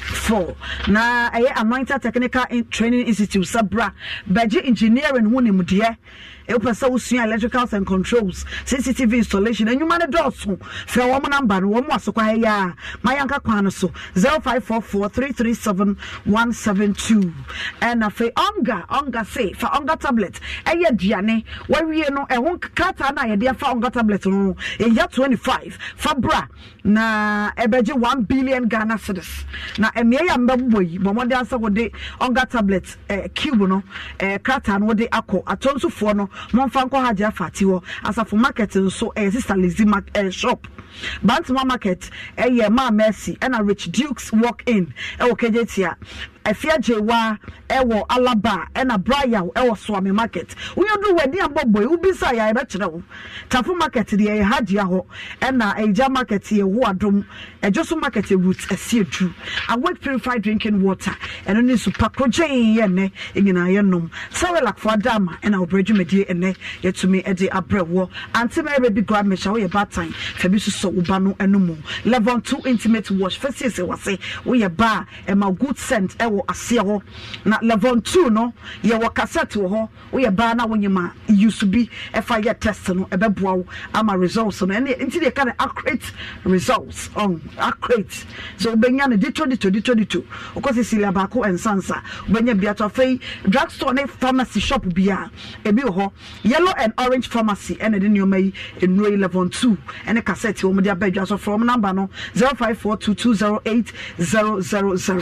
four na ɛyɛ amanta technical training institute sabra bɛgye engineering ho nimdeɛ wopɛ sɛ wosua electricals and controls cctv installation anwuma no dɔɔso frɛ wɔm namba no wɔm asokɔ ayɛyɛ a mayɛnka kwan no so 0544337172 ɛna afei ɔnga ɔnga se fa ɔnga tablet ɛyɛ aduane wawie no ɛho krataa no a yɛde afa ɔnga tablet no ɛya 25 fa bra na ɛbɛgye 1 billion ghana cedis na ɛmeɛ yɛ mbɛbobɔ yi bɔmmɔde asɛ wode ɔnga tablet eh, cube no eh, krataa no wode akɔ atɔ nsofoɔ no mɔmfa nkɔ hagye afate hɔ asafo market nso ɛyɛ eh, sister lazy eh, shop bantima market ɛyɛ eh, maa mercy ɛna rich dukes walk in ɛwɔ kegyeti afiagyewa ɛwɔ alaba ɛna braya ɛwɔ swami market wonyɛdu wɔ ani abɔbɔ yi wobisa yɛ yɛbɛkyerɛ wo Tafu market deɛ ɛyɛ hagyia hɔ ɛna ɛgya market yɛ wo adom ɛdwo market yɛ root ɛsi edu awake purified drinking water ɛno ne nsupa korogyen yɛ ɛnɛ nyinaa yɛ nom sawelakfo adama ɛna ɔbrɛ dwumadie ɛnɛ yɛtumi ɛde abrɛ wɔ ante mɛ ɛbɛbi gora mehyɛ woyɛ batan fa bi so sɔ wo ba no ɛno mu level two intimate wash fɛsiesie wɔ se woyɛ ba a e ɛma good scent ɛwɔ e wɔ aseɛ hɔ na level two no yɛwɔ cassette wɔ hɔ woyɛ baa na wonyima use bi ɛfa yɛ test no ɛbɛboa wo ama results no ɛne nti deɛ ka no accurate results on accurate so wobɛnya no dito dito dito dito wokɔ sɛ silia baako ɛnsansa wobɛnya bia to afei drug store ne pharmacy shop bia ebi wɔ hɔ yellow and orange pharmacy ɛna de nneɛma yi nnuro yi level two ɛne cassette wɔn de abɛdwa so from number no zero five four two two zero eight zero zero zero.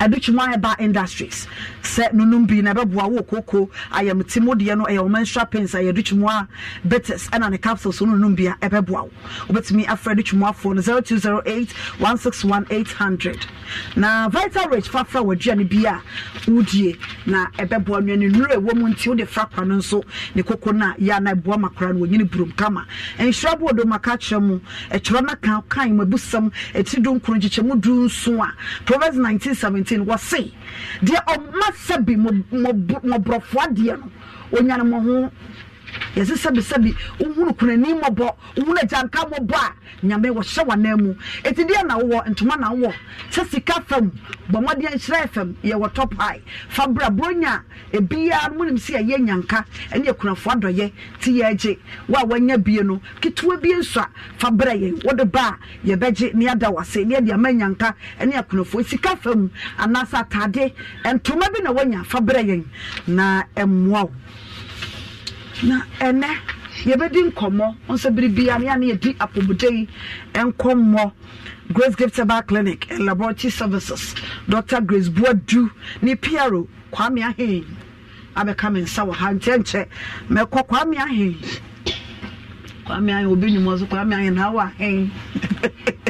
abitwuma ɛba industries sɛ nonum bi na ɛbɛboa wo koko ayamti mu deɛ no ɛyɛ wɔn menstrual pains ɛyɛ aditwuma bitters ɛna ne capsules So nonum bi a ɛbɛboa wo wobɛtumi afrɛ aditwumafoɔ no zero two zero eight one six one eight hundred na vital rich fafra wɔ aduane bi a wodie na ɛbɛboa no ne nnuro ɛwɔ mu nti wode fra kwa no nso ne koko no a yɛ ana ɛboa makora no wɔnyini burom kama nhyira bo odo maka kyerɛ mu ɛtwerɛ no ka kan mu abusɛm ɛti do nkron kyekyɛ mu du nso a proverbs nineteen seventeen nti no wɔse deɛ ɔma sɛ bi mmɔborɔfoɔ adeɛ no ɔnyane mmɔ ho yɛse sɛbisɛbi wohunu kunani mmɔbɔ wohunu agyanka mmɔbɔ a nyame wɔhyɛ w'anan mu ɛti deɛ na wowɔ ntoma na wowɔ sɛ sika fam bɔ mmɔdeɛ nhyerɛ fam yɛwɔ tɔpae fa bra bronya ebiaa no munim sɛ yɛyɛ nyanka ɛne akunafoɔ adɔyɛ ti yɛagye wo a woanya bie no ketewa bi nso a fa bra yɛn wode ba a yɛbɛgye ne yɛada wase ne yɛde ama nyanka ɛne akunafoɔ sika fam anaasɛ atade ntoma bi na woanya fa yɛn na ɛmmoa wo na ɛnɛ yɛbɛdi nkɔmmɔ nso biribia ne ane yɛdi apɔmuden nkɔmmɔ grace Herbal clinic and laboratory services dr grace buadu ne piaro kwame ahen abɛka me nsa wɔ ha nkyɛnkyɛ mɛkɔ kwame ahen kwame ahen obi nnwuma so kwame ahen na awɔ ahen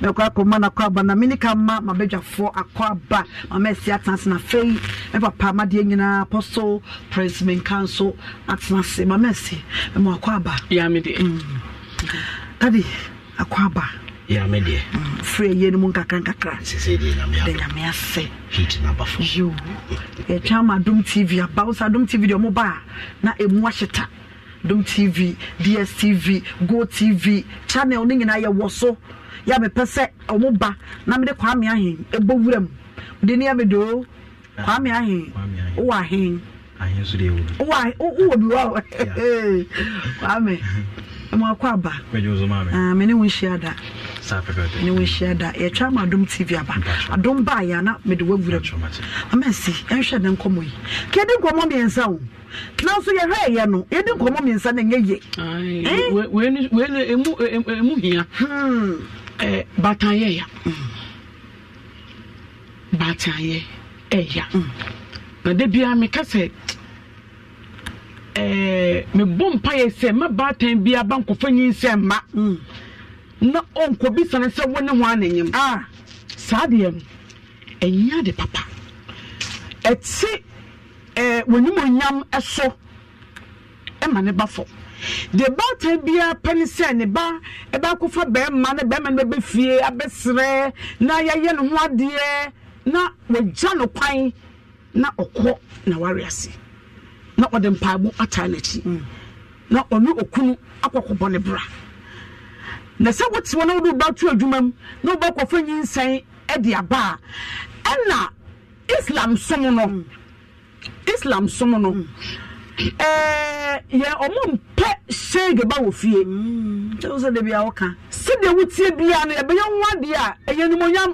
mɛkɔ akɔma no akɔ na mene ka ma mabadwafoɔ akɔ aba mama asi atena na afei e e me papa madeɛ nyinaa apostle prince menka nso atena mama asi mɛma akɔ aba dade akɔ aba firi ɛyɛ na dstv e go tv channel no nyinaa yɛwɔ yà mepɛ sɛ ɔmo ba na mede kwame ahen ɛbɔ wura mu de ne yàmɛ doo kwame ahen wowɔ ahen wowɔ wowɔ bi wɔ kwame ɔmo akɔ aba mɛ ne ho nhyia da mɛ ne ho nhyia da yɛtwa ma adom tv aba adom baa yɛ na mede wɔ wura mu amasi ɛnhwɛ ne nkɔmɔ yi kɛde nkɔmɔ mmiɛnsa o na nso yɛhwɛ ɛyɛ no yɛdi nkɔmɔ mmiɛnsa na ɛnyɛ yie. wei ni emu hia eh, batan yɛ ya batan yɛ ɛya na de bia meka sɛ mebɔ mpa yɛ sɛ ma baatan bia ba nkɔfa nyi sɛ mma mm. na ɔnkɔbi sane sɛ wo ne ho ananyam a ah. saa deɛ no ɛnya de papa ɛte wɔnim onyam so ɛma ne ba fɔ de baatan biara pɛ ne sɛ ne ba ɛbɛ akɔfa bɛrima ne bɛrima no bɛbɛ fie abɛsrɛ na yɛyɛ ne ho adeɛ na wɔgya no kwan na ɔkɔ na ware ase na ɔde mpaabo ataa n'akyi na ɔne okunu akɔkɔbɔ ne bra na sɛ wote hɔ na wode woba to adwuma mu na woba kɔfa nyinsɛn de aba a ɛna islam som no islam som no mm ɛɛ eh, yɛ ɔmo mpɛ seege ba wɔ fie ɛwɔ mm, sɛ debi awɔ ka sɛdeɛ wotie bia no ɛbɛyɛ nwa deɛ a ɛyɛ numonyam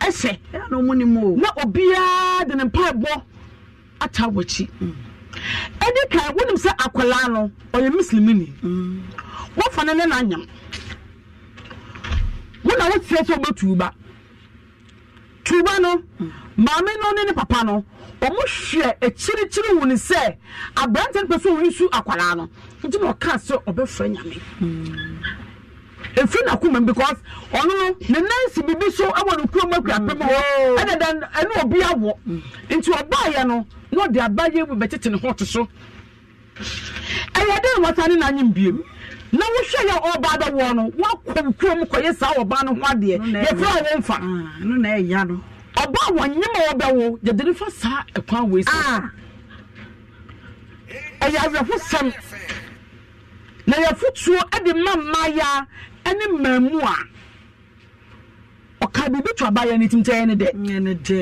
ɛhyɛ hmm. ɛna ɔmo ni mu na obiara de ne mpaebɔ ata wɔ akyi ɛdi hmm. kan wɔnim sɛ akwadaa no ɔyɛ muslimini hmm. wɔfa ne ne nanyam wɔn na wɔtie sɛ ɔbɛ tuuba tuuba no maame no ne ne papa no. wɔn hwɛ akyirikyiri wɔn sɛ aberante no pɛ so su akwadaa no nti hmm. na ɔka sɛ ɔbɛfrɛ nyame efiri na na because ɔno no ne bibi so ɛwɔ ne kurom akura pɛm hɔ ɛna dan ɛna obi awɔ hmm. nti ɔbaayɛ no na ɔde abaayɛ mu bɛtete ne so ɛyɛ dɛ ne na wohwɛ yɛ no wakɔ kurom saa no ho adeɛ hmm. ọba wọn nyima ọbẹ wo yẹde nifa saa ẹkwan wei si ẹyẹ ah. awẹfo sẹm na yẹfo tuo ẹde mma mmaaya ẹne mmaamua ọka biribi to abaayɛ ne timtɛ ɛne dɛ ɛne dɛ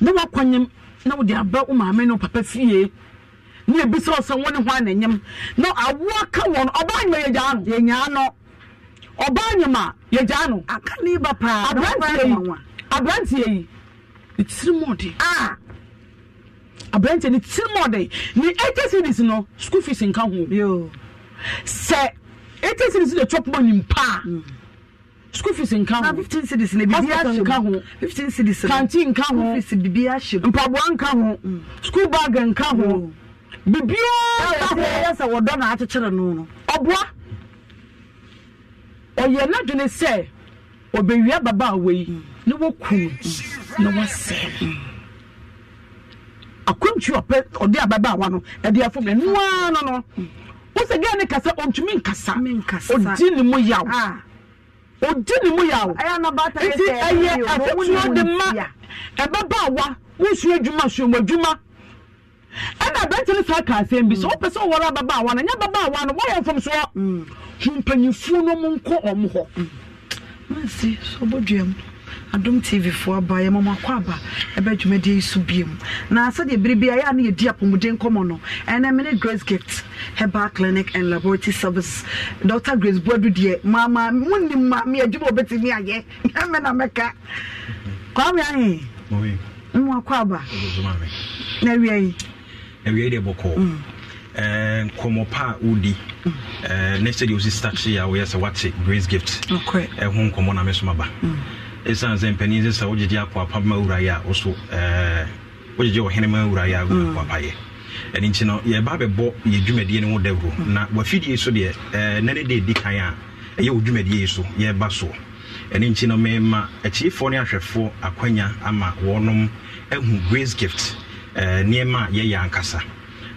na wakɔnyem na wɔde aba wo maame ne wo papa fie ne ebisa ɔsɛ wɔn ne ho ananyam na awoɔ ka wɔn ɔbaa nyima yɛ gyaa no yɛ nyaa no ɔbaa nyima yɛ gyaa no aka ne ba paa aberanteɛ yi. aberanteɛ yi ne tiri mu ɔde a aberanteɛ ne tiri mu ɔde ne eighty series no school fees nka ho sɛ eighty series de chop money paa. Mm. school fees nka ho fifteen cities na bibi ahyɛ nka ho fifteen cities na kanti nka ho fees bibi ahyɛ mpaboa nka ho mm. school bag nka ho bibi nka ho ɛyɛ sɛ wɔdɔ na akyekyere no no ɔboa ɔyɛ n'adwene sɛ obewia ababaawa yi hmm. na wɔkum na wɔsɛm akwantu ɔpɛ ɔde ababaawa no ɛde afom na noa no no hmm. wosɛ gɛɛ ne kasa ɔntumi nkasa ɔdi ne mu yaw ɔdi ah. ne mu yaw nti ɛyɛ afɛtuo de ma ɛbabaawa wosu adwuma suom adwuma ɛna abirante ne saa ka asɛm bi sɛ hmm. wopɛ sɛ wɔwɔre ababaawa no nyɛ ababaawa no wɔyɛ mfomsoɔ hu mpanyinfuo no mu nkɔ ɔmo hɔ. mansi so bɔdua adom tv foɔ aba yɛ mɔmɔ akɔ aba ɛbɛ dwumadie yi so ya na sɛdeɛ bere bi ayɛ a ne yɛdi apɔmuden kɔmɔ no ɛnɛ me ne grace gift herbal clinic and laboratory service dr grace buadu deɛ maama monim maame adwuma wɔbɛtumi ayɛ ɛmɛ na mɛka ahe mɔmɔ akɔ aba na awia yi awia yi deɛ mm. nkɔmmɔ eh, pa eh, a wodi ne sɛdeɛ ɔsi a woyɛ sɛ wate grace gift eh, nkɔmmɔ na mm. me mm. so ɛsiane sɛ mpanin sɛ sɛ wogyegye akoapa ma wurayɛ a wo so ɔhene ma wurayɛ a ɛno nti no yɛba bɛbɔ yɛ dwumadie no ho dawuro na wafidie so deɛ na ne de kan a ɛyɛ wo dwumadie yi so yɛba soɔ ɛno nti no mema ne ahwɛfoɔ akwanya ama wɔnom ahu grace gift nneɛma a yɛyɛ ankasa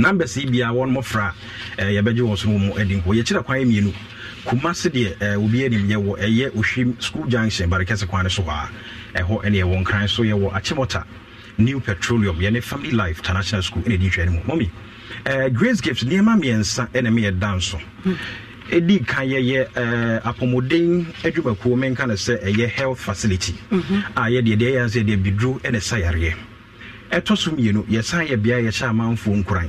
numbers yi bia wɔn mo fra eh, yɛbɛgye wɔn so wɔn adi nkɔ yɛkyerɛ kwan mmienu kumase deɛ eh, obi anim yɛwɔ ɛyɛ ohwim school junction barikɛse kwan ne so hɔ a ɛhɔ ɛna yɛwɔ nkran so yɛwɔ akyemɔta new petroleum yɛne family life international school ɛna edi twɛ mu mɔmi ɛɛ eh, grace gift nneɛma mmiɛnsa ɛna mi yɛ dan so. ɛdi kan yɛyɛ apɔmuden adwumakuo menka no sɛ ɛyɛ health facility a yɛdeɛ deɛ yɛ sɛ deɛ biduro ne sayareɛ ɛtɔ so mmienu yɛsan yɛ bea yɛhyɛ amanfoɔ nkuran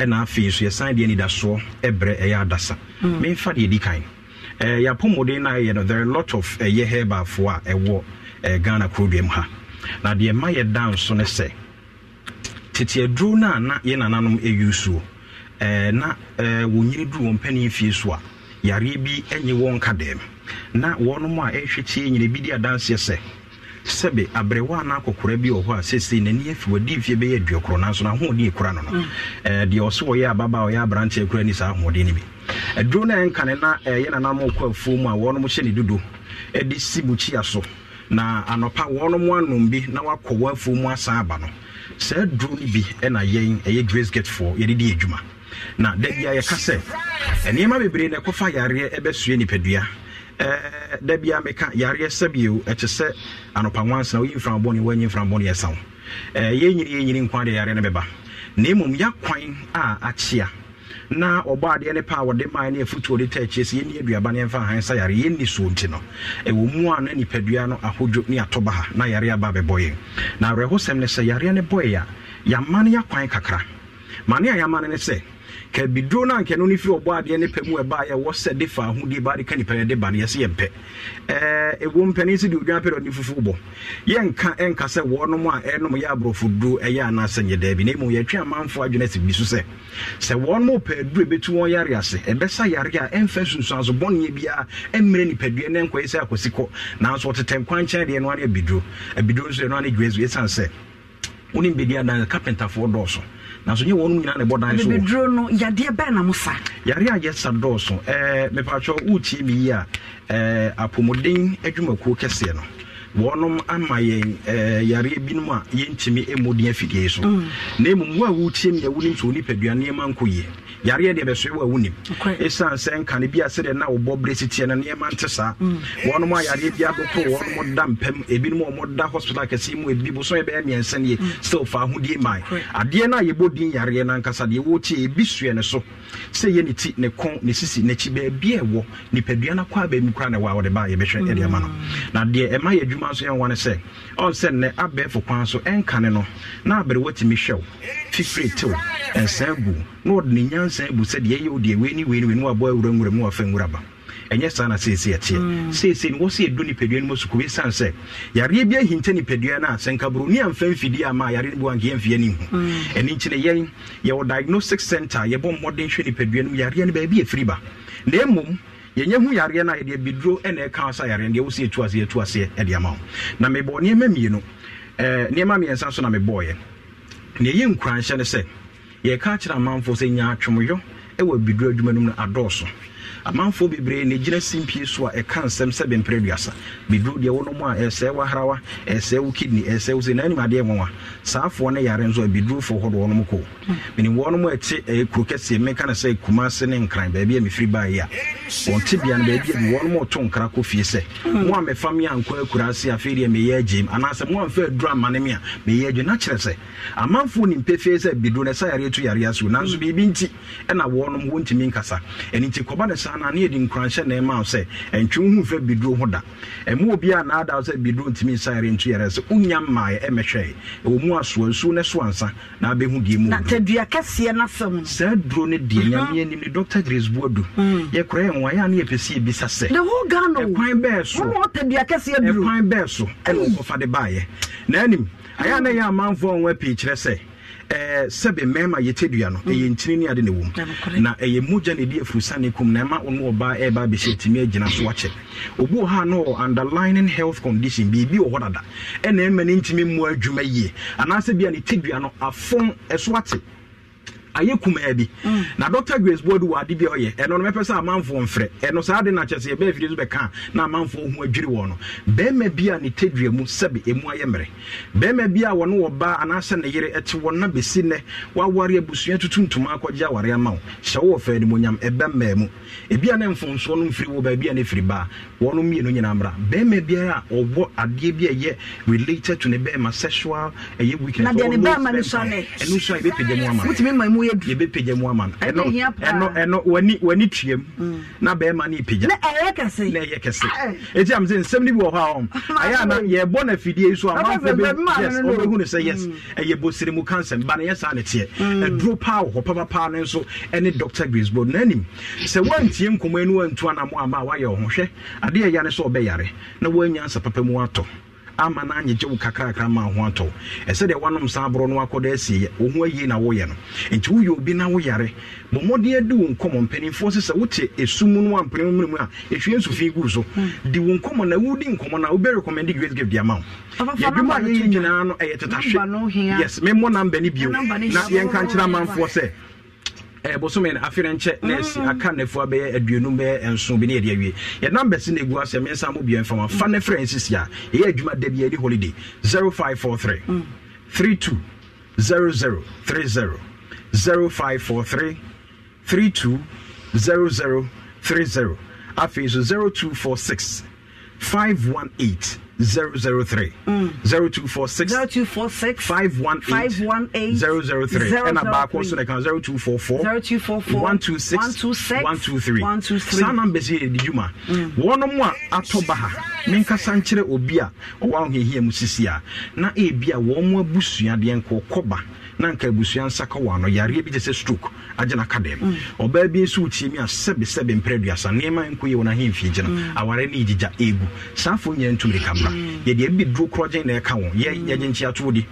ɛna afei nso yɛsan deɛ anidasoɔ brɛ ɛyɛ adasa mm. memfa deɛ di kan yɛapɔmuden no ayɛ no there are lot of ɛyɛ herbalfoɔ a ɛwɔ ghana kurodwam ha na deɛ ma yɛda nso no sɛ tete aduro no a na yɛ nananom ɛyu na wɔnyini duru wɔn mpanin fie so a yareɛ bi nyɛ wɔn ka dɛm na wɔnom a ɛhwɛ tie nyina bi di adanseɛ sɛ sɛbe aberewa na akɔkora bi wɔ hɔ a sesei n'ani afi wadi mfie bɛyɛ aduokorɔ nanso no ahoɔden ɛkura no no mm. deɛ ɔso ɔyɛ ababa ɔyɛ aberanteɛ kura ni saa ahoɔden no bi aduro no ɛnka ne na ɛyɛ nanam ɔkɔ afuo mu a wɔnom hyɛ ne dodo de si bukyia so na anɔpa wɔnom anom bi na wakɔ wɔ afuo mu asan aba no saa aduro no bi ɛna yɛn ɛyɛ grace gate foɔ yɛde di adwuma na da bia yɛka sɛ nneɛma bebree na ɛkɔfa yareɛ ɛbɛsua nipadua Eh, da bia meka yareɛ sɛbio ɛkyɛ sɛ anɔpa nwansena woyi woanyi wo nkwa na mmom yɛakwan a akyea na ɔbɔ adeɛ ne paa wɔde maa ne afutuo de ta akyire sɛ yɛnni aduaba ne yɛmfa ahan sa yare yɛnni soɔ nti no ɛwɔ mu a na nipadua no ahodwo ne na yare aba yɛn na awerɛhosɛm ne sɛ ne bɔeɛ a yɛama yɛakwan kakra ma ne a yɛama ne sɛ kabiduro no ankɛ no no firi ɔbɔ adeɛ ne pɛ mu ɛba ɛwɔ sɛ de fa ahodeɛ ba de ka nipa yɛde ba no yɛsɛ yɛmpɛ ɛwɔ mpanin so de odwan pɛ dɛ ɔne fufuo bɔ yɛnka ɛnka sɛ wɔnom a ɛnom yɛ aborɔfo duro ɛyɛ anaasɛ nyɛ daabi na mmom yɛtwe amanfoɔ adwene sɛ bi so sɛ sɛ wɔnom pɛ aduro ɛbɛtu wɔn yare ase ɛbɛsa yare a ɛmfa sunsuanso bɔneyɛ biara ɛmmerɛ nipadua ne nkɔyɛ sɛ akɔsi kɔ nanso ɔtetɛ nkwankyɛn deɛ no ane abiduro abiduro nso ɛno ane dwa ɛsiane sɛ wonim adan carpenterfoɔ dɔɔso nanso nyɛ wɔn nyinaa na ɛbɔ dan so bibiduro no yadeɛ bɛn na mo sa yadeɛ a yɛsa dɔɔso ɛɛ mepatwɛ wotie mi yi a ɛɛ apɔmuden adwumakuo kɛseɛ no wɔnom ama yɛn eh, yareɛ binom a yɛntumi ɛmmɔ din afidie so na mmom wo a wotie me a wonim sɛ onipadua nneɛma nkɔ yie yareɛ deɛ bɛsoe wɔ a wonim ɛsiane sɛ nkane bi a sɛdeɛ na wobɔ berɛ siteɛ no nneɛma nte saa wɔnom a yareɛ bi adɔtɔ wɔnom da mpam ebinom a wɔda hospital kɛse mu ebi bo so yɛbɛyɛ mmiɛnsa ne yɛ mm. sɛ ɔfa ahodie man adeɛ no a yɛbɔ din yareɛ no ankasa deɛ wɔtie ebi soɛ ne so sɛ yɛ ne ti ne kɔn ne sisi n'akyi baabi a ɛwɔ nipadua no akɔ a baabi kora na ɛwɔ a wɔde ba yɛbɛhwɛ ɛdeɛ ma no mm. na deɛ ɛma yɛ adwuma yɛtumi nso yɛnwa no sɛ ɔn nnɛ abɛɛfo kwan so ɛnkane no na abere watumi hwɛ wo fifiri tew ɛnsɛn bu na ɔde ne nyansa bu sɛdeɛ ɛyɛ wo deɛ wei ni wei ne wei ne wabɔ awura nwura mu wafa nwura ba ɛnyɛ saa na seesei ɛteɛ mm. seesei no wɔ sɛ yɛdu nipadua no mu sukuo ɛsiane sɛ yareɛ bi ahinta nipadua no a sɛnkaboro ni amfa mfidie ama a yareɛ no bi wankeɛ mfeɛ no mu ɛno nkyine yɛn yɛwɔ diagnostic center yɛbɔ mmɔden hwɛ nipadua no mu yareɛ no baabi ɛfiri ba na mmom yɛnyɛ hu yareɛ no a yɛde abiduro ɛna ɛka sa yareɛ no deɛ wosɛ ɛtu aseɛ ɛtu aseɛ ɛde ama wo na mebɔ nneɛma mmienu ɛɛ nneɛma mmiɛnsa so na mebɔɔyɛ na ɛyɛ nkuranhyɛ no sɛ yɛka akyerɛ amanfoɔ sɛ nya atwomyɔ ɛwɔ abiduro adwuma no mu no adɔɔso amanfoɔ bebree na ɛgyina simpie so a ɛka nsɛm sɛ bɛmpere aduasa meduru deɛ wo no mu a ɛsɛe waharawa ɛsɛe wo kidney ɛsɛe wo sɛ na anim adeɛ nwanwa saafoɔ no yare nso a bidurufoɔ hɔ de wɔnom kɔ menim wɔnom ɛte ɛyɛ kuro kɛseɛ meka no sɛ kumase ne nkran baabi a mefiri baeɛ a wɔn tebea no baabi a bi wɔnom ɔto nkra kɔ fie sɛ mo a mefa me ankɔ akuraase afei deɛ meyɛ agyem anaasɛ mo amfa aduru ama ne me a meyɛ adwe na kyerɛ sɛ amanfoɔ nim pefee sɛ biduro no ɛsɛ yareɛ to yareɛ so nanso biribi nti ɛna wɔnom wɔntumi nkasa ɛno nti kɔba ne sɛ saa na ne yɛde nkuranhyɛ na ɛma sɛ ɛntwe hu fɛ biduro ho da ɛmu obi a naada sɛ biduro ntumi nsa yɛre nto yɛrɛ sɛ wonya mmaeɛ ɛmɛhwɛe ɛwɔ mu asoa nsuo ne so ansa na abɛhu deɛ mu tadua kɛseɛ no asɛm saa duro no deɛ mhm. nyame anim ne dr grace boadu mm. yɛkora yɛ nwaeɛ a ne yɛpɛ sɛ yɛbisa sɛ the whole ghana bɛɛ so tadua kɛseɛ mm. de baeɛ na anim ɛyɛ mm. a na ɛyɛ amanfoɔ a wɔn apii kyerɛ sɛ Eh, sɛbe mmarima yɛtɛ dua no ɛyɛ eh, mm. nkyini ne ade ne wɔm na ɛyɛ mogya ne di afurusane kom na ɛma ɔno ɔbaa ɛba eh, abɛhyɛ tumi agyina so akyɛ obi wɔ ha no underlining health condition biribi wɔ hɔ dada ɛna ɛma ne ntumi mmoa adwuma yie anaasɛ bia ne tɛ no afɔm ɛso ate ayɛ kum mm. adi na dr grace board wɔ ade bi a ɔyɛ ɛno no mɛpɛ sɛ amanfoɔ mfrɛ ɛno saa de no akyɛ sɛ yɛbɛɛ firi so bɛka na amanfoɔ ho adwiri wɔ no bɛrima bi a ne tadua mu sɛbe ɛmu ayɛ mmerɛ bɛrima bi a wɔne wɔba anaasɛ ne yere ɛte wɔn na bɛsi nnɛ woaware abusua tutuntoma akɔgye aware ama wo hyɛ wo wɔfɛ animonyam ɛbɛ mmaa mu ebi a ne mfonsoɔ no mfiri wɔ baabi a ne firi baa wɔn mmienu nyinaa mmra bɛrima biara a ɔwɔ adeɛ bi a ɛyɛ related to ne bɛrima sexual ɛyɛ weakness na deɛ ne bɛrima no sɔ ne ɛno nso a yɛbɛpagya ama mu yɛ du yɛbɛpagya mu ama no ɛno ɛno ɛno wani wani tuam mm. na bɛrima no yɛpagya na ɛyɛ kɛse na ɛyɛ kɛse ɛti am sɛ nsɛm no bi wɔ hɔ a ɔm ayɛ ana yɛbɔ no afidie so amanfoɔ bɛhu no sɛ yes mm. ɛyɛ bosere mu kansɛm ba no yɛ saa ne teɛ aduro mm. paa wɔ hɔ papapaa ne nso ɛne dr grisbo na anim sɛ woantie nkɔmmɔ no wantu anamo ama a woayɛ wo ho hwɛ adeɛ ɛya ne sɛ ɔbɛyare na woanya nsa ama no anyegye wo kakrakra ma ho atɔ ɛsɛ deɛ woanom sa aborɔ no akɔda asieɛ wo ho ayie na woyɛ no nti woyɛ obi na woyare bɔ mmɔden adi wo nkɔmmɔ mpanimfoɔ sɛ sɛ wote ɛsu mu no ampene mu mu a ɛhwie nsufii gu so hmm. de wo nkɔmmɔ na wodi nkɔmmɔ na wobɛrecommende us gift de ama wo yɛdwuma a yɛyɛ nyinaa no ɛyɛ tetahwe yes memmɔ namba no bio na yɛnka nkyerɛ amanfoɔ sɛ Eh, bosome no afei no nkyɛ na asi aka nnafoa bɛyɛ aduonum bɛyɛ nso bi ne yɛde awie yɛnam bɛse no ɛgu asɛ mensa mu bia mfama fa ne frɛ nsisi a ɛyɛ adwuma da biaa ne holiday three 32 0030 zero 32 0030 afei so one eight. 003 mm. 0246 0246 518 518 003 and back also the account 0244 0244 126 126 123 123 saa numbers here di yuma mm. wɔn mu a atɔ ba ha menkasa nkyerɛ obi a ɔwɔ ahohiahia mu sisi a na ebi a wɔn mu abusua deɛ nkɔ kɔba na nka abusua nsa ka wɔn ano yareɛ bi te sɛ stroke agyina ka dɛm ɔbaa bi nso wotie mi a sɛbe sɛbe mprɛ aduasa nneɛma nkɔ wɔ wɔn ahemfie gyina aware ne yɛgyigya ɛgu saa afo nyɛ ntumiri ka mmra mm. yɛde bi duro korɔgyen na ɛka wɔn yɛ yɛgye mm. di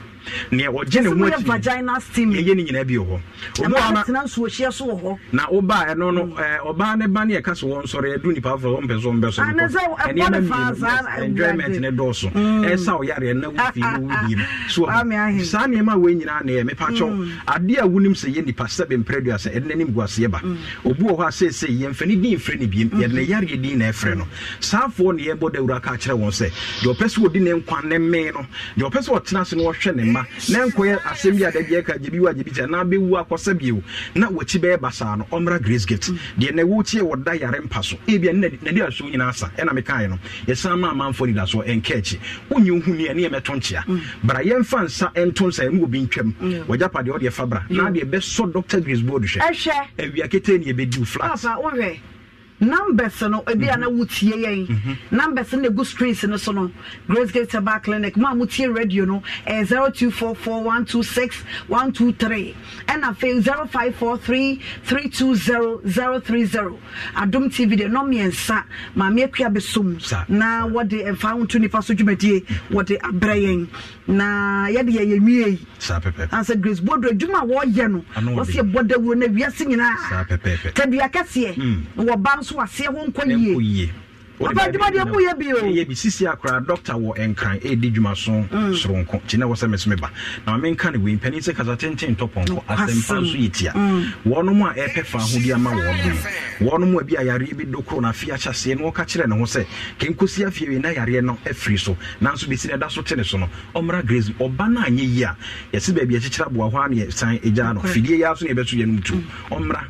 nea wɔgye ne ho atiyɛyɛ ne nyinaa bi wɔ hɔ na woba ɛno no ɔbaa ne ba ne yɛka so wɔ nsɔre ɛdu nnipa afoforɔ wɔmpɛ so ɔmbɛ so ah, nokɔnneɛma enjoyment ne dɔɔso mm. ɛsa ɔyareɛ na wofie no wodiem ah, so saa nneɛma a wei nyinaa neɛ mepakyɛw mm. adeɛ a wonim sɛ yɛ nnipa sɛbe mprɛdua sɛ ɛde n'anim gu aseɛ ba mm. obi wɔ hɔ a seesei yɛmfa ne din mfrɛ no biem yɛde ne yareɛ din na ɛfrɛ no saafoɔ ne yɛbɔ dawura ka akyerɛ wɔn sɛ deɛ ɔpɛ sɛ ɔdi ne nkwa ne mmee no deɛ ɔpɛ sɛ ɔtena ase no wɔhwɛ ne mma ama na nkɔyɛ asɛm bi a da bi ɛka gyebi wa gyebi kyɛ na abɛwu akɔsɛ bio na wɔkyi bɛyɛ basaa no ɔmmra grace gift deɛ na wɔkyiɛ wɔda yare mpa so ebia ne nadi asoɔ nyinaa sa ɛna mekaeɛ no yɛsan ma amanfoɔ nidasoɔ ɛnka akyi wonye hu ne ɛne yɛmɛto nkyea mm. bra yɛmfa nsa ɛnto nsa ɛne obi ntwam mm. wɔgyapa deɛ ɔdeɛ fa bra na adeɛ mm. bɛsɔ dr grace board hwɛ awia ketee ne yɛbɛdiw flat numbers no ebi a na mhm. wotie yɛn mhm. numbers no egu screens no so no grace gate herbal clinic mo a motie radio no ɛyɛ zero two four four one two six one two three ɛna afei zero five four three three two zero zero three zero adum tv de no mmiɛnsa maame akua bɛ som na wɔde mfa ahoto nipa so dwumadie mhm. wɔde abrɛ yɛn na yɛde yɛyɛ wie ansɛ grace bodo adwuma a wɔyɛ no wɔsɛ bɔ dawuro na wiase nyinaa tadua kɛseɛ na mm. wɔba nso aseɛ ho nkɔ yie papa adwuma deɛ mu sisi akora doctor wɔ nkran edi dwuma so soronko kyina na maame nka ne wei mpanin sɛ kasa tenten tɔpɔnkɔ asɛmpa fa ahodi ama wɔn no wɔnom a na afei ahyɛ aseɛ na yareɛ no afiri so nanso besi na ɛda so te ne so no ɔmmra grace ɔba no anyɛ yie a yɛsɛ baabi akyekyere aboa hɔ a mm. ne yɛsan agyaa no fidie yɛ so ne yɛbɛso yɛ no mu tu ɔmmra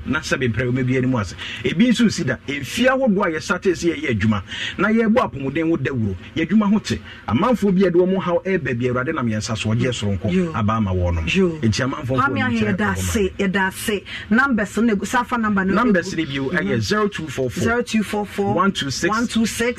adwuma na yɛbɔ apɔmuden ho dawuro yɛadwuma ho te amanfoɔ bi yɛde wɔn haw ɛɛbɛ bi awurade nam yɛn nsa so ɔgye soronko abaama wɔ no nti amanfoɔ no number no numbers no bio ɛyɛ zero two four four one two six